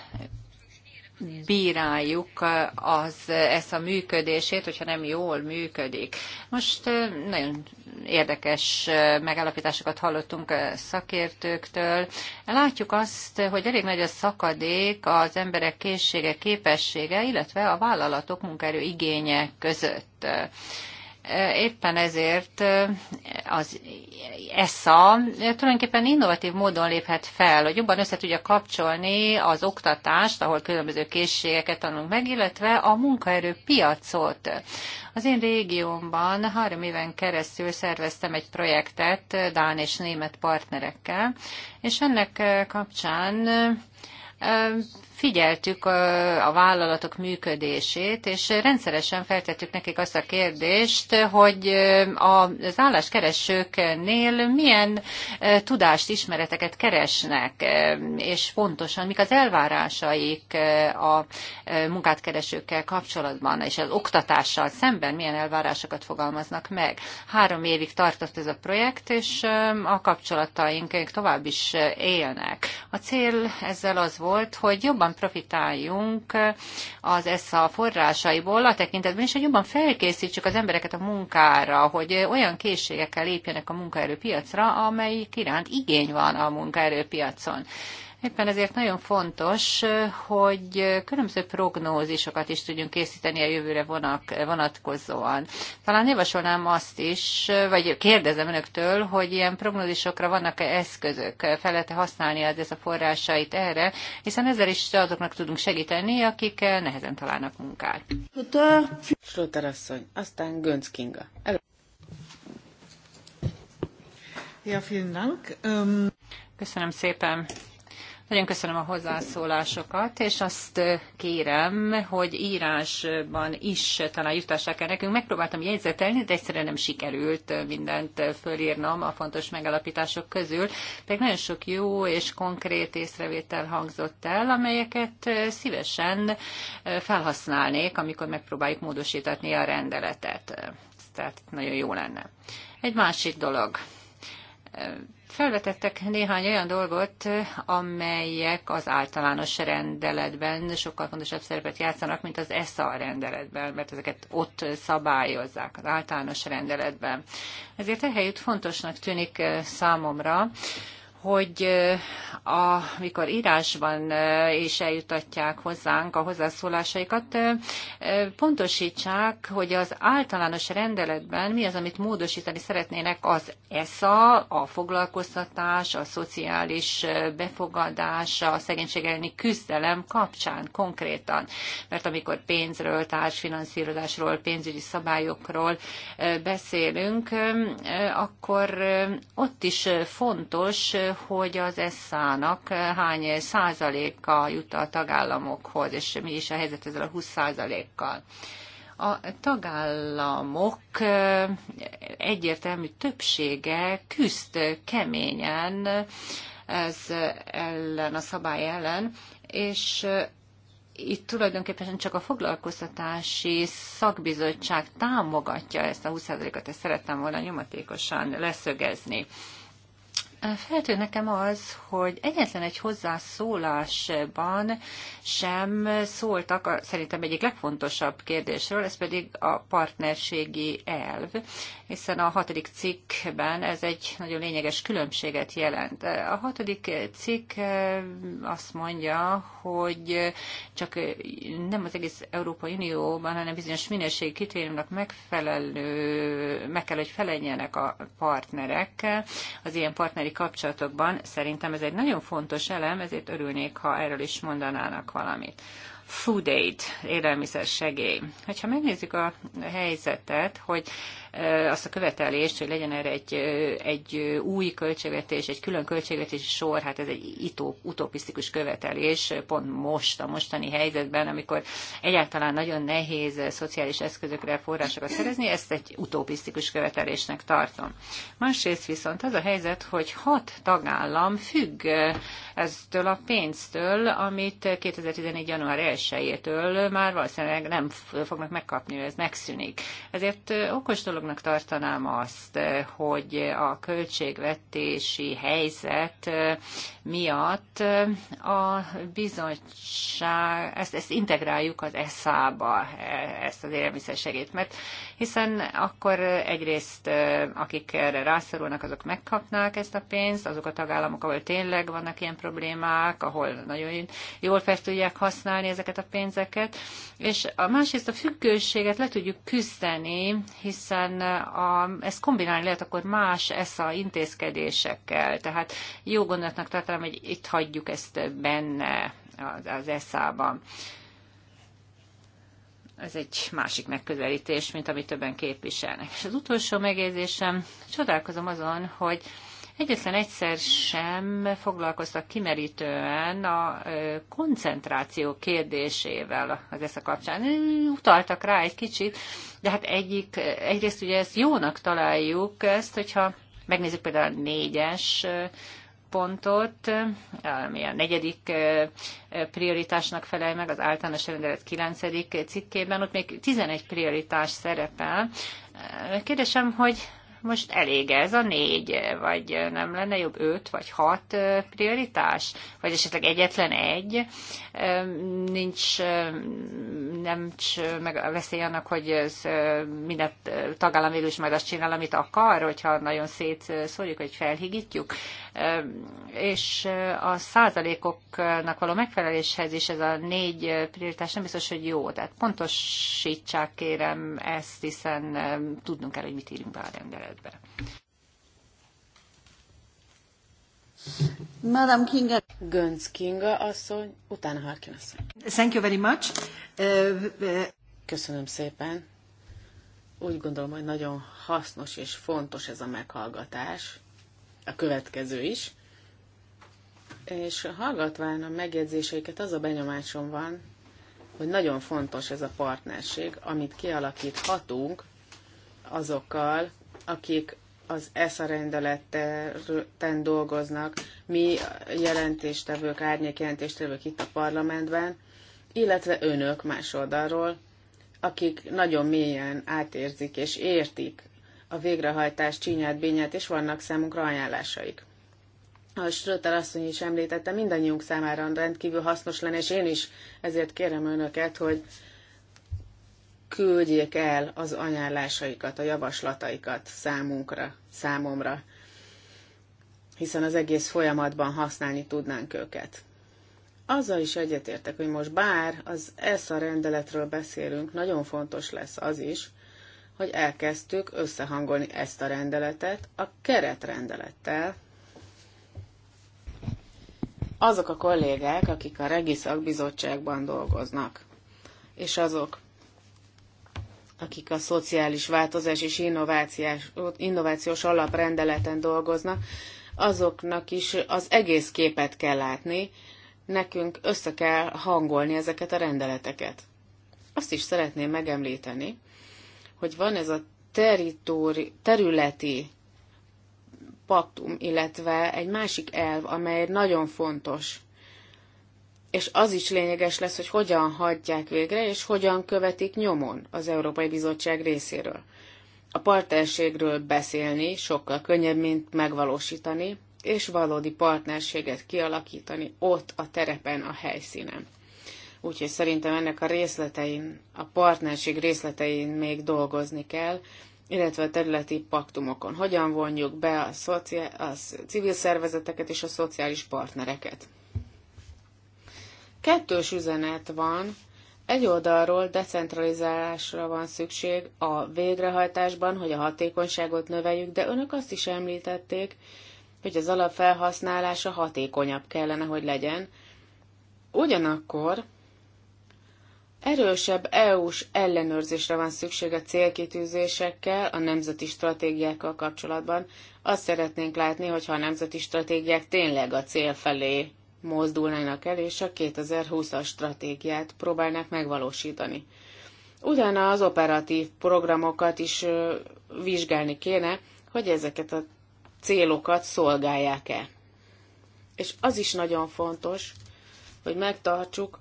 bíráljuk az, ezt a működését, hogyha nem jól működik. Most nagyon érdekes megállapításokat hallottunk szakértőktől. Látjuk azt, hogy elég nagy a szakadék az emberek készsége, képessége, illetve a vállalatok munkaerő igénye között. Éppen ezért az ESSA tulajdonképpen innovatív módon léphet fel, hogy jobban össze tudja kapcsolni az oktatást, ahol különböző készségeket tanulunk meg, illetve a munkaerőpiacot. Az én régiómban három éven keresztül szerveztem egy projektet Dán és német partnerekkel, és ennek kapcsán figyeltük a, a vállalatok működését, és rendszeresen feltettük nekik azt a kérdést, hogy az álláskeresőknél milyen tudást, ismereteket keresnek, és pontosan mik az elvárásaik a munkát keresőkkel kapcsolatban, és az oktatással szemben milyen elvárásokat fogalmaznak meg. Három évig tartott ez a projekt, és a kapcsolataink tovább is élnek. A cél ezzel az volt, hogy jobban profitáljunk az ESZA forrásaiból, a tekintetben is, hogy jobban felkészítsük az embereket a munkára, hogy olyan készségekkel lépjenek a munkaerőpiacra, amelyik iránt igény van a munkaerőpiacon. Éppen ezért nagyon fontos, hogy különböző prognózisokat is tudjunk készíteni a jövőre vonak, vonatkozóan. Talán javasolnám azt is, vagy kérdezem önöktől, hogy ilyen prognózisokra vannak-e eszközök, fel lehet -e használni az ez a forrásait erre, hiszen ezzel is azoknak tudunk segíteni, akik nehezen
találnak munkát. Schröter asszony, aztán Gönc Kinga. El- ja, vielen Dank.
Um... Köszönöm szépen. Nagyon köszönöm a hozzászólásokat, és azt kérem, hogy írásban is talán jutassák el nekünk. Megpróbáltam jegyzetelni, de egyszerűen nem sikerült mindent fölírnom a fontos megalapítások közül. Pedig nagyon sok jó és konkrét észrevétel hangzott el, amelyeket szívesen felhasználnék, amikor megpróbáljuk módosítani a rendeletet. Tehát nagyon jó lenne. Egy másik dolog Felvetettek néhány olyan dolgot, amelyek az általános rendeletben sokkal fontosabb szerepet játszanak, mint az ESA rendeletben, mert ezeket ott szabályozzák az általános rendeletben. Ezért ehelyütt fontosnak tűnik eh, számomra, hogy amikor írásban és eljutatják hozzánk a hozzászólásaikat, pontosítsák, hogy az általános rendeletben mi az, amit módosítani szeretnének az ESA, a foglalkoztatás, a szociális befogadás, a szegénység elleni küzdelem kapcsán konkrétan. Mert amikor pénzről, társfinanszírozásról, pénzügyi szabályokról beszélünk, akkor ott is fontos, hogy az ESZÁ-nak hány százaléka jut a tagállamokhoz, és mi is a helyzet ezzel a 20 százalékkal. A tagállamok eh, egyértelmű többsége küzd keményen ez ellen, a szabály ellen, és eh, itt tulajdonképpen csak a foglalkoztatási szakbizottság támogatja ezt a 20%-ot, ezt szerettem volna nyomatékosan leszögezni feltűnt nekem az, hogy egyetlen egy hozzászólásban sem szóltak a, szerintem egyik legfontosabb kérdésről, ez pedig a partnerségi elv, hiszen a hatodik cikkben ez egy nagyon lényeges különbséget jelent. A hatodik cikk eh, azt mondja, hogy csak eh, nem az egész Európai Unióban, hanem bizonyos minőségi kritériumnak megfelelő, meg kell, hogy felenjenek a partnerek, az ilyen partneri kapcsolatokban. Szerintem ez egy nagyon fontos elem, ezért örülnék, ha erről is mondanának valamit. Food aid, élelmiszer segély. Hogyha megnézzük a helyzetet, hogy Eh, azt a követelést, hogy legyen erre egy, eh, egy eh, új költségvetés, egy külön költségvetési sor, hát ez egy utopisztikus követelés, pont most, a mostani helyzetben, amikor egyáltalán nagyon nehéz szociális eszközökre forrásokat szerezni, ezt egy utopisztikus követelésnek tartom. Másrészt viszont az a helyzet, hogy hat tagállam függ eztől a pénztől, amit 2014. január 1-től már valószínűleg nem fognak megkapni, ez megszűnik. Ezért okos dolog dolognak tartanám azt, hogy a költségvetési helyzet miatt a bizottság, ezt, ezt integráljuk az ESZÁ-ba, ezt az élelmiszersegét, mert hiszen akkor egyrészt akik erre rászorulnak, azok megkapnák ezt a pénzt, azok a tagállamok, ahol tényleg vannak ilyen problémák, ahol nagyon jól fel tudják használni ezeket a pénzeket, és a másrészt a függőséget le tudjuk küzdeni, hiszen hiszen a, ezt kombinálni lehet akkor más ESZA intézkedésekkel. Tehát jó gondolatnak tartanám, hogy itt hagyjuk ezt benne az, az ESZA-ban. Ez egy másik megközelítés, mint amit többen képviselnek. És az utolsó megjegyzésem, csodálkozom azon, hogy egyetlen egyszer sem foglalkoztak kimerítően a koncentráció kérdésével az a kapcsán. Utaltak rá egy kicsit, de hát egyik, egyrészt ugye ezt jónak találjuk, ezt, hogyha megnézzük például a négyes pontot, ami a negyedik prioritásnak felel meg az általános rendelet kilencedik cikkében, ott még 11 prioritás szerepel. Kérdésem, hogy most elég ez a négy, vagy nem lenne jobb öt vagy hat prioritás, vagy esetleg egyetlen egy, nincs, nem meg a veszély annak, hogy ez minden tagállam végül is majd azt csinál, amit akar, hogyha nagyon szétszórjuk, hogy felhigítjuk. És a százalékoknak való megfeleléshez is ez a négy prioritás nem biztos, hogy jó. Tehát pontosítsák kérem ezt, hiszen tudnunk kell, hogy mit írunk be a rendelet tiszteletbe.
Madam Kinga. Gönc Kinga asszony, utána Harkin asszony. Thank you very much. Uh, uh... Köszönöm szépen. Úgy gondolom, hogy nagyon hasznos és fontos ez a meghallgatás. A következő is. És hallgatván a megjegyzéseiket, az a benyomásom van, hogy nagyon fontos ez a partnerség, amit kialakíthatunk azokkal, akik az ESZA rendeletten dolgoznak, mi jelentéstevők, árnyék jelentéstevők itt a parlamentben, illetve önök más oldalról, akik nagyon mélyen átérzik és értik a végrehajtás csinyát, bényát, és vannak számunkra ajánlásaik. A Schröter asszony is említette, mindannyiunk számára rendkívül hasznos lenne, és én is ezért kérem önöket, hogy küldjék el az ajánlásaikat, a javaslataikat számunkra, számomra, hiszen az egész folyamatban használni tudnánk őket. Azzal is egyetértek, hogy most bár az a rendeletről beszélünk, nagyon fontos lesz az is, hogy elkezdtük összehangolni ezt a rendeletet a keretrendelettel. Azok a kollégák, akik a Regi dolgoznak, és azok, akik a szociális változás és innovációs, alaprendeleten dolgoznak, azoknak is az egész képet kell látni, nekünk össze kell hangolni ezeket a rendeleteket. Azt is szeretném megemlíteni, hogy van ez a területi paktum, illetve egy másik elv, amely nagyon fontos és az is lényeges lesz, hogy hogyan hagyják végre, és hogyan követik nyomon az Európai Bizottság részéről. A partnerségről beszélni sokkal könnyebb, mint megvalósítani, és valódi partnerséget kialakítani ott a terepen, a helyszínen. Úgyhogy szerintem ennek a részletein, a partnerség részletein még dolgozni kell, illetve a területi paktumokon. Hogyan vonjuk be a, a civil szervezeteket és a szociális partnereket. Kettős üzenet van, egy oldalról decentralizálásra van szükség a végrehajtásban, hogy a hatékonyságot növeljük, de önök azt is említették, hogy az alapfelhasználása hatékonyabb kellene, hogy legyen. Ugyanakkor erősebb EU-s ellenőrzésre van szükség a célkitűzésekkel, a nemzeti stratégiákkal kapcsolatban. Azt szeretnénk látni, hogyha a nemzeti stratégiák tényleg a cél felé mozdulnának el, és a 2020-as stratégiát próbálnák megvalósítani. Utána az operatív programokat is vizsgálni kéne, hogy ezeket a célokat szolgálják-e. És az is nagyon fontos, hogy megtartsuk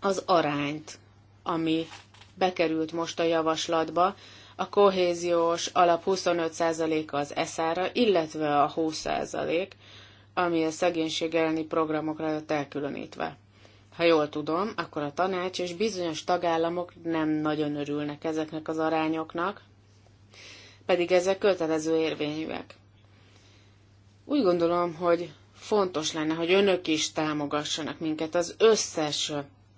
az arányt, ami bekerült most a javaslatba, a kohéziós alap 25%-a az ESZ-ra, illetve a 20% ami a szegénység elleni programokra lett elkülönítve. Ha jól tudom, akkor a tanács és bizonyos tagállamok nem nagyon örülnek ezeknek az arányoknak, pedig ezek kötelező érvényűek. Úgy gondolom, hogy fontos lenne, hogy önök is támogassanak minket, az összes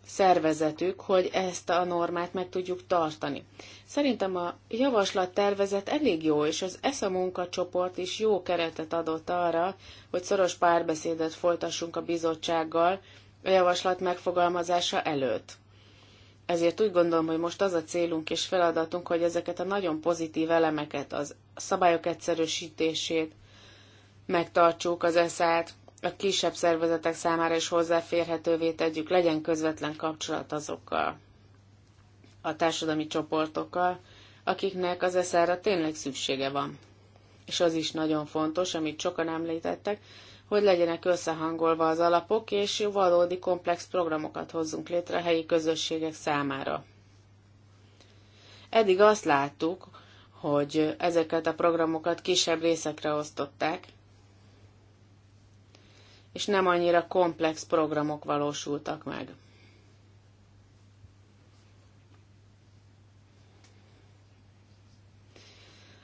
szervezetük, hogy ezt a normát meg tudjuk tartani. Szerintem a javaslat tervezet elég jó, és az ESZA munkacsoport is jó keretet adott arra, hogy szoros párbeszédet folytassunk a bizottsággal a javaslat megfogalmazása előtt. Ezért úgy gondolom, hogy most az a célunk és feladatunk, hogy ezeket a nagyon pozitív elemeket, az szabályok egyszerűsítését megtartsuk, az eszát a kisebb szervezetek számára is hozzáférhetővé tegyük, legyen közvetlen kapcsolat azokkal a társadalmi csoportokkal, akiknek az eszára tényleg szüksége van. És az is nagyon fontos, amit sokan említettek, hogy legyenek összehangolva az alapok, és valódi komplex programokat hozzunk létre a helyi közösségek számára. Eddig azt láttuk, hogy ezeket a programokat kisebb részekre osztották, és nem annyira komplex programok valósultak meg.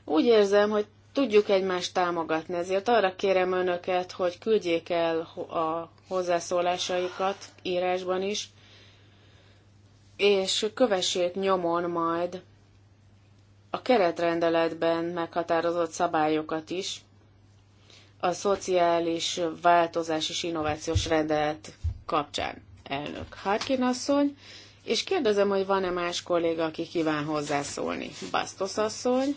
Úgy érzem, hogy tudjuk egymást támogatni, ezért arra kérem önöket, hogy küldjék el a hozzászólásaikat írásban is, és kövessék nyomon majd a keretrendeletben meghatározott szabályokat is, a szociális változás és innovációs rendelet kapcsán. Elnök Harkin asszony, és kérdezem, hogy van-e más kolléga, aki kíván hozzászólni. Bastos asszony,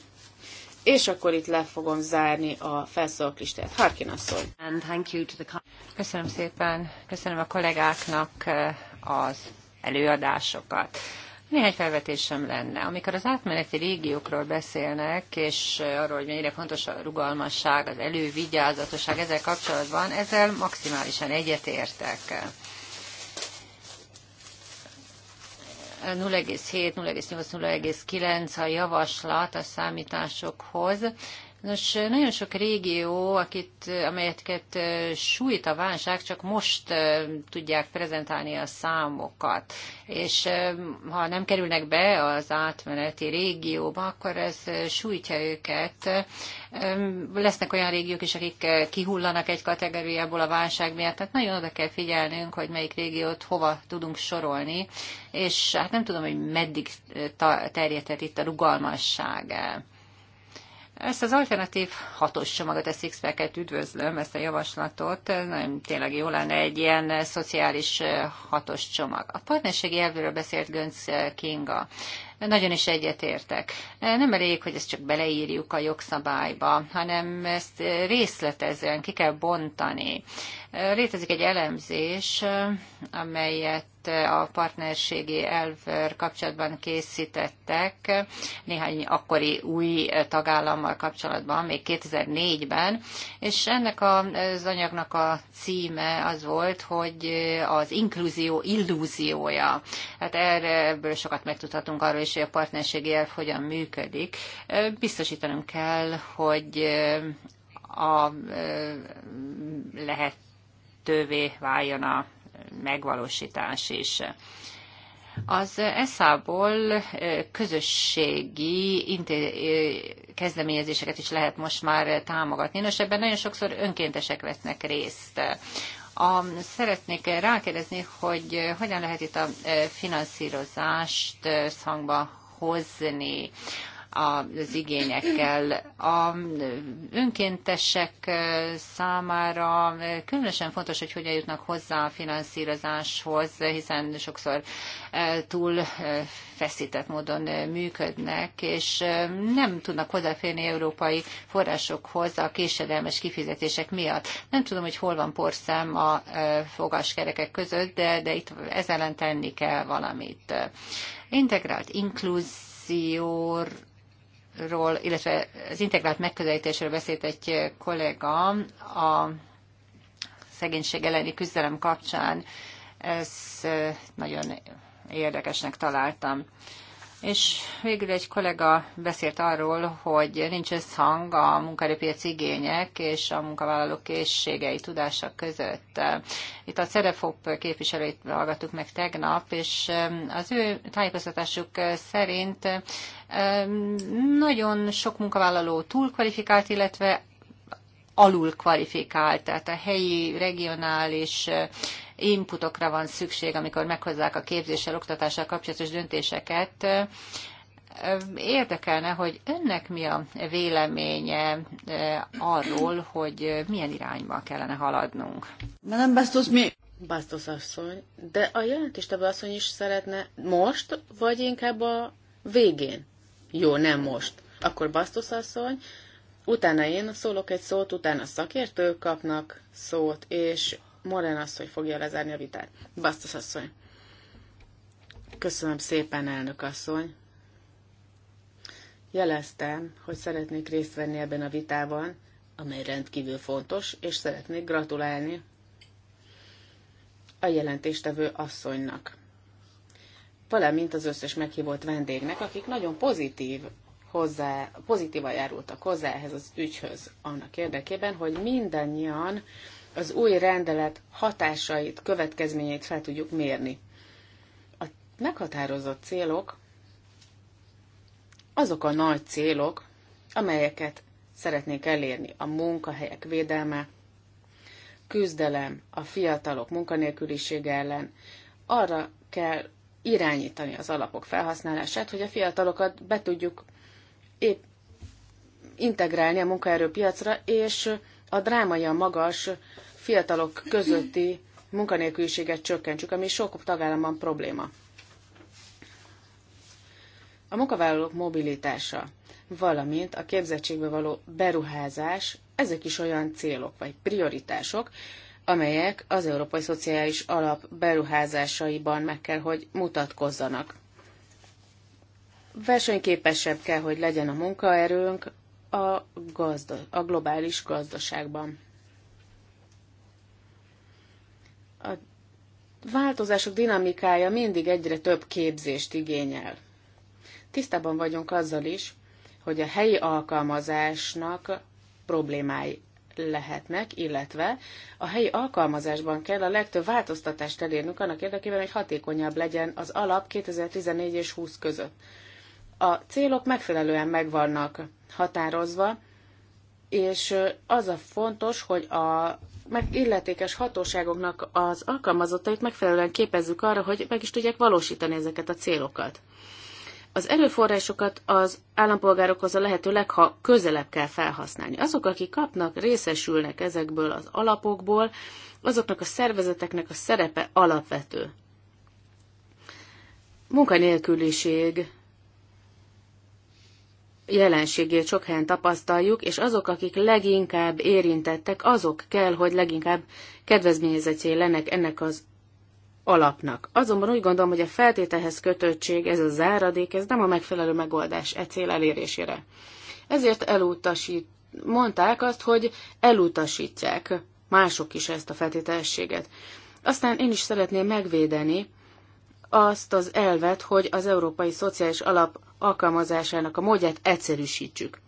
és akkor itt le fogom zárni a felszólók listát. Harkin asszony.
Köszönöm szépen, köszönöm a kollégáknak eh, az előadásokat. Néhány felvetésem lenne. Amikor az átmeneti régiókról beszélnek, és arról, hogy mennyire fontos a rugalmasság, az elővigyázatosság ezzel kapcsolatban, ezzel maximálisan egyetértek. 0,7, 0,8, 0,9 a javaslat a számításokhoz. Nos, nagyon sok régió, akit, amelyeket sújt a válság, csak most tudják prezentálni a számokat. És ha nem kerülnek be az átmeneti régióba, akkor ez sújtja őket. Lesznek olyan régiók is, akik kihullanak egy kategóriából a válság miatt, tehát nagyon oda kell figyelnünk, hogy melyik régiót hova tudunk sorolni, és hát nem tudom, hogy meddig terjedhet itt a rugalmasság. Ezt az alternatív hatos csomagot, a six üdvözlöm, ezt a javaslatot. Nagyon tényleg jó lenne egy ilyen szociális eh, hatos csomag. A partnerségi elvőről beszélt Gönc eh, Kinga nagyon is egyetértek. Nem elég, hogy ezt csak beleírjuk a jogszabályba, hanem ezt részletezően ki kell bontani. Létezik egy elemzés, amelyet a partnerségi elv kapcsolatban készítettek néhány akkori új tagállammal kapcsolatban, még 2004-ben, és ennek az anyagnak a címe az volt, hogy az inkluzió illúziója. Hát erről sokat megtudhatunk arról is, és a partnerségi elv hogyan működik. Biztosítanunk kell, hogy a lehetővé váljon a megvalósítás is. Az ESZA-ból közösségi kezdeményezéseket is lehet most már támogatni. Nos, ebben nagyon sokszor önkéntesek vesznek részt. A, szeretnék rákérdezni, hogy eh, hogyan lehet itt a eh, finanszírozást eh, szangba hozni az igényekkel. A önkéntesek számára különösen fontos, hogy hogyan jutnak hozzá a finanszírozáshoz, hiszen sokszor e, túl e, feszített módon e, működnek, és nem tudnak hozzáférni európai forrásokhoz a késedelmes kifizetések miatt. Nem tudom, hogy hol van porszem a fogaskerekek között, de, de itt ezzel ellen tenni kell valamit. Integrált inkluzió ról, illetve az integrált megközelítésről beszélt egy kollega a szegénység elleni küzdelem kapcsán. Ez nagyon érdekesnek találtam. És végül egy kollega beszélt arról, hogy nincs összhang a munkaerőpiaci igények és a munkavállalók készségei, tudása között. Itt a CEDEFOP képviselőit hallgattuk meg tegnap, és az ő tájékoztatásuk szerint nagyon sok munkavállaló túlkvalifikált, illetve alul kvalifikált, tehát a helyi, regionális inputokra van szükség, amikor meghozzák a képzéssel, oktatással kapcsolatos döntéseket. Érdekelne, hogy önnek mi a véleménye eh, arról, hogy milyen irányba kellene haladnunk.
Nem Bastos, mi? Bastos asszony, de a jelentéstevő asszony is szeretne most, vagy inkább a végén? Jó, nem most. Akkor Bastos asszony, utána én szólok egy szót, utána szakértők kapnak szót, és Morán asszony fogja lezárni a vitát. Basztos asszony. Köszönöm szépen, elnök asszony. Jeleztem, hogy szeretnék részt venni ebben a vitában, amely rendkívül fontos, és szeretnék gratulálni a jelentéstevő asszonynak, valamint az összes meghívott vendégnek, akik nagyon pozitív hozzá, pozitívan járultak hozzá ehhez az ügyhöz annak érdekében, hogy mindannyian az új rendelet hatásait, következményeit fel tudjuk mérni. A meghatározott célok azok a nagy célok, amelyeket szeretnék elérni. A munkahelyek védelme, küzdelem a fiatalok munkanélkülisége ellen. Arra kell irányítani az alapok felhasználását, hogy a fiatalokat be tudjuk épp integrálni a munkaerőpiacra, és a drámaian magas fiatalok közötti munkanélküliséget csökkentsük, ami sok tagállamban probléma. A munkavállalók mobilitása, valamint a képzettségbe való beruházás, ezek is olyan célok vagy prioritások, amelyek az Európai Szociális Alap beruházásaiban meg kell, hogy mutatkozzanak. Versenyképesebb kell, hogy legyen a munkaerőnk, a, gazda, a globális gazdaságban. A változások dinamikája mindig egyre több képzést igényel. Tisztában vagyunk azzal is, hogy a helyi alkalmazásnak problémái lehetnek, illetve a helyi alkalmazásban kell a legtöbb változtatást elérnünk annak érdekében, hogy hatékonyabb legyen az alap 2014 és 20 között. A célok megfelelően megvannak határozva, és az a fontos, hogy a meg illetékes hatóságoknak az alkalmazottait megfelelően képezzük arra, hogy meg is tudják valósítani ezeket a célokat. Az erőforrásokat az állampolgárokhoz a lehető legha közelebb kell felhasználni. Azok, akik kapnak, részesülnek ezekből az alapokból, azoknak a szervezeteknek a szerepe alapvető. Munkanélküliség jelenségét sok helyen tapasztaljuk, és azok, akik leginkább érintettek, azok kell, hogy leginkább kedvezményezetjé lennek ennek az alapnak. Azonban úgy gondolom, hogy a feltételhez kötöttség, ez a záradék, ez nem a megfelelő megoldás e cél elérésére. Ezért elutasít, mondták azt, hogy elutasítják mások is ezt a feltételességet. Aztán én is szeretném megvédeni azt az elvet, hogy az Európai Szociális Alap alkalmazásának a módját egyszerűsítsük.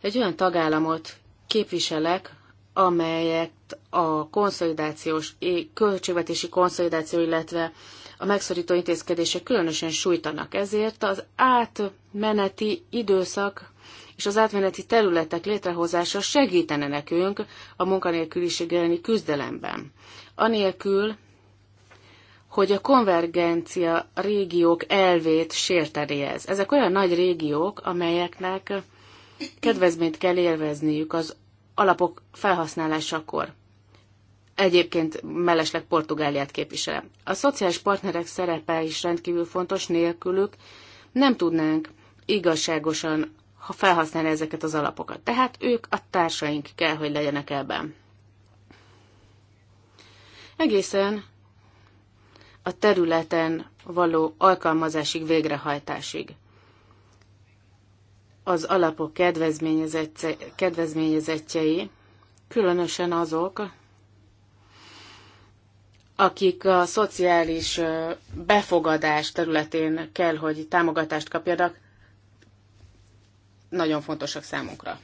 Egy olyan tagállamot képviselek, amelyet a konszolidációs, költségvetési konszolidáció, illetve a megszorító intézkedések különösen sújtanak. Ezért az átmeneti időszak és az átmeneti területek létrehozása segítene nekünk a munkanélküliség elleni küzdelemben. Anélkül, hogy a konvergencia régiók elvét sérteni ez. Ezek olyan nagy régiók, amelyeknek kedvezményt kell élvezniük az alapok felhasználásakor. Egyébként mellesleg Portugáliát képviselem. A szociális partnerek szerepe is rendkívül fontos, nélkülük nem tudnánk igazságosan ha felhasználni ezeket az alapokat. Tehát ők a társaink kell, hogy legyenek ebben. Egészen a területen való alkalmazásig, végrehajtásig. Az alapok kedvezményezettjei, különösen azok, akik a szociális befogadás területén kell, hogy támogatást kapjanak, nagyon fontosak számunkra.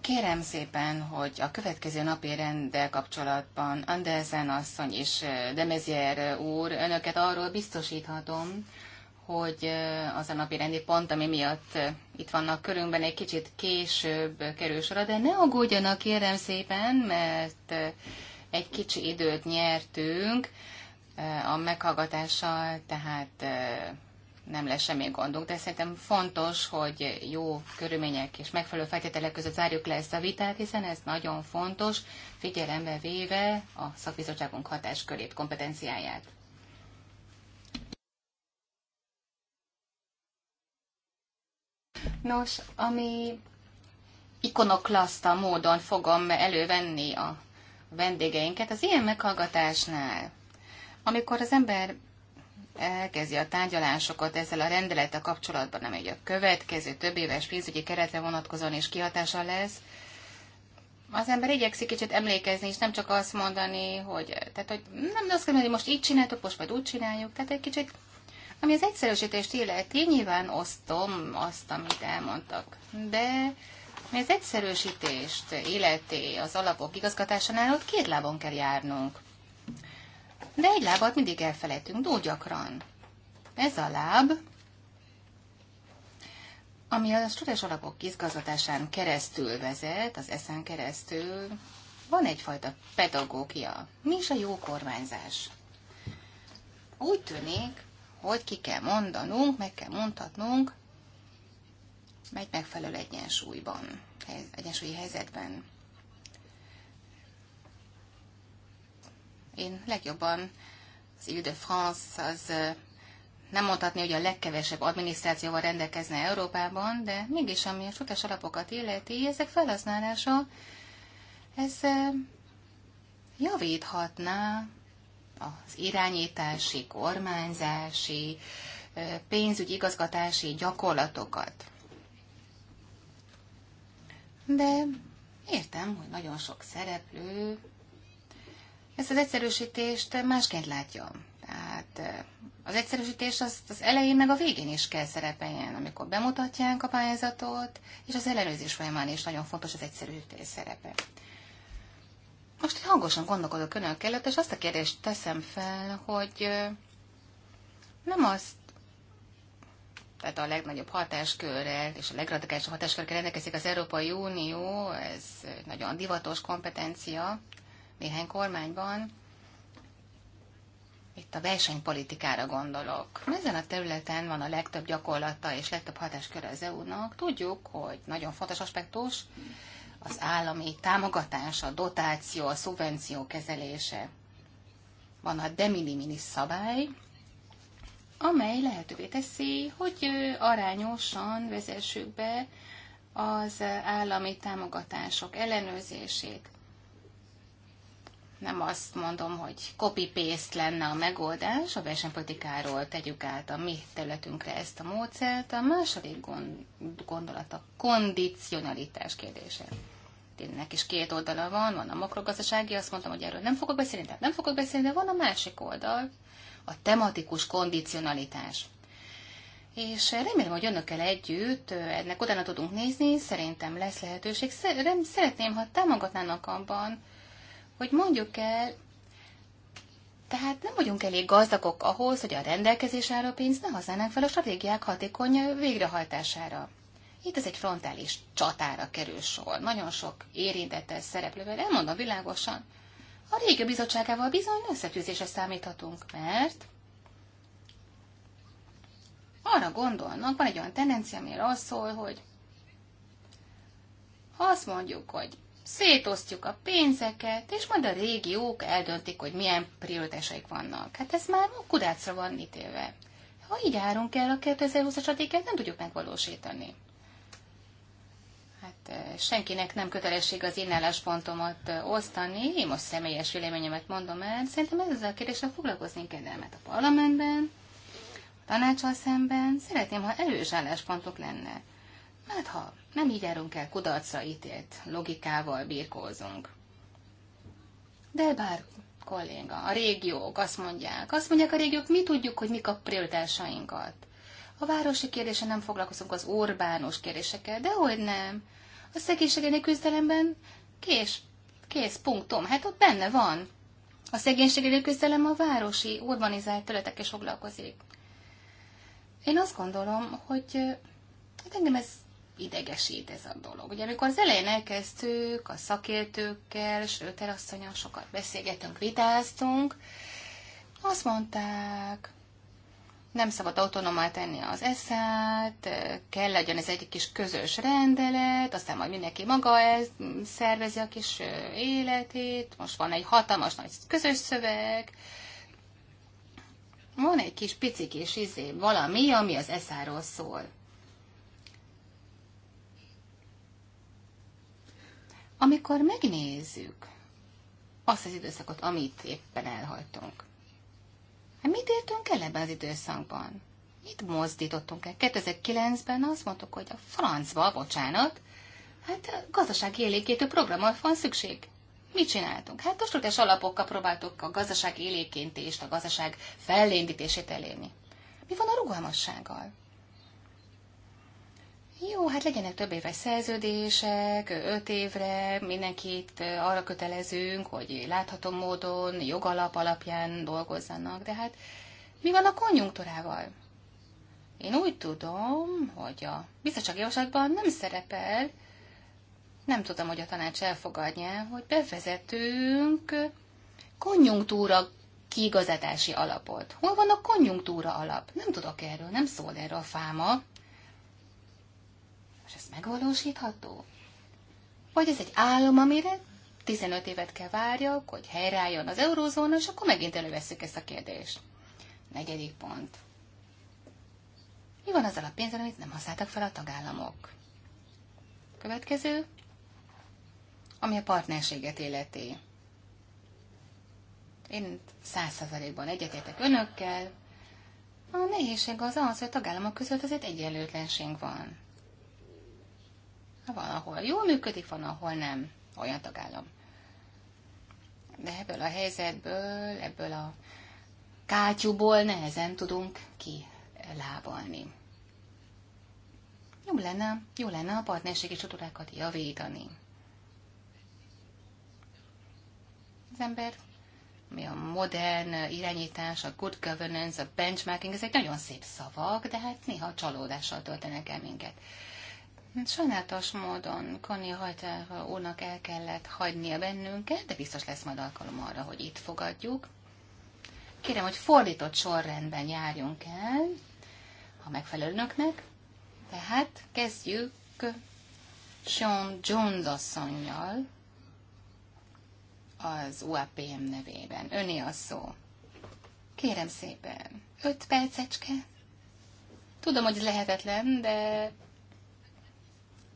Kérem szépen, hogy a következő napi rendel kapcsolatban Andersen asszony és Demezier úr, önöket arról biztosíthatom, hogy az a napi rendi pont, ami miatt itt vannak körünkben, egy kicsit később kerül sorra, de ne aggódjanak, kérem szépen, mert egy kicsi időt nyertünk a meghallgatással, tehát nem lesz semmi gondunk, de szerintem fontos, hogy jó körülmények és megfelelő feltételek között zárjuk le ezt a vitát, hiszen ez nagyon fontos, figyelembe véve a szakbizottságunk hatáskörét, kompetenciáját. Nos, ami ikonoklaszta módon fogom elővenni a vendégeinket, az ilyen meghallgatásnál, amikor az ember elkezdi a tárgyalásokat ezzel a rendelettel kapcsolatban, amely a következő több éves pénzügyi keretre vonatkozóan és kihatása lesz, az ember igyekszik kicsit emlékezni, és nem csak azt mondani, hogy, tehát, hogy nem azt kell hogy most így csináltuk, most majd úgy csináljuk, tehát egy kicsit, ami az egyszerűsítést illeti, nyilván osztom azt, amit elmondtak, de mi az egyszerűsítést illeti az alapok igazgatásánál, ott két lábon kell járnunk. De egy lábat mindig elfelejtünk, túl gyakran. Ez a láb, ami a struktúrás alapok izgazgatásán keresztül vezet, az eszen keresztül, van egyfajta pedagógia. Mi is a jó kormányzás? Úgy tűnik, hogy ki kell mondanunk, meg kell mondhatnunk, megy megfelelő egyensúlyban, egyensúlyi helyzetben. Én legjobban az Ile-de-France az nem mondhatni, hogy a legkevesebb adminisztrációval rendelkezne Európában, de mégis ami a futás alapokat illeti, ezek felhasználása, ez javíthatná az irányítási, kormányzási, pénzügyi igazgatási gyakorlatokat. De értem, hogy nagyon sok szereplő ezt az egyszerűsítést másként látja. Tehát az egyszerűsítés az, az elején meg a végén is kell szerepeljen, amikor bemutatják a pályázatot, és az ellenőrzés folyamán is nagyon fontos az egyszerűsítés szerepe. Most én hangosan gondolkodok önök előtt, és azt a kérdést teszem fel, hogy nem azt, tehát a legnagyobb hatáskörrel és a legradikálisabb hatáskörrel rendelkezik az Európai Unió, ez nagyon divatos kompetencia, néhány kormányban, itt a versenypolitikára gondolok. Ezen a területen van a legtöbb gyakorlata és legtöbb hatásköre az EU-nak. Tudjuk, hogy nagyon fontos aspektus az állami támogatás, a dotáció, a szubvenció kezelése. Van a de minimis szabály, amely lehetővé teszi, hogy arányosan vezessük be az állami támogatások ellenőrzését. Nem azt mondom, hogy copy-paste lenne a megoldás, a versenypolitikáról tegyük át a mi területünkre ezt a módszert. A második gondolat a kondicionalitás kérdése. Ennek is két oldala van, van a makrogazdasági, azt mondtam, hogy erről nem fogok beszélni, tehát nem fogok beszélni, de van a másik oldal, a tematikus kondicionalitás. És remélem, hogy önökkel együtt ennek utána tudunk nézni, szerintem lesz lehetőség. Szeretném, ha támogatnának abban, hogy mondjuk el, tehát nem vagyunk elég gazdagok ahhoz, hogy a rendelkezés álló pénzt ne használnánk fel a stratégiák hatékony végrehajtására. Itt ez egy frontális csatára kerül sor. Nagyon sok érintettel szereplővel, elmondom világosan, a régi bizottságával bizony összetűzésre számíthatunk, mert arra gondolnak, van egy olyan tendencia, amire az, szól, hogy ha azt mondjuk, hogy szétosztjuk a pénzeket, és majd a régiók eldöntik, hogy milyen prioritásaik vannak. Hát ez már kudácra van ítélve. Ha így járunk el a 2020-as adéket, nem tudjuk megvalósítani. Hát eh, senkinek nem kötelesség az én álláspontomat eh, osztani, én most személyes véleményemet mondom el, szerintem ez az a hogy foglalkozni kell, a parlamentben, a tanácsal szemben szeretném, ha erős álláspontok lenne. Hát ha nem így járunk el kudarcra ítélt logikával birkózunk. De bár kolléga, a régiók azt mondják, azt mondják a régiók, mi tudjuk, hogy mik a prioritásainkat. A városi kérdése nem foglalkozunk az urbánus kérdésekkel, de hogy nem. A szegénységeni küzdelemben kés, kész, punktum, hát ott benne van. A szegénységeni küzdelem a városi, urbanizált területekkel foglalkozik. Én azt gondolom, hogy hát engem ez idegesít ez a dolog. Ugye amikor az elején elkezdtük a szakértőkkel, sőt asszonyon sokat beszélgetünk, vitáztunk, azt mondták, nem szabad autonomá tenni az eszát, kell legyen ez egy kis közös rendelet, aztán majd mindenki maga ez, szervezi a kis életét, most van egy hatalmas nagy közös szöveg, van egy kis pici kis izé, valami, ami az eszáról szól. Amikor megnézzük azt az időszakot, amit éppen elhagytunk, hát mit értünk el ebben az időszakban? Mit mozdítottunk el? 2009-ben azt mondtuk, hogy a francba, bocsánat, hát gazdasági élékétő programmal van szükség. Mit csináltunk? Hát a struktúrás alapokkal próbáltuk a gazdaság élékéntést, a gazdaság fellendítését elérni. Mi van a rugalmassággal? Jó, hát legyenek több éves szerződések, öt évre, mindenkit arra kötelezünk, hogy látható módon, jogalap alapján dolgozzanak, de hát mi van a konjunktúrával? Én úgy tudom, hogy a bizottsági javaslatban nem szerepel, nem tudom, hogy a tanács elfogadja, hogy bevezetünk konjunktúra kiigazatási alapot. Hol van a konjunktúra alap? Nem tudok erről, nem szól erről a fáma. És ez megvalósítható? Vagy ez egy álom, amire 15 évet kell várjak, hogy helyreálljon az eurózóna, és akkor megint előveszük ezt a kérdést. Negyedik pont. Mi van azzal a pénzzel, amit nem használtak fel a tagállamok? Következő, ami a partnerséget életé. Én száz százalékban egyetértek önökkel. A nehézség az az, hogy a tagállamok között azért egyenlőtlenség van. Van, ahol jól működik, van, ahol nem. Olyan tagállam. De ebből a helyzetből, ebből a kátyúból nehezen tudunk kilábalni. Jó lenne, jó lenne a partnerségi csatorákat javítani. Az ember, mi a modern irányítás, a good governance, a benchmarking, ezek nagyon szép szavak, de hát néha csalódással töltenek el minket. Sajnálatos módon Connie Hajter úrnak el kellett hagynia bennünket, de biztos lesz majd alkalom arra, hogy itt fogadjuk. Kérem, hogy fordított sorrendben járjunk el, ha megfelelőnöknek. Tehát kezdjük Sean Jones asszonynal az UAPM nevében. Öné a szó. Kérem szépen, öt percecske. Tudom, hogy lehetetlen, de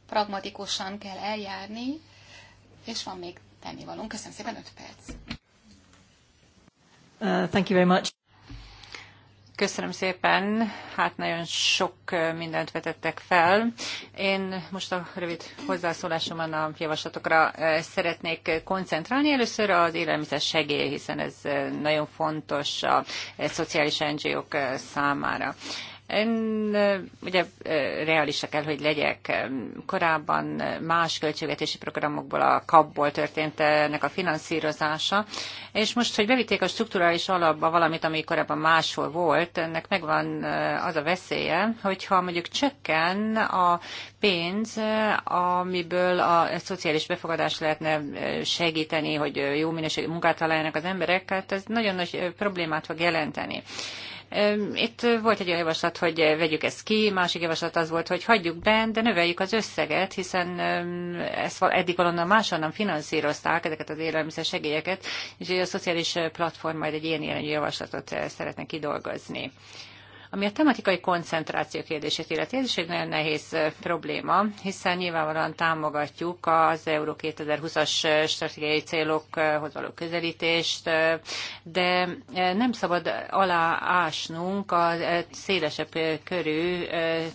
pragmatikusan kell eljárni, és van még tennivalónk. Köszönöm szépen, 5
perc. Uh, thank you very much. Köszönöm szépen. Hát nagyon sok uh, mindent vetettek fel. Én most a rövid hozzászólásomban a javaslatokra uh, szeretnék koncentrálni. Először az élelmiszer segély, hiszen ez uh, nagyon fontos a szociális NGO-k számára. Én ugye realista kell, hogy legyek. Korábban más költségvetési programokból a kapból történt ennek a finanszírozása, és most, hogy bevitték a strukturális alapba valamit, ami korábban máshol volt, ennek megvan az a veszélye, hogyha mondjuk csökken a pénz, amiből a szociális befogadást lehetne segíteni, hogy jó minőségű munkát találjanak az emberek, hát ez nagyon nagy problémát fog jelenteni. Itt volt egy olyan javaslat, hogy vegyük ezt ki, másik javaslat az volt, hogy hagyjuk bent, de növeljük az összeget, hiszen ezt eddig valonnan máshonnan finanszírozták ezeket az élelmiszer segélyeket, és a szociális platform majd egy ilyen, ilyen javaslatot eh, szeretne kidolgozni. Ami a tematikai koncentráció kérdését illeti, ez is egy nagyon nehéz probléma, hiszen nyilvánvalóan támogatjuk az Euró 2020-as stratégiai célokhoz való közelítést, de nem szabad aláásnunk a szélesebb körű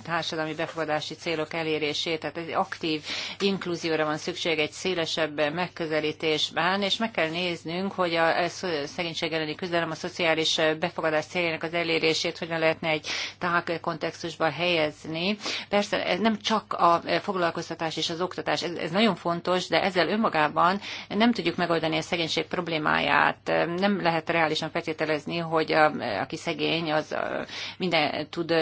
társadalmi befogadási célok elérését, tehát egy aktív inkluzióra van szükség egy szélesebb megközelítésben, és meg kell néznünk, hogy a szegénység elleni küzdelem a szociális befogadás céljának az elérését hogyan lehetne egy tág kontextusba helyezni. Persze ez nem csak a foglalkoztatás és az oktatás, ez, ez nagyon fontos, de ezzel önmagában nem tudjuk megoldani a szegénység problémáját. Nem lehet reálisan feltételezni, hogy a, aki szegény, az minden tud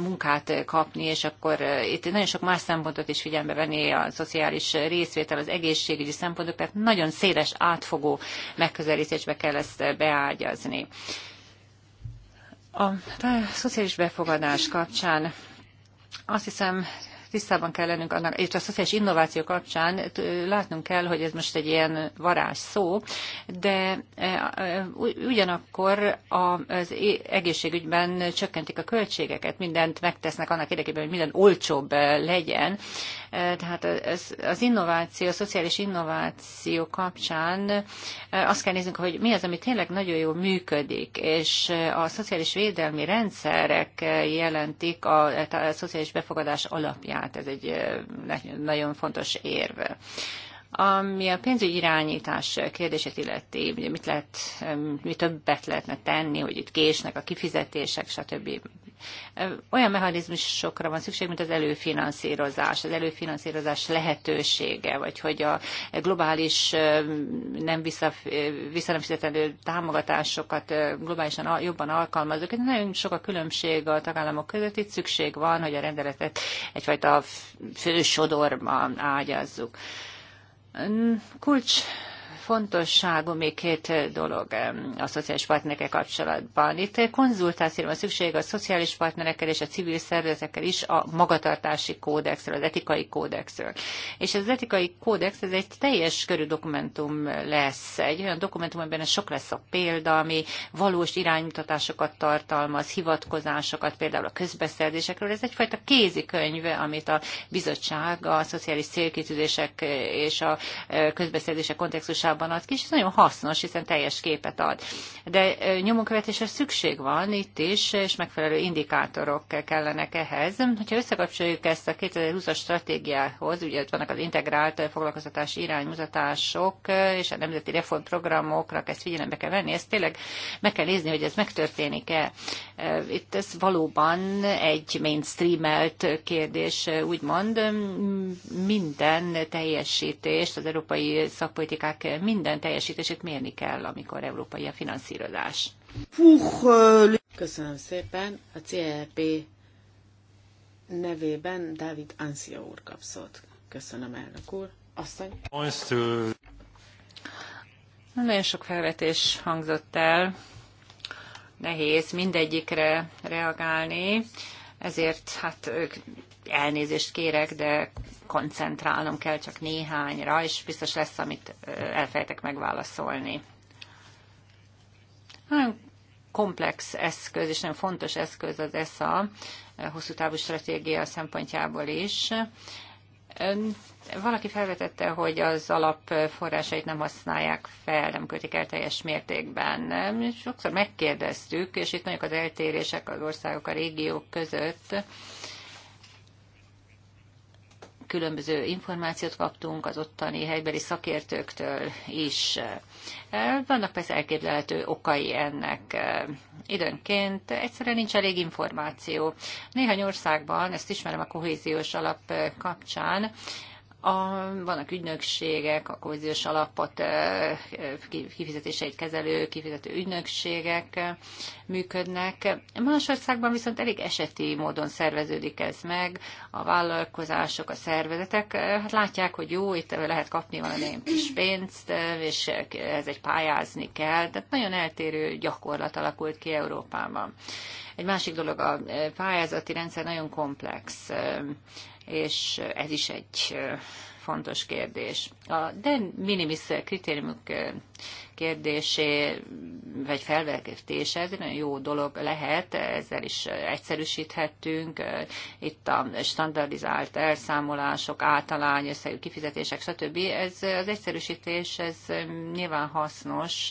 munkát kapni, és akkor itt nagyon sok más szempontot is figyelme venni, a szociális részvétel, az egészségügyi szempontok, tehát nagyon széles, átfogó megközelítésbe kell ezt beágyazni. A szociális befogadás kapcsán azt hiszem, tisztában kell lennünk annak, és a szociális innováció kapcsán látnunk kell, hogy ez most egy ilyen varázs szó, de e, e, ugyanakkor az egészségügyben csökkentik a költségeket, mindent megtesznek annak érdekében, hogy minden olcsóbb e, legyen, tehát az, az innováció, a szociális innováció kapcsán azt kell néznünk, hogy mi az, ami tényleg nagyon jól működik, és a szociális védelmi rendszerek jelentik a, a szociális befogadás alapját. Ez egy nagyon fontos érv. Ami a pénzügyi irányítás kérdését illeti, mit, lehet, mit többet lehetne tenni, hogy itt késnek a kifizetések, stb. Olyan mechanizmusokra van szükség, mint az előfinanszírozás, az előfinanszírozás lehetősége, vagy hogy a globális nem vissza, vissza támogatásokat globálisan jobban alkalmazok. Ez nagyon sok a különbség a tagállamok között, itt szükség van, hogy a rendeletet egyfajta fősodorban ágyazzuk. Kulcs fontosságú még két dolog a szociális partnerekkel kapcsolatban. Itt konzultációra van szükség a szociális partnerekkel és a civil szervezetekkel is a magatartási kódexről, az etikai kódexről. És az etikai kódex ez egy teljes körű dokumentum lesz, egy olyan dokumentum, amiben sok lesz a példa, ami valós iránymutatásokat tartalmaz, hivatkozásokat, például a közbeszerzésekről. Ez egyfajta kézikönyve, amit a bizottság a szociális célkitűzések és a közbeszerzések kontextusában korábban ad ki, és ez nagyon hasznos, hiszen teljes képet ad. De nyomonkövetésre szükség van itt is, és megfelelő indikátorok kellenek ehhez. Hogyha összekapcsoljuk ezt a 2020-as stratégiához, ugye ott vannak az integrált foglalkoztatási iránymutatások, és a nemzeti reformprogramoknak ezt figyelembe kell venni, ezt tényleg meg kell nézni, hogy ez megtörténik-e. Itt ez valóban egy mainstreamelt kérdés, úgymond minden teljesítést az európai szakpolitikák minden teljesítését
mérni kell, amikor európai a finanszírozás. Köszönöm szépen. A CLP e nevében Dávid Ancia úr kap szót. Köszönöm, elnök úr. Asszony.
Nagyon sok felvetés hangzott el. Nehéz mindegyikre reagálni, ezért hát ők elnézést kérek, de koncentrálnom kell csak néhányra, és biztos lesz, amit elfejtek megválaszolni. Nagyon komplex eszköz, és nagyon fontos eszköz az ESA, hosszú távú stratégia szempontjából is. Valaki felvetette, hogy az alapforrásait nem használják fel, nem költik el teljes mértékben. Sokszor megkérdeztük, és itt mondjuk az eltérések az országok, a régiók között, különböző információt kaptunk az ottani helybeli szakértőktől is. E, vannak persze elképzelhető okai ennek. E, időnként egyszerűen nincs elég információ. Néhány országban, ezt ismerem a kohéziós alap e, kapcsán, a, vannak ügynökségek, a kohéziós alapot kifizetéseit kezelő, kifizető ügynökségek működnek. Más országban viszont elég eseti módon szerveződik ez meg. A vállalkozások, a szervezetek hát látják, hogy jó, itt lehet kapni valami kis pénzt, és ez egy pályázni kell. Tehát nagyon eltérő gyakorlat alakult ki Európában. Egy másik dolog, a pályázati rendszer nagyon komplex és ez is egy fontos kérdés. A de minimis kritériumok kérdésé, vagy felvetése, ez egy nagyon jó dolog lehet, ezzel is egyszerűsíthetünk. Itt a standardizált elszámolások, általány összegű kifizetések, stb. Ez az egyszerűsítés, ez nyilván hasznos,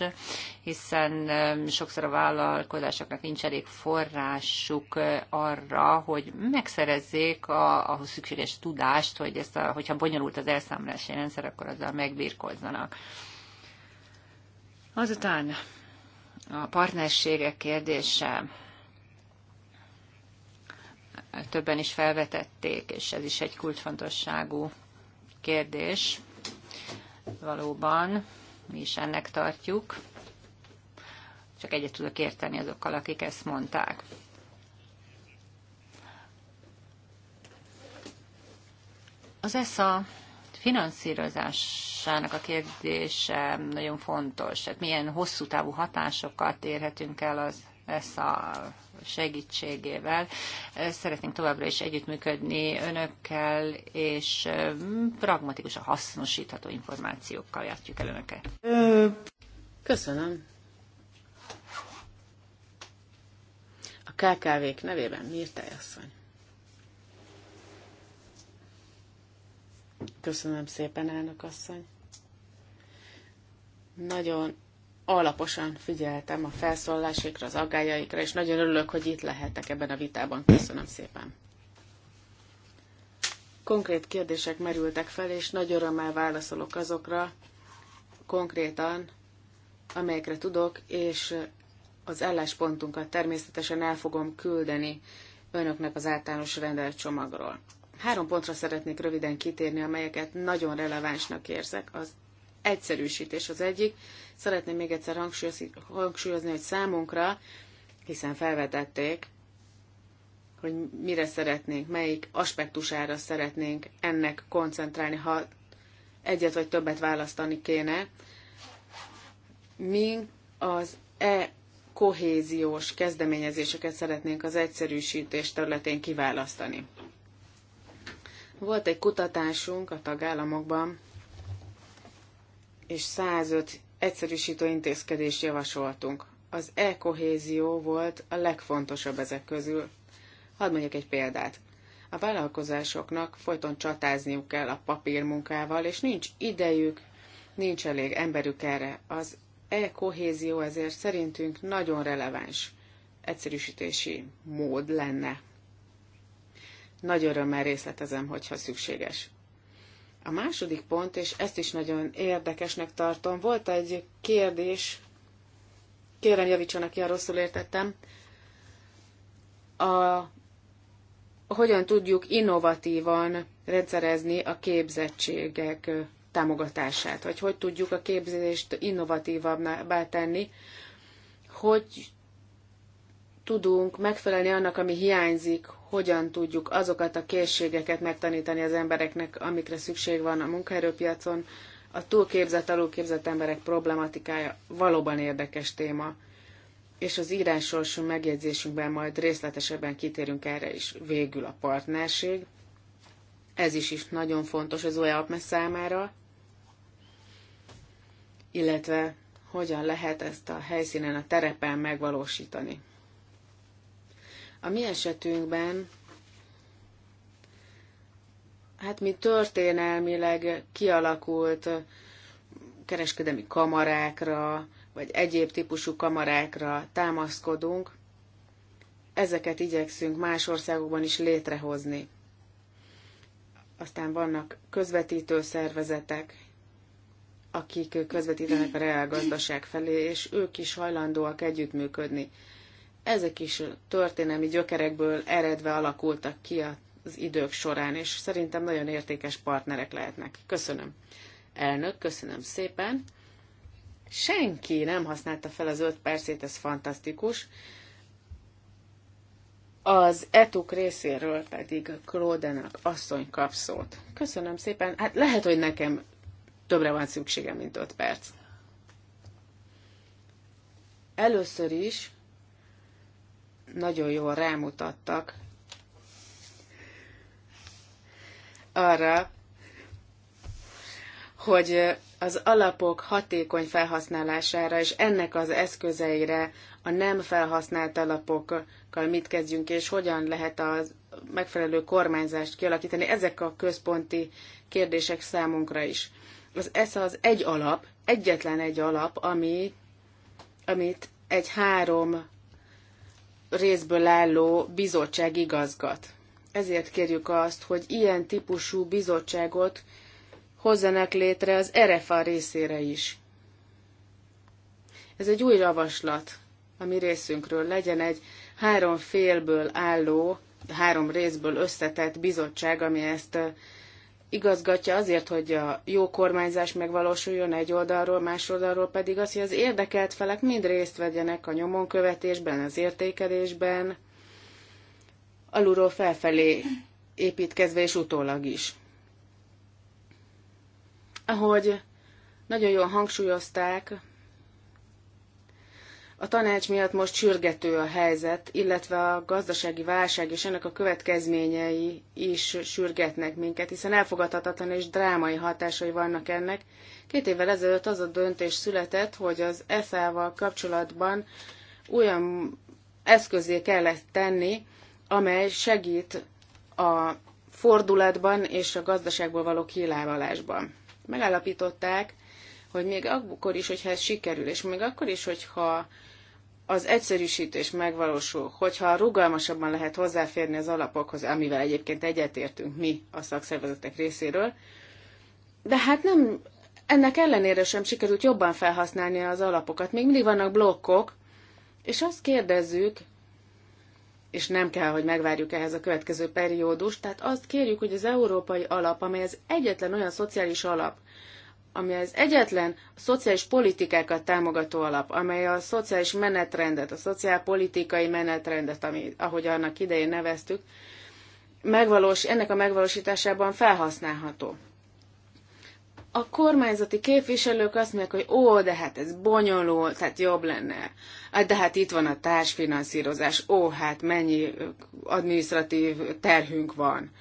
hiszen um, sokszor a vállalkozásoknak nincs elég forrásuk uh, arra, hogy megszerezzék a, ahhoz szükséges tudást, hogy ezt a, hogyha bonyolult az elszámolási rendszer, akkor azzal megbírkozzanak. Azután a partnerségek kérdése többen is felvetették, és ez is egy kulcsfontosságú kérdés. Valóban mi is ennek tartjuk. Csak egyet tudok érteni azokkal, akik ezt mondták. Az ESZA finanszírozásának a kérdése nagyon fontos. Tehát milyen hosszú távú hatásokat érhetünk el az ezt a segítségével. Szeretnénk továbbra is együttműködni önökkel, és pragmatikusan hasznosítható információkkal játjuk el önöket.
Köszönöm. A KKV-k nevében Mirtály asszony. Köszönöm szépen, elnök asszony. Nagyon alaposan figyeltem a felszólalásokra, az aggájaikra, és nagyon örülök, hogy itt lehetek ebben a vitában. Köszönöm szépen. Konkrét kérdések merültek fel, és nagy örömmel válaszolok azokra, konkrétan, amelyekre tudok, és az álláspontunkat természetesen el fogom küldeni önöknek az általános rendelcsomagról. Három pontra szeretnék röviden kitérni, amelyeket nagyon relevánsnak érzek. Az egyszerűsítés az egyik. Szeretném még egyszer hangsúlyozni, hogy számunkra, hiszen felvetették, hogy mire szeretnénk, melyik aspektusára szeretnénk ennek koncentrálni, ha egyet vagy többet választani kéne. Mi az e kohéziós kezdeményezéseket szeretnénk az egyszerűsítés területén kiválasztani. Volt egy kutatásunk a tagállamokban, és 105 egyszerűsítő intézkedést javasoltunk. Az e-kohézió volt a legfontosabb ezek közül. Hadd mondjak egy példát. A vállalkozásoknak folyton csatázniuk kell a papírmunkával, és nincs idejük, nincs elég emberük erre. Az e-kohézió ezért szerintünk nagyon releváns egyszerűsítési mód lenne nagy örömmel részletezem, hogyha szükséges. A második pont, és ezt is nagyon érdekesnek tartom, volt egy kérdés, kérem javítson, aki a rosszul értettem, a, hogyan tudjuk innovatívan rendszerezni a képzettségek támogatását, vagy hogy tudjuk a képzést innovatívabbá tenni, hogy tudunk megfelelni annak, ami hiányzik, hogyan tudjuk azokat a készségeket megtanítani az embereknek, amikre szükség van a munkaerőpiacon. A túlképzett, alulképzett emberek problematikája valóban érdekes téma, és az írásos megjegyzésünkben majd részletesebben kitérünk erre is. Végül a partnerség. Ez is, is nagyon fontos az OEAPME számára, illetve hogyan lehet ezt a helyszínen, a terepen megvalósítani. A mi esetünkben, hát mi történelmileg kialakult kereskedemi kamarákra, vagy egyéb típusú kamarákra támaszkodunk, ezeket igyekszünk más országokban is létrehozni. Aztán vannak közvetítő szervezetek, akik közvetítenek a reálgazdaság felé, és ők is hajlandóak együttműködni ezek is történelmi gyökerekből eredve alakultak ki az idők során, és szerintem nagyon értékes partnerek lehetnek. Köszönöm. Elnök, köszönöm szépen. Senki nem használta fel az öt percét, ez fantasztikus. Az etuk részéről pedig Klódenak asszony kap szót. Köszönöm szépen. Hát lehet, hogy nekem többre van szükségem, mint öt perc. Először is nagyon jól rámutattak arra, hogy az alapok hatékony felhasználására és ennek az eszközeire a nem felhasznált alapokkal mit kezdjünk, és hogyan lehet a megfelelő kormányzást kialakítani. Ezek a központi kérdések számunkra is. Az ez az egy alap, egyetlen egy alap, ami, amit egy három részből álló bizottság igazgat. Ezért kérjük azt, hogy ilyen típusú bizottságot hozzanak létre az RFA részére is. Ez egy új javaslat a mi részünkről. Legyen egy három félből álló, három részből összetett bizottság, ami ezt igazgatja azért, hogy a jó kormányzás megvalósuljon egy oldalról, más oldalról pedig az, hogy az érdekelt felek mind részt vegyenek a nyomonkövetésben, az értékelésben, alulról felfelé építkezve és utólag is. Ahogy nagyon jól hangsúlyozták, a tanács miatt most sürgető a helyzet, illetve a gazdasági válság és ennek a következményei is sürgetnek minket, hiszen elfogadhatatlan és drámai hatásai vannak ennek. Két évvel ezelőtt az a döntés született, hogy az ESZ-val kapcsolatban olyan eszközé kellett tenni, amely segít a fordulatban és a gazdaságból való kilábalásban. Megállapították, hogy még akkor is, hogyha ez sikerül, és még akkor is, hogyha az egyszerűsítés megvalósul, hogyha rugalmasabban lehet hozzáférni az alapokhoz, amivel egyébként egyetértünk mi a szakszervezetek részéről, de hát nem, ennek ellenére sem sikerült jobban felhasználni az alapokat. Még mindig vannak blokkok, és azt kérdezzük, és nem kell, hogy megvárjuk ehhez a következő periódust, tehát azt kérjük, hogy az európai alap, amely az egyetlen olyan szociális alap, ami az egyetlen szociális politikákat támogató alap, amely a szociális menetrendet, a szociálpolitikai menetrendet, ami, ahogy annak idején neveztük, megvalós, ennek a megvalósításában felhasználható. A kormányzati képviselők azt mondják, hogy ó, de hát ez bonyolult, hát jobb lenne. De hát itt van a társfinanszírozás, ó, hát mennyi administratív terhünk van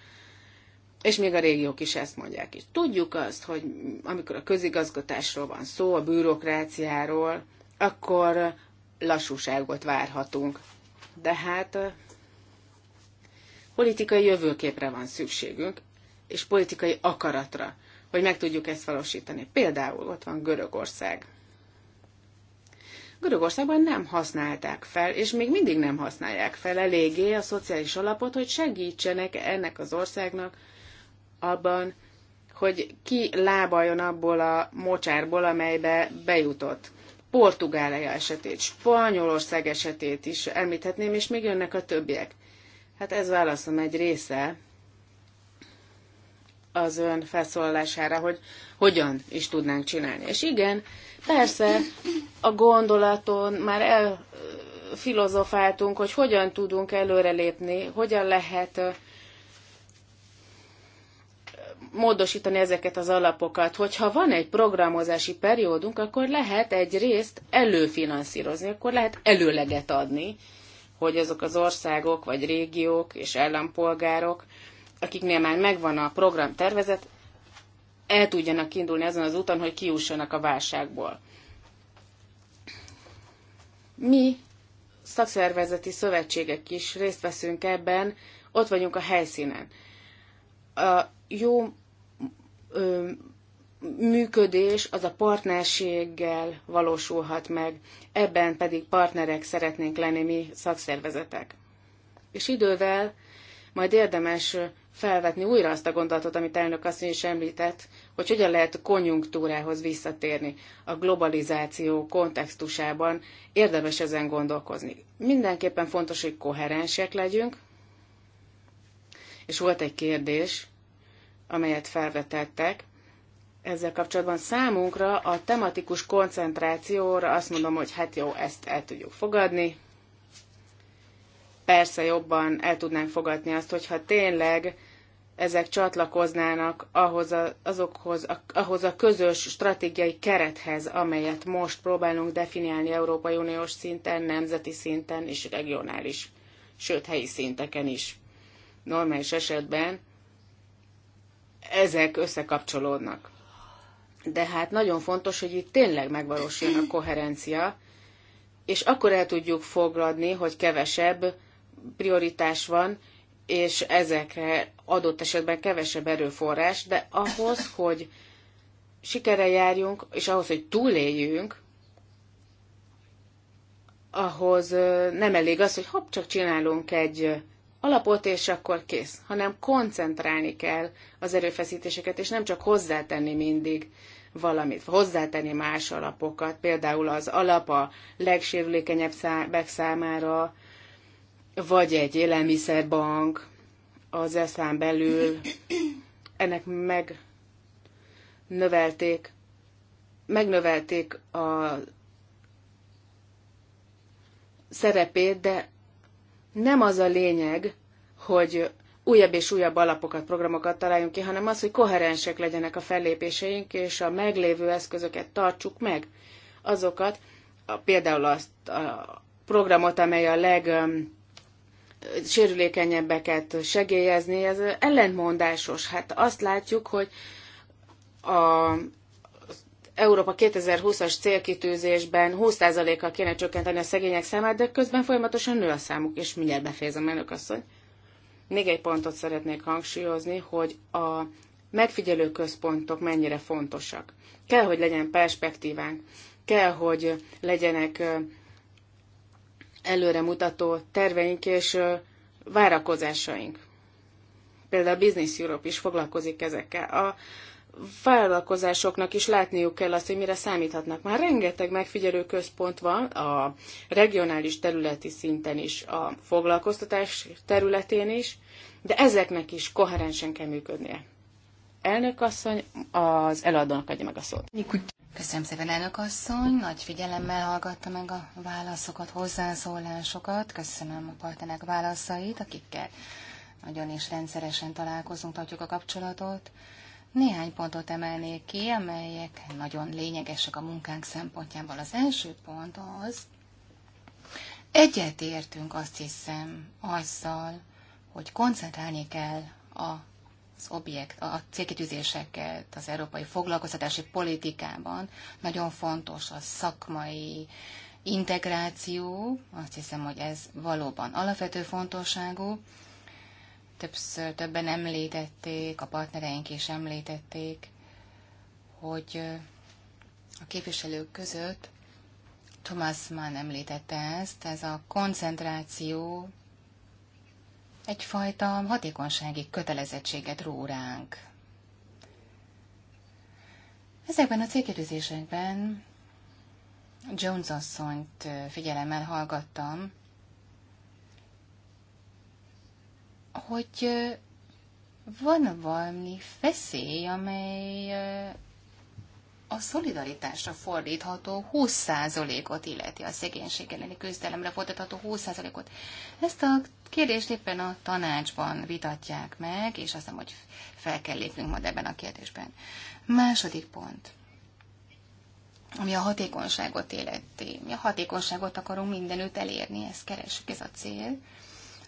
és még a régiók is ezt mondják is. Tudjuk azt, hogy amikor a közigazgatásról van szó, a bürokráciáról, akkor lassúságot várhatunk. De hát politikai jövőképre van szükségünk, és politikai akaratra, hogy meg tudjuk ezt valósítani. Például ott van Görögország. Görögországban nem használták fel, és még mindig nem használják fel eléggé a szociális alapot, hogy segítsenek ennek az országnak abban, hogy ki lábaljon abból a mocsárból, amelybe bejutott. Portugália esetét, Spanyolország esetét is említhetném, és még jönnek a többiek. Hát ez válaszom egy része az ön felszólalására, hogy hogyan is tudnánk csinálni. És igen, persze a gondolaton már elfilozofáltunk, hogy hogyan tudunk előrelépni, hogyan lehet módosítani ezeket az alapokat. Hogyha van egy programozási periódunk, akkor lehet egy részt előfinanszírozni, akkor lehet előleget adni, hogy azok az országok, vagy régiók és állampolgárok, akiknél már megvan a program tervezet, el tudjanak indulni azon az úton, hogy kiussanak a válságból. Mi szakszervezeti szövetségek is részt veszünk ebben, ott vagyunk a helyszínen. A jó ö, működés az a partnerséggel valósulhat meg, ebben pedig partnerek szeretnénk lenni mi szakszervezetek. És idővel majd érdemes felvetni újra azt a gondolatot, amit elnök asszony is említett, hogy hogyan lehet a konjunktúrához visszatérni a globalizáció kontextusában, érdemes ezen gondolkozni. Mindenképpen fontos, hogy koherensek legyünk, és volt egy kérdés, amelyet felvetettek. Ezzel kapcsolatban számunkra a tematikus koncentrációra azt mondom, hogy hát jó, ezt el tudjuk fogadni. Persze jobban el tudnánk fogadni azt, hogyha tényleg ezek csatlakoznának ahhoz a, azokhoz, a, ahhoz a közös stratégiai kerethez, amelyet most próbálunk definiálni Európai Uniós szinten, nemzeti szinten és regionális, sőt helyi szinteken is. Normális esetben ezek összekapcsolódnak. De hát nagyon fontos, hogy itt tényleg megvalósuljon a koherencia, és akkor el tudjuk foglalni, hogy kevesebb prioritás van, és ezekre adott esetben kevesebb erőforrás, de ahhoz, hogy sikere járjunk, és ahhoz, hogy túléljünk, ahhoz nem elég az, hogy hopp, csak csinálunk egy alapot, és akkor kész, hanem koncentrálni kell az erőfeszítéseket, és nem csak hozzátenni mindig valamit, hozzátenni más alapokat, például az alap a legsérülékenyebbek számára, vagy egy élelmiszerbank az eszám belül, ennek meg növelték, megnövelték a szerepét, de nem az a lényeg, hogy újabb és újabb alapokat, programokat találjunk ki, hanem az, hogy koherensek legyenek a fellépéseink, és a meglévő eszközöket tartsuk meg. Azokat, a, például azt a programot, amely a leg sérülékenyebbeket segélyezni, ez ellentmondásos. Hát azt látjuk, hogy a Európa 2020-as célkitűzésben 20%-kal kéne csökkenteni a szegények számát, de közben folyamatosan nő a számuk, és mindjárt befejezem, elnök asszony. Még egy pontot szeretnék hangsúlyozni, hogy a megfigyelő központok mennyire fontosak. Kell, hogy legyen perspektívánk, kell, hogy legyenek előremutató terveink és várakozásaink. Például a Business Europe is foglalkozik ezekkel. A vállalkozásoknak is látniuk kell azt, hogy mire számíthatnak. Már rengeteg megfigyelő központ van a regionális területi szinten is, a foglalkoztatás területén is, de ezeknek is koherensen kell működnie. Elnök asszony, az eladónak adja meg a szót.
Köszönöm szépen, elnök asszony. Nagy figyelemmel hallgatta meg a válaszokat, hozzászólásokat. Köszönöm a partnerek válaszait, akikkel nagyon és rendszeresen találkozunk, tartjuk a kapcsolatot. Néhány pontot emelnék ki, amelyek nagyon lényegesek a munkánk szempontjából. Az első pont az, egyetértünk azt hiszem azzal, hogy koncentrálni kell a az objekt, a célkitűzéseket az európai foglalkoztatási politikában. Nagyon fontos a szakmai integráció, azt hiszem, hogy ez valóban alapvető fontosságú többször többen említették, a partnereink is említették, hogy a képviselők között Thomas Mann említette ezt, ez a koncentráció egyfajta hatékonysági kötelezettséget ró ránk. Ezekben a célkérdezésekben Jones asszonyt figyelemmel hallgattam, hogy van valami feszély, amely a szolidaritásra fordítható 20%-ot illeti a szegénység elleni küzdelemre fordítható 20%-ot. Ezt a kérdést éppen a tanácsban vitatják meg, és azt mondom, hogy fel kell lépnünk majd ebben a kérdésben. Második pont, ami a hatékonyságot illeti. Mi a hatékonyságot akarunk mindenütt elérni, ezt keresjük, ez a cél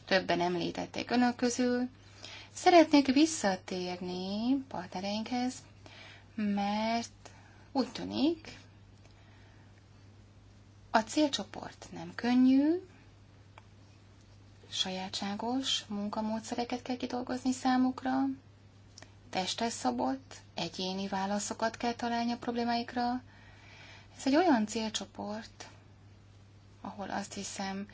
többen említették önök közül. Szeretnék visszatérni partnereinkhez, mert úgy tűnik, a célcsoport nem könnyű, sajátságos munkamódszereket kell kidolgozni számukra, testre szabott, egyéni válaszokat kell találni a problémáikra. Ez egy olyan célcsoport, ahol azt hiszem,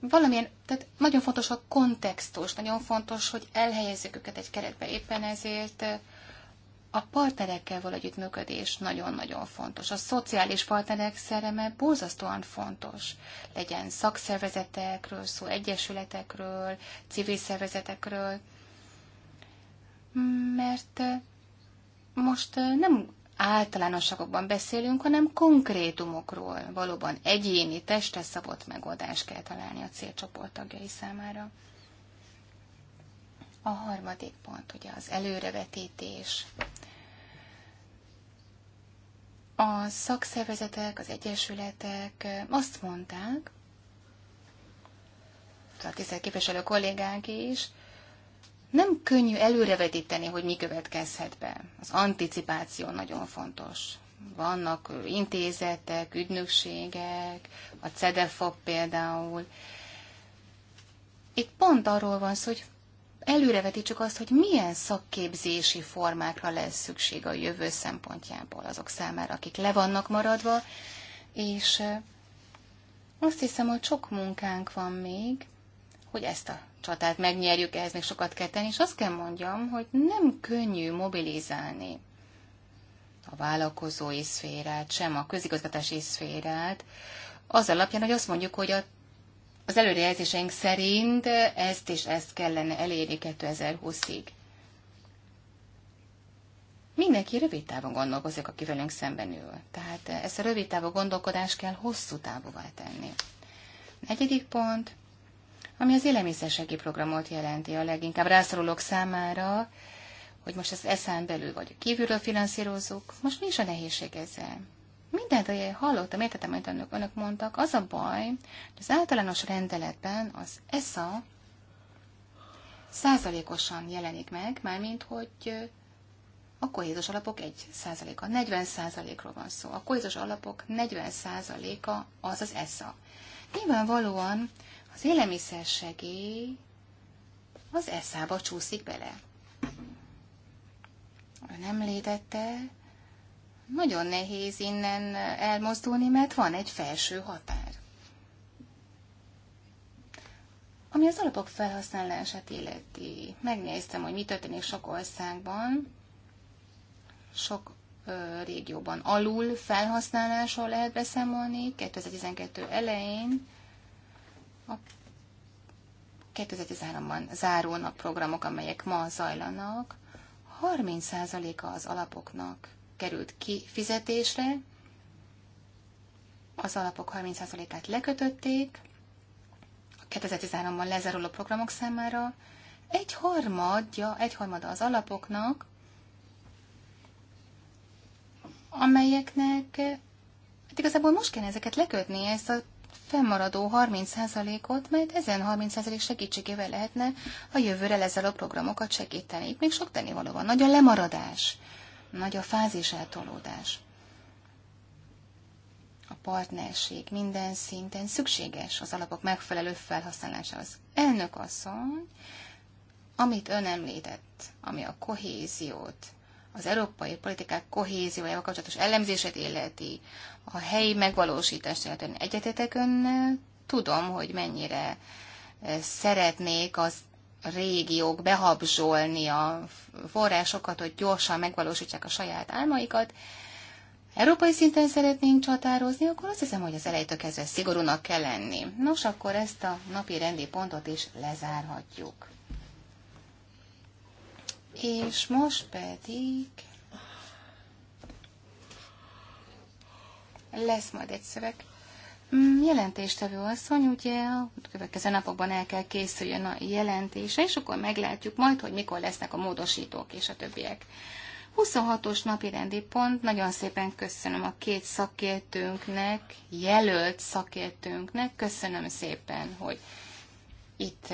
valamilyen, tehát nagyon fontos a kontextus, nagyon fontos, hogy elhelyezzük őket egy keretbe. Éppen ezért eh, a partnerekkel való együttműködés nagyon-nagyon fontos. A szociális partnerek szereme borzasztóan fontos. Legyen szakszervezetekről, szó egyesületekről, civil szervezetekről, mert eh, most eh, nem általánosságokban beszélünk, hanem konkrétumokról. Valóban egyéni, testre szabott megoldást kell találni a célcsoport tagjai számára. A harmadik pont, ugye az előrevetítés. A szakszervezetek, az egyesületek azt mondták, a tisztelt képviselő kollégák is, nem könnyű előrevetíteni, hogy mi következhet be. Az anticipáció nagyon fontos. Vannak intézetek, ügynökségek, a CEDEFOP például. Itt pont arról van szó, hogy előrevetítsük azt, hogy milyen szakképzési formákra lesz szükség a jövő szempontjából azok számára, akik le vannak maradva, és azt hiszem, hogy sok munkánk van még, hogy ezt a csatát megnyerjük, ehhez még sokat kell tenni, és azt kell mondjam, hogy nem könnyű mobilizálni a vállalkozói szférát, sem a közigazgatási szférát, az alapján, hogy azt mondjuk, hogy a, az előrejelzéseink szerint ezt és ezt kellene elérni 2020-ig. Mindenki rövid távon gondolkozik, aki velünk szemben ül. Tehát ezt a rövid távú gondolkodást kell hosszú távúvá tenni. Negyedik pont, ami az élelmiszersegi programot jelenti a leginkább rászorulók számára, hogy most ezt eszán belül vagy kívülről finanszírozzuk. Most mi is a nehézség ezzel? Mindent, amit eh, hallottam, értettem, amit önök, önök mondtak, az a baj, hogy az általános rendeletben az ESA százalékosan jelenik meg, mármint, hogy eh, a kohézos alapok egy százaléka, 40 százalékról van szó. A kohézos alapok 40 százaléka az az ESA. Nyilvánvalóan az segély az eszába csúszik bele. Ő nem létette, nagyon nehéz innen elmozdulni, mert van egy felső határ. Ami az alapok felhasználását illeti, megnéztem, hogy mi történik sok országban, sok ö, régióban alul felhasználásról lehet beszámolni, 2012 elején a 2013-ban záró programok, amelyek ma zajlanak, 30%-a az alapoknak került ki fizetésre, az alapok 30%-át lekötötték, a 2013-ban lezáruló programok számára egy harmadja, egy harmada az alapoknak, amelyeknek hát igazából most kell ezeket lekötni, ezt a fennmaradó 30%-ot, mert ezen 30% segítségével lehetne a jövőre lezáró programokat segíteni. Itt még sok tennivaló van. Nagy a lemaradás, nagy a fázis eltolódás. A partnerség minden szinten szükséges az alapok megfelelő felhasználásához. Elnök asszony, amit ön említett, ami a kohéziót, az európai politikák kohéziójával kapcsolatos elemzését illeti, a helyi megvalósítást illetően egyetetek önnel, tudom, hogy mennyire eh, szeretnék az régiók behabzsolni a forrásokat, hogy gyorsan megvalósítsák a saját álmaikat. Európai szinten szeretnénk csatározni, akkor azt hiszem, hogy az elejétől kezdve szigorúnak kell lenni. Nos, akkor ezt a napi rendi pontot is lezárhatjuk. És most pedig lesz majd egy szöveg. Mm, jelentéstevő asszony, ugye a következő napokban el kell készüljön a jelentése, és akkor meglátjuk majd, hogy mikor lesznek a módosítók és a többiek. 26-os napi rendi pont, nagyon szépen köszönöm a két szakértőnknek, jelölt szakértőnknek, köszönöm szépen, hogy itt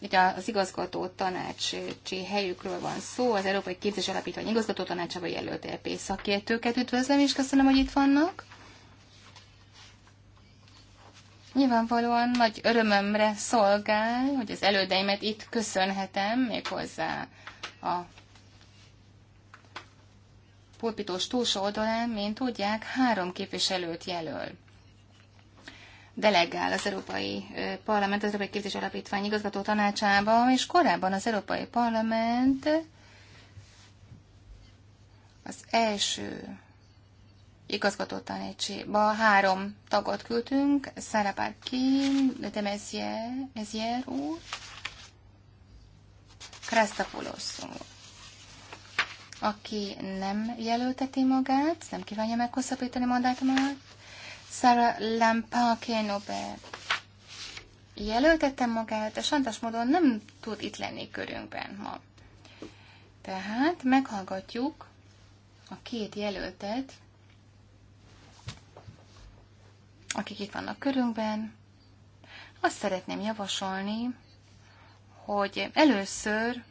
Ugye az igazgató tanácsi helyükről van szó, az Európai Képzés Alapítvány igazgató tanácsába jelölt EP szakértőket üdvözlöm, és köszönöm, hogy itt vannak. Nyilvánvalóan nagy örömömre szolgál, hogy az elődeimet itt köszönhetem, méghozzá a pulpitós túlsó oldalán, mint tudják, három képviselőt jelöl delegál az Európai Parlament, az Európai Képzés Alapítvány igazgató tanácsába, és korábban az Európai Parlament az első igazgató tanácsába három tagot küldtünk, Sarah Parkin, de Messier, úr, Krastapoulos Aki nem jelölteti magát, nem kívánja meghosszabbítani mandátumát, Sarah Lampake Nobel jelöltette magát, de sajnos módon nem tud itt lenni körünkben ma. Tehát meghallgatjuk a két jelöltet, akik itt vannak körünkben. Azt szeretném javasolni, hogy először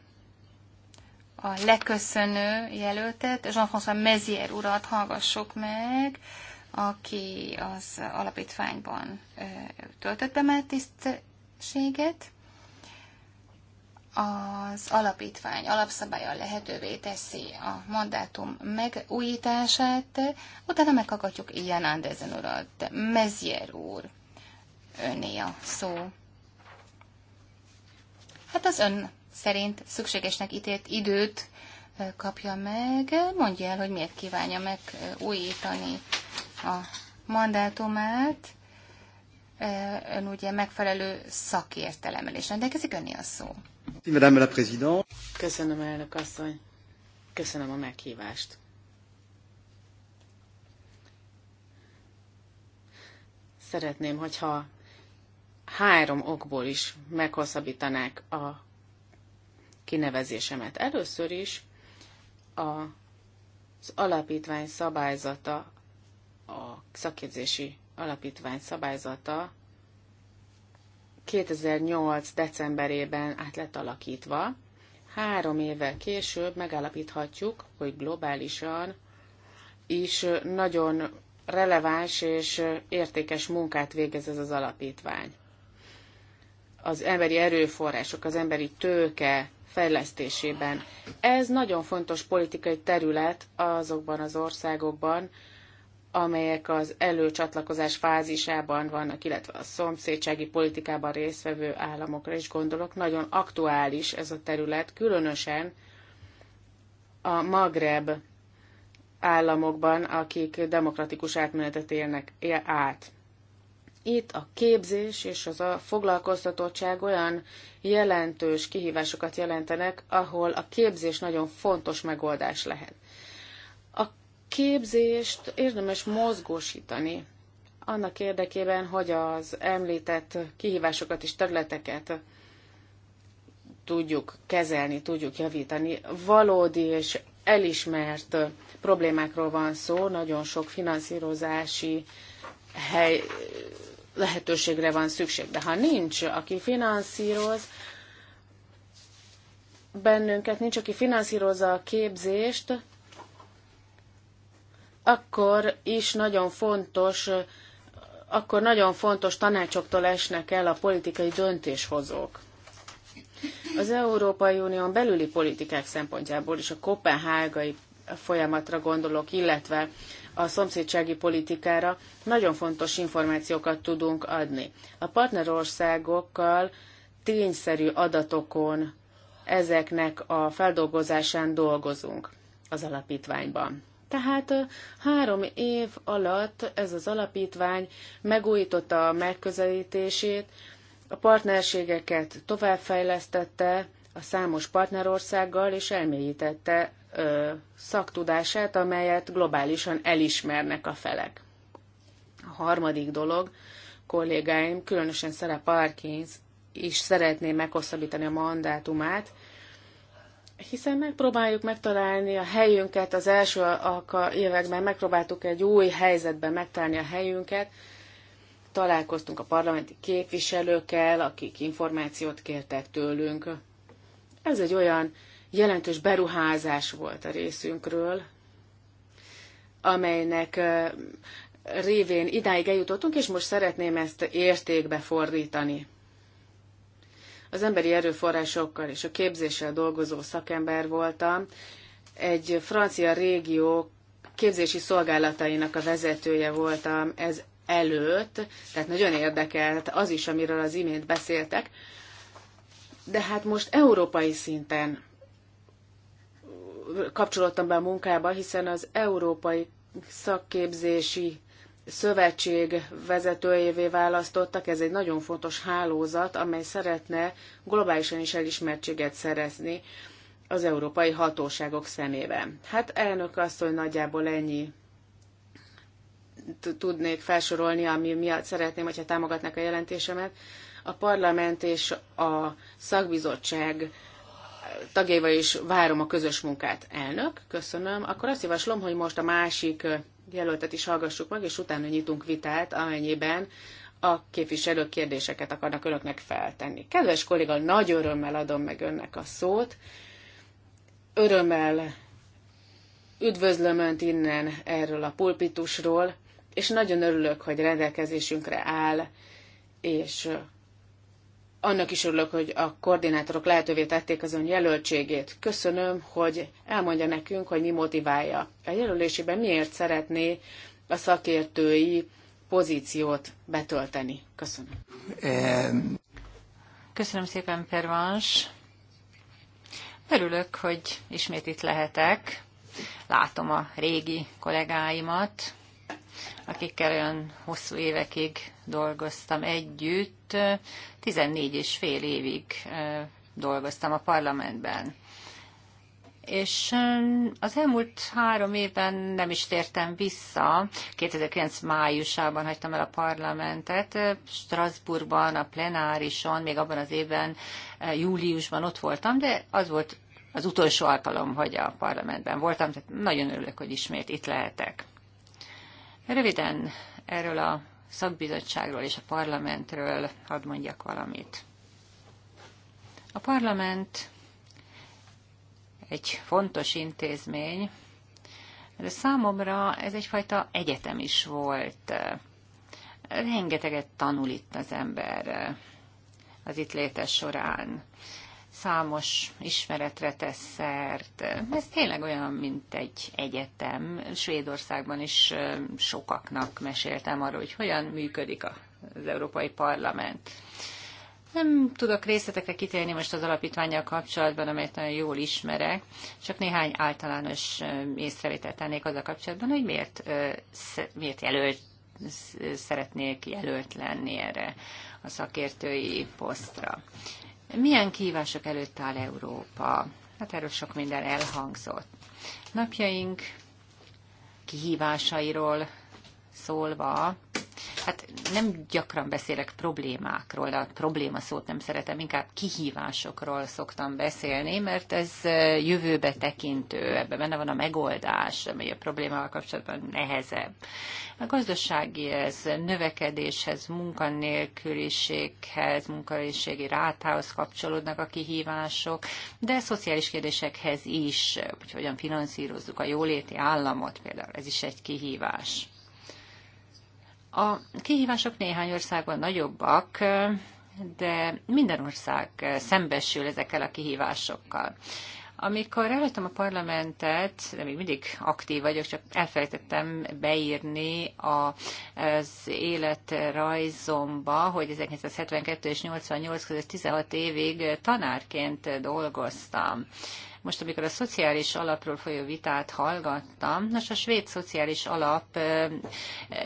a leköszönő jelöltet, Jean-François Mezier urat hallgassuk meg, aki az alapítványban töltött be már tisztséget. Az alapítvány alapszabálya lehetővé teszi a mandátum megújítását, utána meghallgatjuk Ian Andersen urat, Mezier úr, öné a szó. Hát az ön szerint szükségesnek ítélt időt kapja meg, mondja el, hogy miért kívánja megújítani a mandátumát, ön ugye megfelelő szakértelemmel is rendelkezik,
önni a szó.
Madame la Présidente.
Köszönöm, elnök asszony. Köszönöm a meghívást. Szeretném, hogyha három okból is meghosszabbítanák a kinevezésemet. Először is a, az alapítvány szabályzata a szakképzési alapítvány szabályzata 2008. decemberében át lett alakítva. Három évvel később megállapíthatjuk, hogy globálisan is nagyon releváns és értékes munkát végez ez az alapítvány. Az emberi erőforrások, az emberi tőke fejlesztésében. Ez nagyon fontos politikai terület azokban az országokban, amelyek az előcsatlakozás fázisában vannak, illetve a szomszédsági politikában résztvevő államokra is gondolok. Nagyon aktuális ez a terület, különösen a Magreb államokban, akik demokratikus átmenetet élnek él át. Itt a képzés és az a foglalkoztatottság olyan jelentős kihívásokat jelentenek, ahol a képzés nagyon fontos megoldás lehet képzést érdemes mozgósítani annak érdekében, hogy az említett kihívásokat és területeket tudjuk kezelni, tudjuk javítani. Valódi és elismert problémákról van szó, nagyon sok finanszírozási hely, lehetőségre van szükség. De ha nincs, aki finanszíroz bennünket, nincs, aki finanszírozza a képzést, akkor is nagyon fontos, akkor nagyon fontos tanácsoktól esnek el a politikai döntéshozók. Az Európai Unión belüli politikák szempontjából is a kopenhágai folyamatra gondolok, illetve a szomszédsági politikára nagyon fontos információkat tudunk adni. A partnerországokkal tényszerű adatokon ezeknek a feldolgozásán dolgozunk az alapítványban. Tehát három év alatt ez az alapítvány megújította a megközelítését, a partnerségeket továbbfejlesztette a számos partnerországgal, és elmélyítette ö, szaktudását, amelyet globálisan elismernek a felek. A harmadik dolog, kollégáim, különösen Sarah Parkins is szeretné meghosszabbítani a mandátumát, hiszen megpróbáljuk megtalálni a helyünket, az első években megpróbáltuk egy új helyzetben megtalálni a helyünket, találkoztunk a parlamenti képviselőkkel, akik információt kértek tőlünk. Ez egy olyan jelentős beruházás volt a részünkről, amelynek révén idáig eljutottunk, és most szeretném ezt értékbe fordítani az emberi erőforrásokkal és a képzéssel dolgozó szakember voltam. Egy francia régió képzési szolgálatainak a vezetője voltam ez előtt, tehát nagyon érdekelt az is, amiről az imént beszéltek. De hát most európai szinten kapcsolódtam be a munkába, hiszen az európai szakképzési szövetség vezetőjévé választottak. Ez egy nagyon fontos hálózat, amely szeretne globálisan is elismertséget szerezni az európai hatóságok szemében. Hát elnök asszony nagyjából ennyi tudnék felsorolni, ami miatt szeretném, hogyha támogatnak a jelentésemet. A parlament és a szakbizottság tagjaival is várom a közös munkát. Elnök, köszönöm. Akkor azt javaslom, hogy most a másik jelöltet is hallgassuk meg, és utána nyitunk vitát, amennyiben a képviselők kérdéseket akarnak önöknek feltenni. Kedves kolléga, nagy örömmel adom meg önnek a szót. Örömmel üdvözlöm önt innen erről a pulpitusról, és nagyon örülök, hogy rendelkezésünkre áll, és annak is örülök, hogy a koordinátorok lehetővé tették az ön jelöltségét. Köszönöm, hogy elmondja nekünk, hogy mi motiválja. A jelölésében miért szeretné a szakértői pozíciót betölteni. Köszönöm. Köszönöm szépen,
Pervans. Örülök, hogy ismét itt lehetek. Látom a régi kollégáimat, akikkel olyan hosszú évekig dolgoztam együtt. 14 és fél évig dolgoztam a parlamentben. És az elmúlt három évben nem is tértem vissza. 2009. májusában hagytam el a parlamentet. Strasbourgban, a plenárison, még abban az évben, júliusban ott voltam, de az volt az utolsó alkalom, hogy a parlamentben voltam, tehát nagyon örülök, hogy ismét itt lehetek. Röviden erről a szakbizottságról és a parlamentről hadd mondjak valamit. A parlament egy fontos intézmény, de számomra ez egyfajta egyetem is volt. Rengeteget tanul itt az ember eh, az itt létes során számos ismeretre tesz szert. Ez tényleg olyan, mint egy egyetem. Svédországban is sokaknak meséltem arról, hogy hogyan működik az Európai Parlament. Nem tudok részletekre kitérni most az alapítványjal kapcsolatban, amelyet nagyon jól ismerek, csak néhány általános észrevételt tennék az a kapcsolatban, hogy miért, miért jelölt, szeretnék jelölt lenni erre a szakértői posztra. Milyen kívások előtt áll Európa? Hát erről sok minden elhangzott. Napjaink kihívásairól szólva Hát nem gyakran beszélek problémákról, de a probléma szót nem szeretem, inkább kihívásokról szoktam beszélni, mert ez jövőbe tekintő, ebben benne van a megoldás, ami a problémával kapcsolatban nehezebb. A gazdasági ez növekedéshez, munkanélküliséghez, munkanélküliségi rátához kapcsolódnak a kihívások, de szociális kérdésekhez is, hogy hogyan finanszírozzuk a jóléti államot, például ez is egy kihívás. A kihívások néhány országban nagyobbak, de minden ország szembesül ezekkel a kihívásokkal. Amikor elhagytam a parlamentet, de még mindig aktív vagyok, csak elfelejtettem beírni az életrajzomba, hogy 1972 és 88 között 16 évig tanárként dolgoztam. Most, amikor a szociális alapról folyó vitát hallgattam, most a svéd szociális alap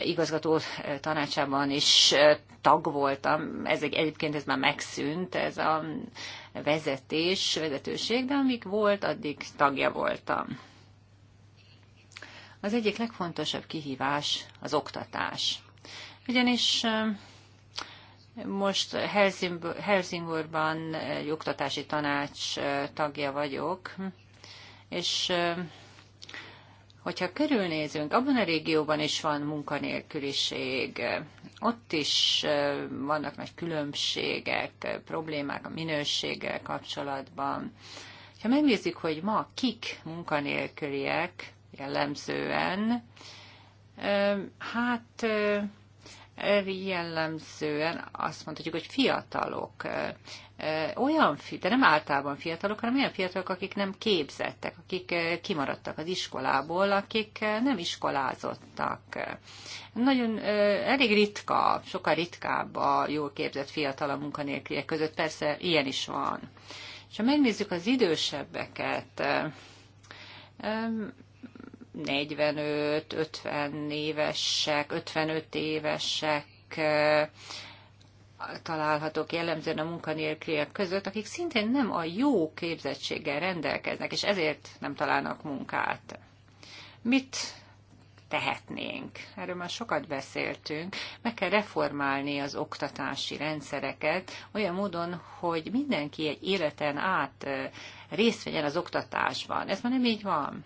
igazgató tanácsában is tag voltam, ez egy, egyébként ez már megszűnt, ez a vezetés, vezetőség, de amíg volt, addig tagja voltam. Az egyik legfontosabb kihívás az oktatás. Ugyanis most Helsingborban egy oktatási tanács tagja vagyok, hm. és hogyha körülnézünk, abban a régióban is van munkanélküliség, ott is vannak nagy különbségek, problémák a minőséggel kapcsolatban. Ha megnézzük, hogy ma kik munkanélküliek jellemzően, hát jellemzően azt mondhatjuk, hogy fiatalok, olyan, de nem általában fiatalok, hanem olyan fiatalok, akik nem képzettek, akik kimaradtak az iskolából, akik nem iskolázottak. Nagyon elég ritka, sokkal ritkább a jól képzett fiatal a munkanélküliek között, persze ilyen is van. És ha megnézzük az idősebbeket, 45-50 évesek, 55 évesek eh, találhatók jellemzően a munkanélküliek között, akik szintén nem a jó képzettséggel rendelkeznek, és ezért nem találnak munkát. Mit tehetnénk? Erről már sokat beszéltünk. Meg kell reformálni az oktatási rendszereket olyan módon, hogy mindenki egy életen át eh, részt vegyen az oktatásban. Ez már nem így van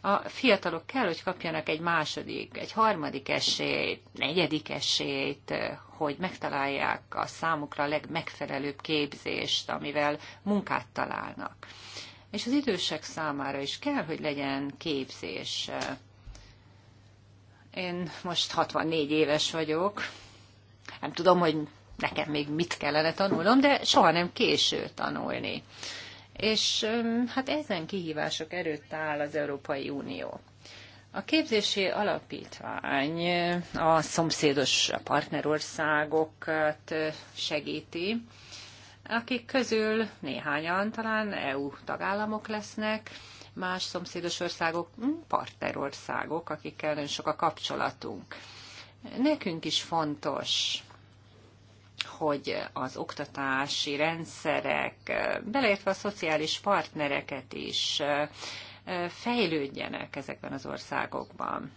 a fiatalok kell, hogy kapjanak egy második, egy harmadik esélyt, negyedik esélyt, hogy megtalálják a számukra a legmegfelelőbb képzést, amivel munkát találnak. És az idősek számára is kell, hogy legyen képzés. Én most 64 éves vagyok. Nem tudom, hogy nekem még mit kellene tanulnom, de soha nem késő tanulni és hát ezen kihívások erőtt áll az Európai Unió. A képzési alapítvány a szomszédos partnerországokat segíti, akik közül néhányan talán EU tagállamok lesznek, más szomszédos országok, partnerországok, akikkel nagyon sok a kapcsolatunk. Nekünk is fontos hogy az oktatási rendszerek, beleértve a szociális partnereket is fejlődjenek ezekben az országokban.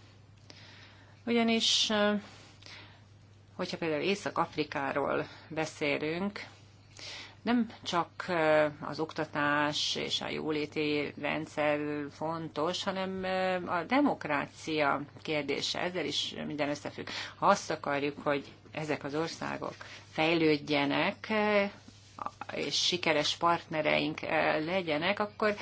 Ugyanis, hogyha például Észak-Afrikáról beszélünk, nem csak az oktatás és a jóléti rendszer fontos, hanem a demokrácia kérdése, ezzel is minden összefügg. Ha azt akarjuk, hogy ezek az országok fejlődjenek, és sikeres partnereink eh, legyenek, akkor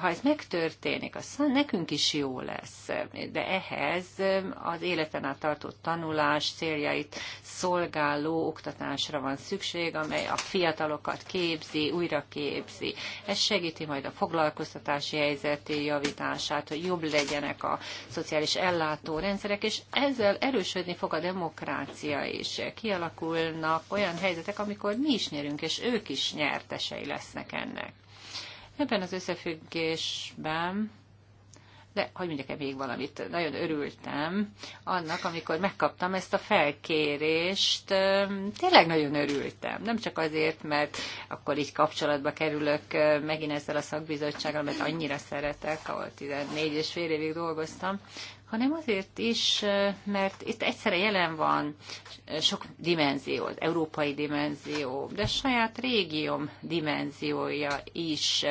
ha ez megtörténik, az nekünk is jó lesz, de ehhez um, az életen át tartott tanulás céljait szolgáló oktatásra van szükség, amely a fiatalokat képzi, újra képzi. Ez segíti majd a foglalkoztatási helyzeti javítását, hogy jobb legyenek a szociális ellátó rendszerek és ezzel erősödni fog a demokrácia is. Kialakulnak olyan helyzetek, amikor mi is nyerünk, és ők is nyertesei lesznek ennek. Ebben az összefüggésben de hogy mondjak-e még valamit, nagyon örültem annak, amikor megkaptam ezt a felkérést, tényleg nagyon örültem. Nem csak azért, mert akkor így kapcsolatba kerülök megint ezzel a szakbizottsággal, mert annyira szeretek, ahol 14 és fél évig dolgoztam, hanem azért is, mert itt egyszerre jelen van sok dimenzió, az európai dimenzió, de saját régióm dimenziója is,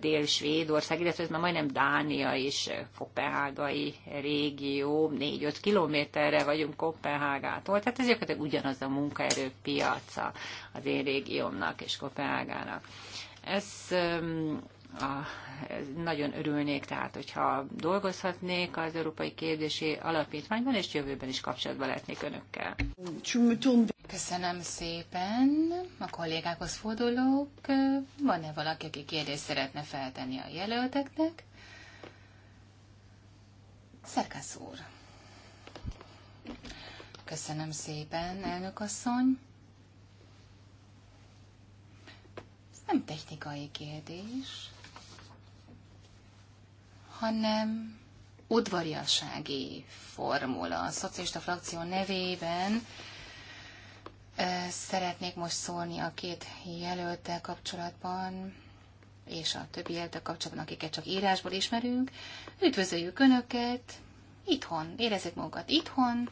Dél-Svédország, illetve ez már majdnem Dánia is, Kopenhágai régió, 4-5 kilométerre vagyunk Kopenhágától, tehát ez gyakorlatilag ugyanaz a munkaerőpiaca az én régiómnak és Kopenhágának. Ez a, nagyon örülnék, tehát hogyha dolgozhatnék az Európai Kérdési Alapítványban, és jövőben is kapcsolatban lehetnék önökkel.
Köszönöm szépen. A kollégákhoz fordulók. Van-e valaki, aki kérdést szeretne feltenni a jelölteknek? Szerkesz úr. Köszönöm szépen, elnök asszony. Ez nem technikai kérdés hanem udvariasági formula. A szocialista frakció nevében szeretnék most szólni a két jelöltel kapcsolatban, és a többi jelöltel kapcsolatban, akiket csak írásból ismerünk. Üdvözöljük Önöket! Itthon, érezzük magukat itthon.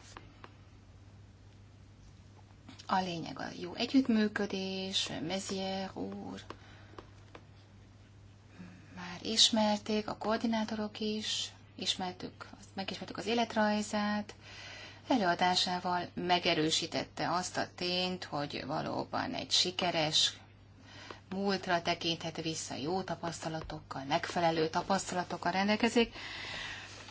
A lényeg a jó együttműködés, Mezier úr, ismerték, a koordinátorok is, ismertük, megismertük az életrajzát, előadásával megerősítette azt a tényt, hogy valóban egy sikeres múltra tekinthet vissza, jó tapasztalatokkal, megfelelő tapasztalatokkal rendelkezik.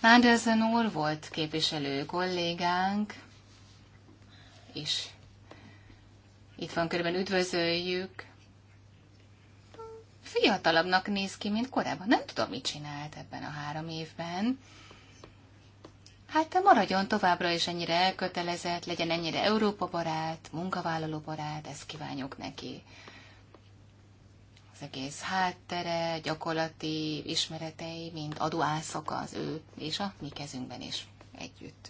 Anderson úr volt képviselő kollégánk, és itt van körben üdvözöljük, fiatalabbnak néz ki, mint korábban. Nem tudom, mit csinált ebben a három évben. Hát te maradjon továbbra is ennyire elkötelezett, legyen ennyire Európa barát, munkavállaló barát, ezt kívánjuk neki. Az egész háttere, gyakorlati ismeretei, mint adóászok az ő, és a mi kezünkben is együtt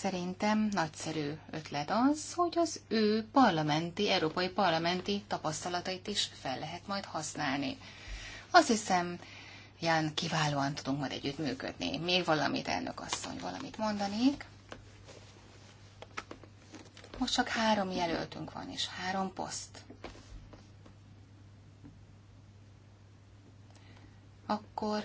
Szerintem nagyszerű ötlet az, hogy az ő parlamenti, európai parlamenti tapasztalatait is fel lehet majd használni. Azt hiszem, Ján, kiválóan tudunk majd együttműködni. Még valamit, elnök asszony, valamit mondanék. Most csak három jelöltünk van, és három poszt. Akkor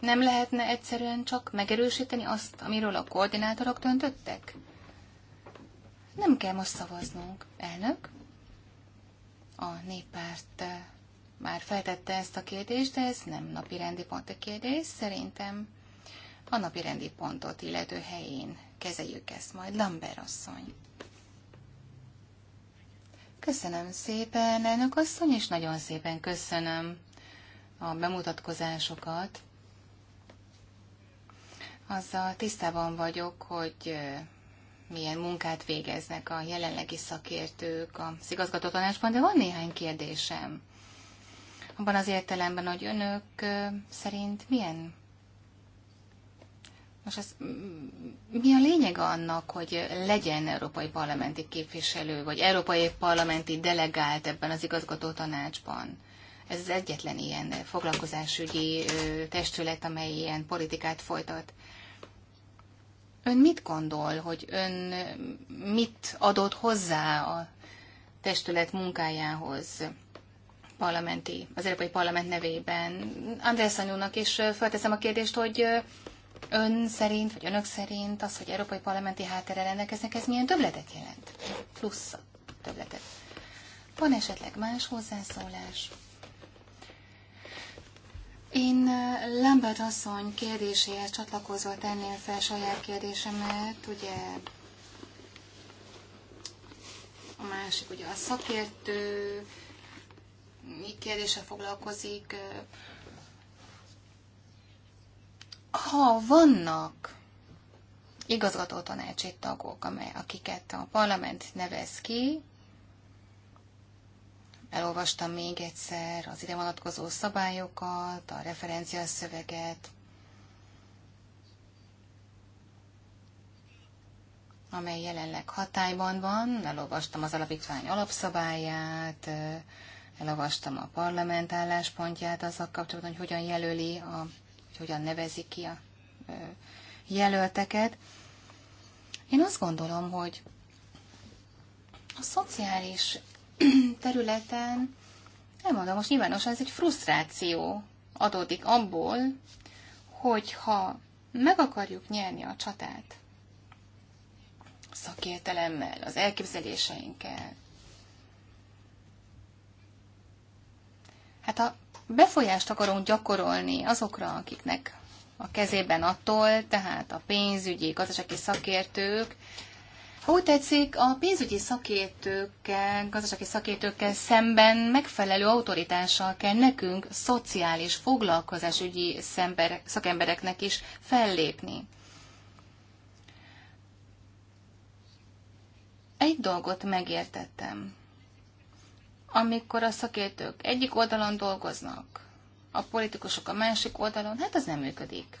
Nem lehetne egyszerűen csak megerősíteni azt, amiről a koordinátorok döntöttek? Nem kell most szavaznunk, elnök. A néppárt eh, már feltette ezt a kérdést, de ez nem napi rendi pont a kérdés. Szerintem a napi rendi pontot illető helyén kezeljük ezt majd. Lambert asszony. Köszönöm szépen, elnök asszony, és nagyon szépen köszönöm a bemutatkozásokat. Azzal tisztában vagyok, hogy milyen munkát végeznek a jelenlegi szakértők szigazgató tanácsban, de van néhány kérdésem. Abban az értelemben, hogy önök szerint milyen most ez, mi a lényeg annak, hogy legyen európai parlamenti képviselő, vagy európai parlamenti delegált ebben az igazgató tanácsban? Ez az egyetlen ilyen foglalkozásügyi testület, amely ilyen politikát folytat. Ön mit gondol, hogy ön mit adott hozzá a testület munkájához parlamenti, az Európai Parlament nevében? András Anyúnak is felteszem a kérdést, hogy ön szerint, vagy önök szerint az, hogy európai parlamenti háttere rendelkeznek, ez milyen többletet jelent? Plusz többletet. Van esetleg más hozzászólás? Én Lambert asszony kérdéséhez csatlakozva tenném fel saját kérdésemet, ugye a másik ugye a szakértő, mi kérdése foglalkozik. Ha vannak igazgató tanácsi tagok, amely, akiket a parlament nevez ki, Elolvastam még egyszer az ide vonatkozó szabályokat, a referencia szöveget, amely jelenleg hatályban van. Elolvastam az alapítvány alapszabályát, elolvastam a parlament álláspontját azzal kapcsolatban, hogy hogyan jelöli, a, hogy hogyan nevezi ki a jelölteket. Én azt gondolom, hogy a szociális területen, nem mondom, most nyilvánosan ez egy frusztráció adódik abból, hogyha meg akarjuk nyerni a csatát szakértelemmel, az elképzeléseinkkel, hát ha befolyást akarunk gyakorolni azokra, akiknek a kezében attól, tehát a pénzügyi, gazdasági szakértők, ha úgy tetszik, a pénzügyi szakértőkkel, gazdasági szakértőkkel szemben megfelelő autoritással kell nekünk, szociális, foglalkozásügyi szember, szakembereknek is fellépni. Egy dolgot megértettem. Amikor a szakértők egyik oldalon dolgoznak, a politikusok a másik oldalon, hát az nem működik.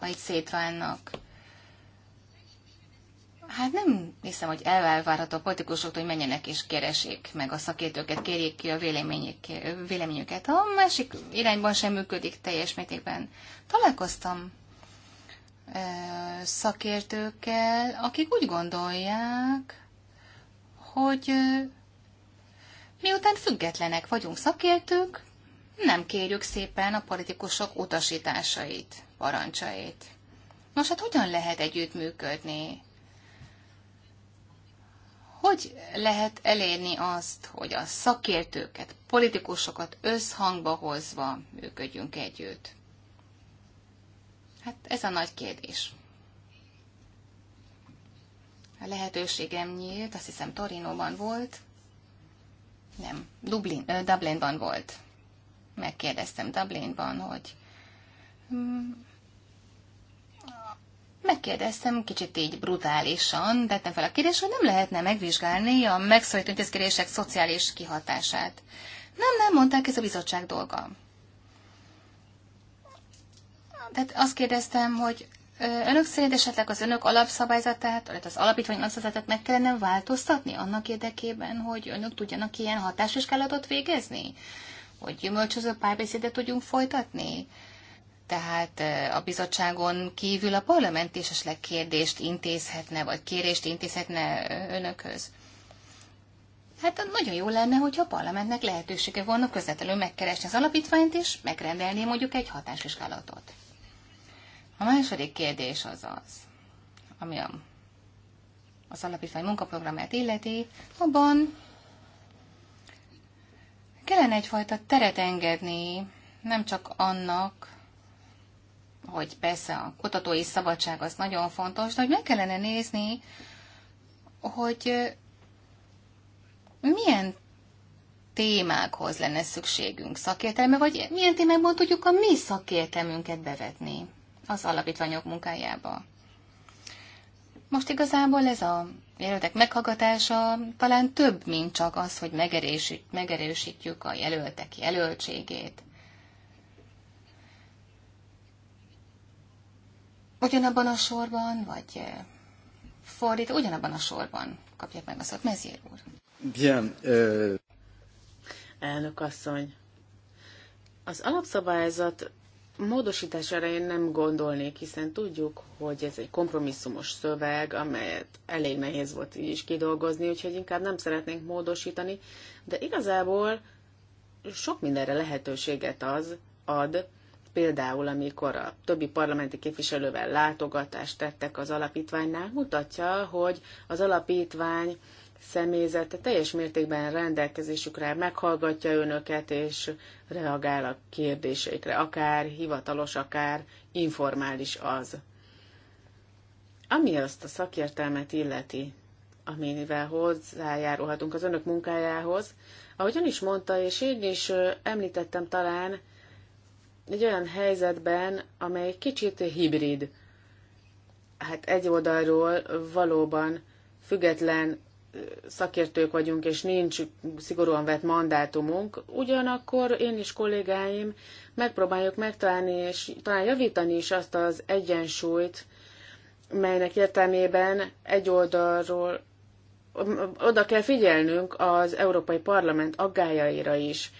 Ha itt szétválnak Hát nem hiszem, hogy elvárható a politikusoktól, hogy menjenek és keresik meg a szakértőket, kérjék ki a véleményüket. A másik irányban sem működik teljes mértékben. Találkoztam ö, szakértőkkel, akik úgy gondolják, hogy ö, miután függetlenek vagyunk szakértők, nem kérjük szépen a politikusok utasításait, parancsait. Nos, hát hogyan lehet együttműködni? Hogy lehet elérni azt, hogy a szakértőket, politikusokat összhangba hozva működjünk együtt? Hát ez a nagy kérdés. A lehetőségem nyílt, azt hiszem Torinóban volt, nem, Dublin, ö, Dublinban volt. Megkérdeztem Dublinban, hogy hmm, megkérdeztem kicsit így brutálisan, tettem fel a kérdést, hogy nem lehetne megvizsgálni a megszorító intézkedések szociális kihatását. Nem, nem, mondták, ez a bizottság dolga. Tehát azt kérdeztem, hogy önök szerint esetleg az önök alapszabályzatát, vagy az alapítvány alapszabályzatát meg kellene változtatni annak érdekében, hogy önök tudjanak ilyen hatásvizsgálatot végezni? Hogy gyümölcsöző párbeszédet tudjunk folytatni? tehát a bizottságon kívül a parlament is esetleg kérdést intézhetne, vagy kérést intézhetne önökhöz. Hát nagyon jó lenne, hogyha a parlamentnek lehetősége volna közvetlenül megkeresni az alapítványt, és megrendelni mondjuk egy hatásvizsgálatot. A második kérdés az az, ami a, az alapítvány munkaprogramját illeti, abban kellene egyfajta teret engedni, nem csak annak, hogy persze a kutatói szabadság az nagyon fontos, de hogy meg kellene nézni, hogy milyen témákhoz lenne szükségünk szakértelme, vagy milyen témákban tudjuk a mi szakértelmünket bevetni az alapítványok munkájába. Most igazából ez a jelöltek meghallgatása talán több, mint csak az, hogy megerősítjük a jelöltek jelöltségét. Ugyanabban a sorban, vagy fordít, ugyanabban a sorban kapják
meg a szót. Mezér úr. Bien, euh... Elnök asszony, az alapszabályzat módosítás én nem gondolnék, hiszen tudjuk, hogy ez egy kompromisszumos szöveg, amelyet elég nehéz volt így is kidolgozni, úgyhogy inkább nem szeretnénk módosítani, de igazából sok mindenre lehetőséget az ad, például amikor a többi parlamenti képviselővel látogatást tettek az alapítványnál, mutatja, hogy az alapítvány személyzete teljes mértékben rendelkezésükre meghallgatja önöket, és reagál a kérdéseikre, akár hivatalos, akár informális az. Ami azt a szakértelmet illeti, amivel hozzájárulhatunk az önök munkájához, ahogyan is mondta, és én is említettem talán, egy olyan helyzetben, amely kicsit hibrid. Hát egy oldalról valóban független szakértők vagyunk, és nincs szigorúan vett mandátumunk, ugyanakkor én és kollégáim megpróbáljuk megtalálni, és talán javítani is azt az egyensúlyt, melynek értelmében egy oldalról oda kell figyelnünk az Európai Parlament aggájaira is,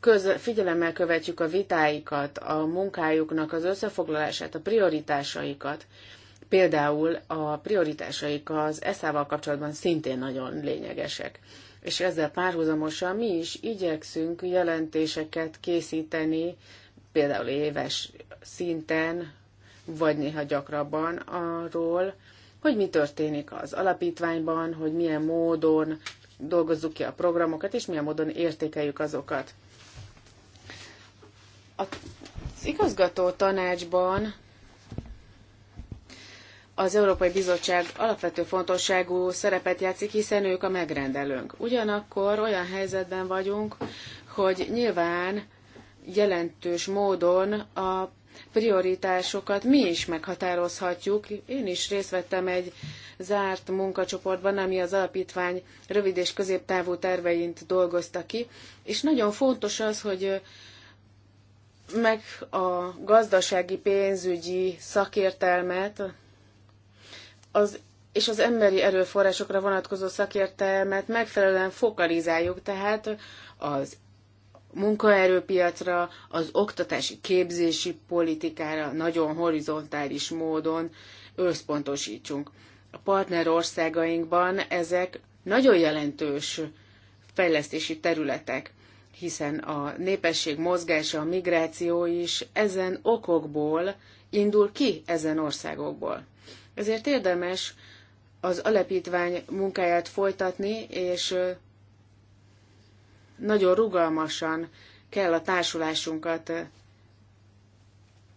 köz, figyelemmel követjük a vitáikat, a munkájuknak az összefoglalását, a prioritásaikat. Például a prioritásaik az eszával kapcsolatban szintén nagyon lényegesek. És ezzel párhuzamosan mi is igyekszünk jelentéseket készíteni, például éves szinten, vagy néha gyakrabban arról, hogy mi történik az alapítványban, hogy milyen módon dolgozzuk ki a programokat, és milyen módon értékeljük azokat. Az igazgató tanácsban az Európai Bizottság alapvető fontosságú szerepet játszik, hiszen ők a megrendelőnk. Ugyanakkor olyan helyzetben vagyunk, hogy nyilván jelentős módon a prioritásokat mi is meghatározhatjuk. Én is részt vettem egy zárt munkacsoportban, ami az alapítvány rövid és középtávú terveint dolgozta ki, és nagyon fontos az, hogy meg a gazdasági pénzügyi szakértelmet az, és az emberi erőforrásokra vonatkozó szakértelmet megfelelően fokalizáljuk, tehát az munkaerőpiacra, az oktatási képzési politikára nagyon horizontális módon összpontosítsunk. A partnerországainkban ezek nagyon jelentős fejlesztési területek hiszen a népesség mozgása, a migráció is ezen okokból indul ki ezen országokból. Ezért érdemes az alapítvány munkáját folytatni, és nagyon rugalmasan kell a társulásunkat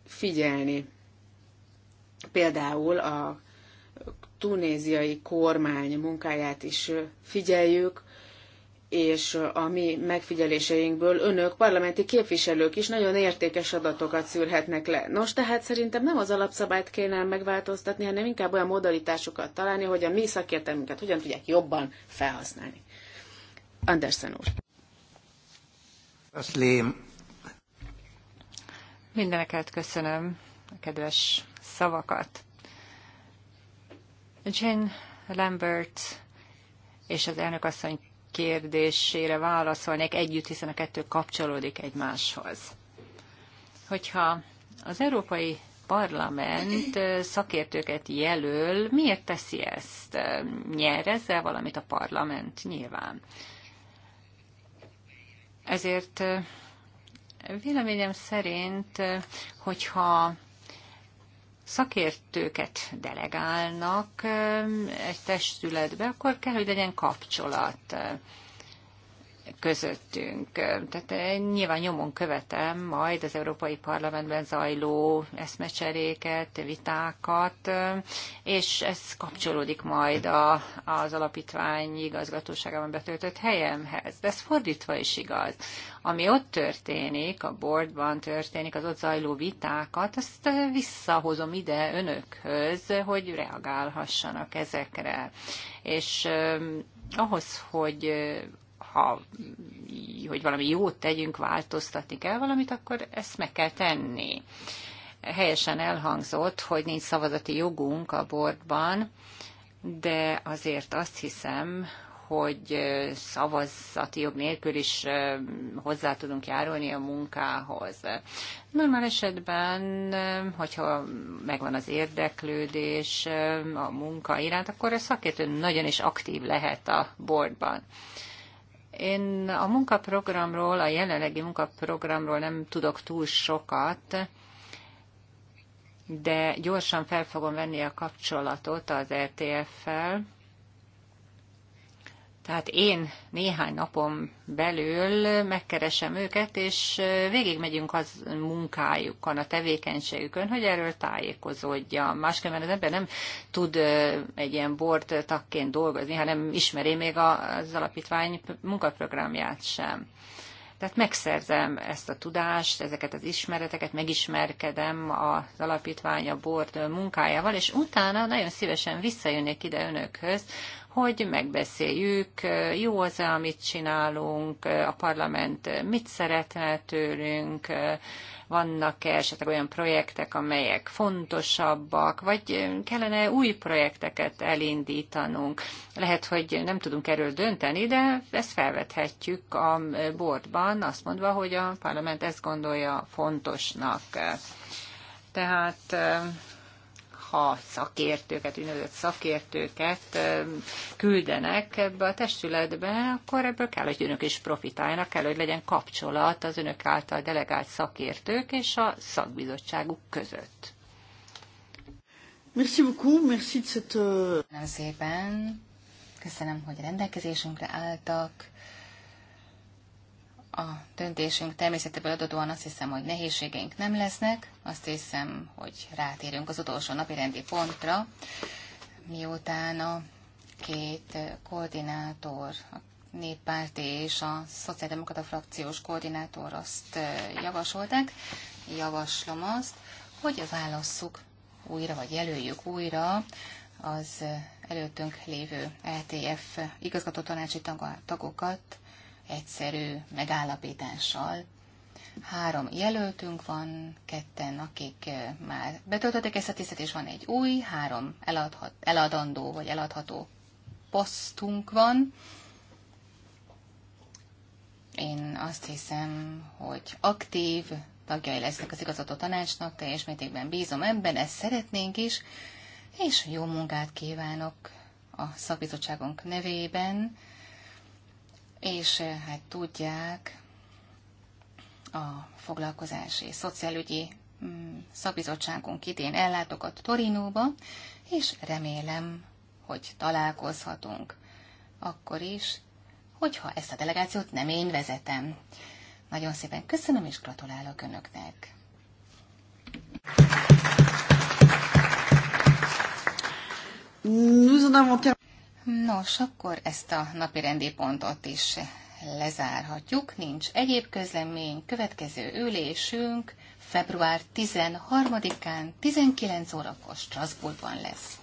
figyelni. Például a tunéziai kormány munkáját is figyeljük, és a mi megfigyeléseinkből önök, parlamenti képviselők is nagyon értékes adatokat szűrhetnek le. Nos, tehát szerintem nem az alapszabályt kéne megváltoztatni, hanem inkább olyan modalitásokat találni, hogy a mi szakértelmünket hogyan tudják jobban felhasználni. Andersen úr.
Mindeneket köszönöm a kedves szavakat. Jane Lambert és az elnökasszony kérdésére válaszolnék együtt, hiszen a kettő kapcsolódik egymáshoz. Hogyha az Európai Parlament szakértőket jelöl, miért teszi ezt? Nyer ezzel valamit a parlament? Nyilván. Ezért véleményem szerint, hogyha szakértőket delegálnak egy testületbe, akkor kell, hogy legyen kapcsolat közöttünk. Tehát eh, nyilván nyomon követem majd az Európai Parlamentben zajló eszmecseréket, vitákat, eh, és ez kapcsolódik majd a, az alapítvány igazgatóságában betöltött helyemhez. De ez fordítva is igaz. Ami ott történik, a boardban történik, az ott zajló vitákat, azt eh, visszahozom ide önökhöz, hogy reagálhassanak ezekre. És ahhoz, hogy ha hogy valami jót tegyünk, változtatni kell valamit, akkor ezt meg kell tenni. Helyesen elhangzott, hogy nincs szavazati jogunk a bordban, de azért azt hiszem, hogy szavazati jog nélkül is hozzá tudunk járulni a munkához. Normál esetben, hogyha megvan az érdeklődés a munka iránt, akkor a szakértő nagyon is aktív lehet a boardban. Én a munkaprogramról, a jelenlegi munkaprogramról nem tudok túl sokat, de gyorsan fel fogom venni a kapcsolatot az RTF-fel, e tehát én néhány napon belül megkeresem őket, és végigmegyünk az munkájukon, a tevékenységükön, hogy erről tájékozódjam. Másképpen az ember nem tud egy ilyen board takként dolgozni, hanem ismeri még az alapítvány munkaprogramját sem. Tehát megszerzem ezt a tudást, ezeket az ismereteket, megismerkedem az alapítvány, a board munkájával, és utána nagyon szívesen visszajönnék ide önökhöz, hogy megbeszéljük, jó az-e, amit csinálunk, a parlament mit szeretne tőlünk, vannak-e esetleg olyan projektek, amelyek fontosabbak, vagy kellene új projekteket elindítanunk. Lehet, hogy nem tudunk erről dönteni, de ezt felvethetjük a boardban, azt mondva, hogy a parlament ezt gondolja fontosnak. Tehát ha szakértőket, ünnezett szakértőket küldenek ebbe a testületbe, akkor ebből kell, hogy önök is profitáljanak, kell, hogy legyen kapcsolat az önök által delegált szakértők és a szakbizottságuk között.
Merci beaucoup, merci de cette... Euh, köszönöm szépen, köszönöm, hogy rendelkezésünkre álltak a döntésünk természetéből adódóan azt hiszem, hogy nehézségeink nem lesznek. Azt hiszem, hogy rátérünk az utolsó napi rendi pontra, miután a két koordinátor, a néppárti és a szociáldemokrata frakciós koordinátor azt javasolták. Javaslom azt, hogy válasszuk újra, vagy jelöljük újra az előttünk lévő LTF igazgatótanácsi tagokat, egyszerű megállapítással. Három jelöltünk van, ketten, akik már betöltötték ezt a tisztet, és van egy új, három eladhat, eladandó vagy eladható posztunk van. Én azt hiszem, hogy aktív tagjai lesznek az igazgató tanácsnak, teljes mértékben bízom ebben, ezt szeretnénk is, és jó munkát kívánok a szakbizottságunk nevében és eh, hát tudják, a foglalkozási szociálügyi mm, szakbizottságunk idén ellátogat Torinóba, és remélem, hogy találkozhatunk. Akkor is, hogyha ezt a delegációt nem én vezetem. Nagyon szépen köszönöm, és gratulálok Önöknek. Nous en avons Nos, akkor ezt a napi rendi pontot is lezárhatjuk. Nincs egyéb közlemény. Következő ülésünk február 13-án 19 órakor Strasbourgban lesz.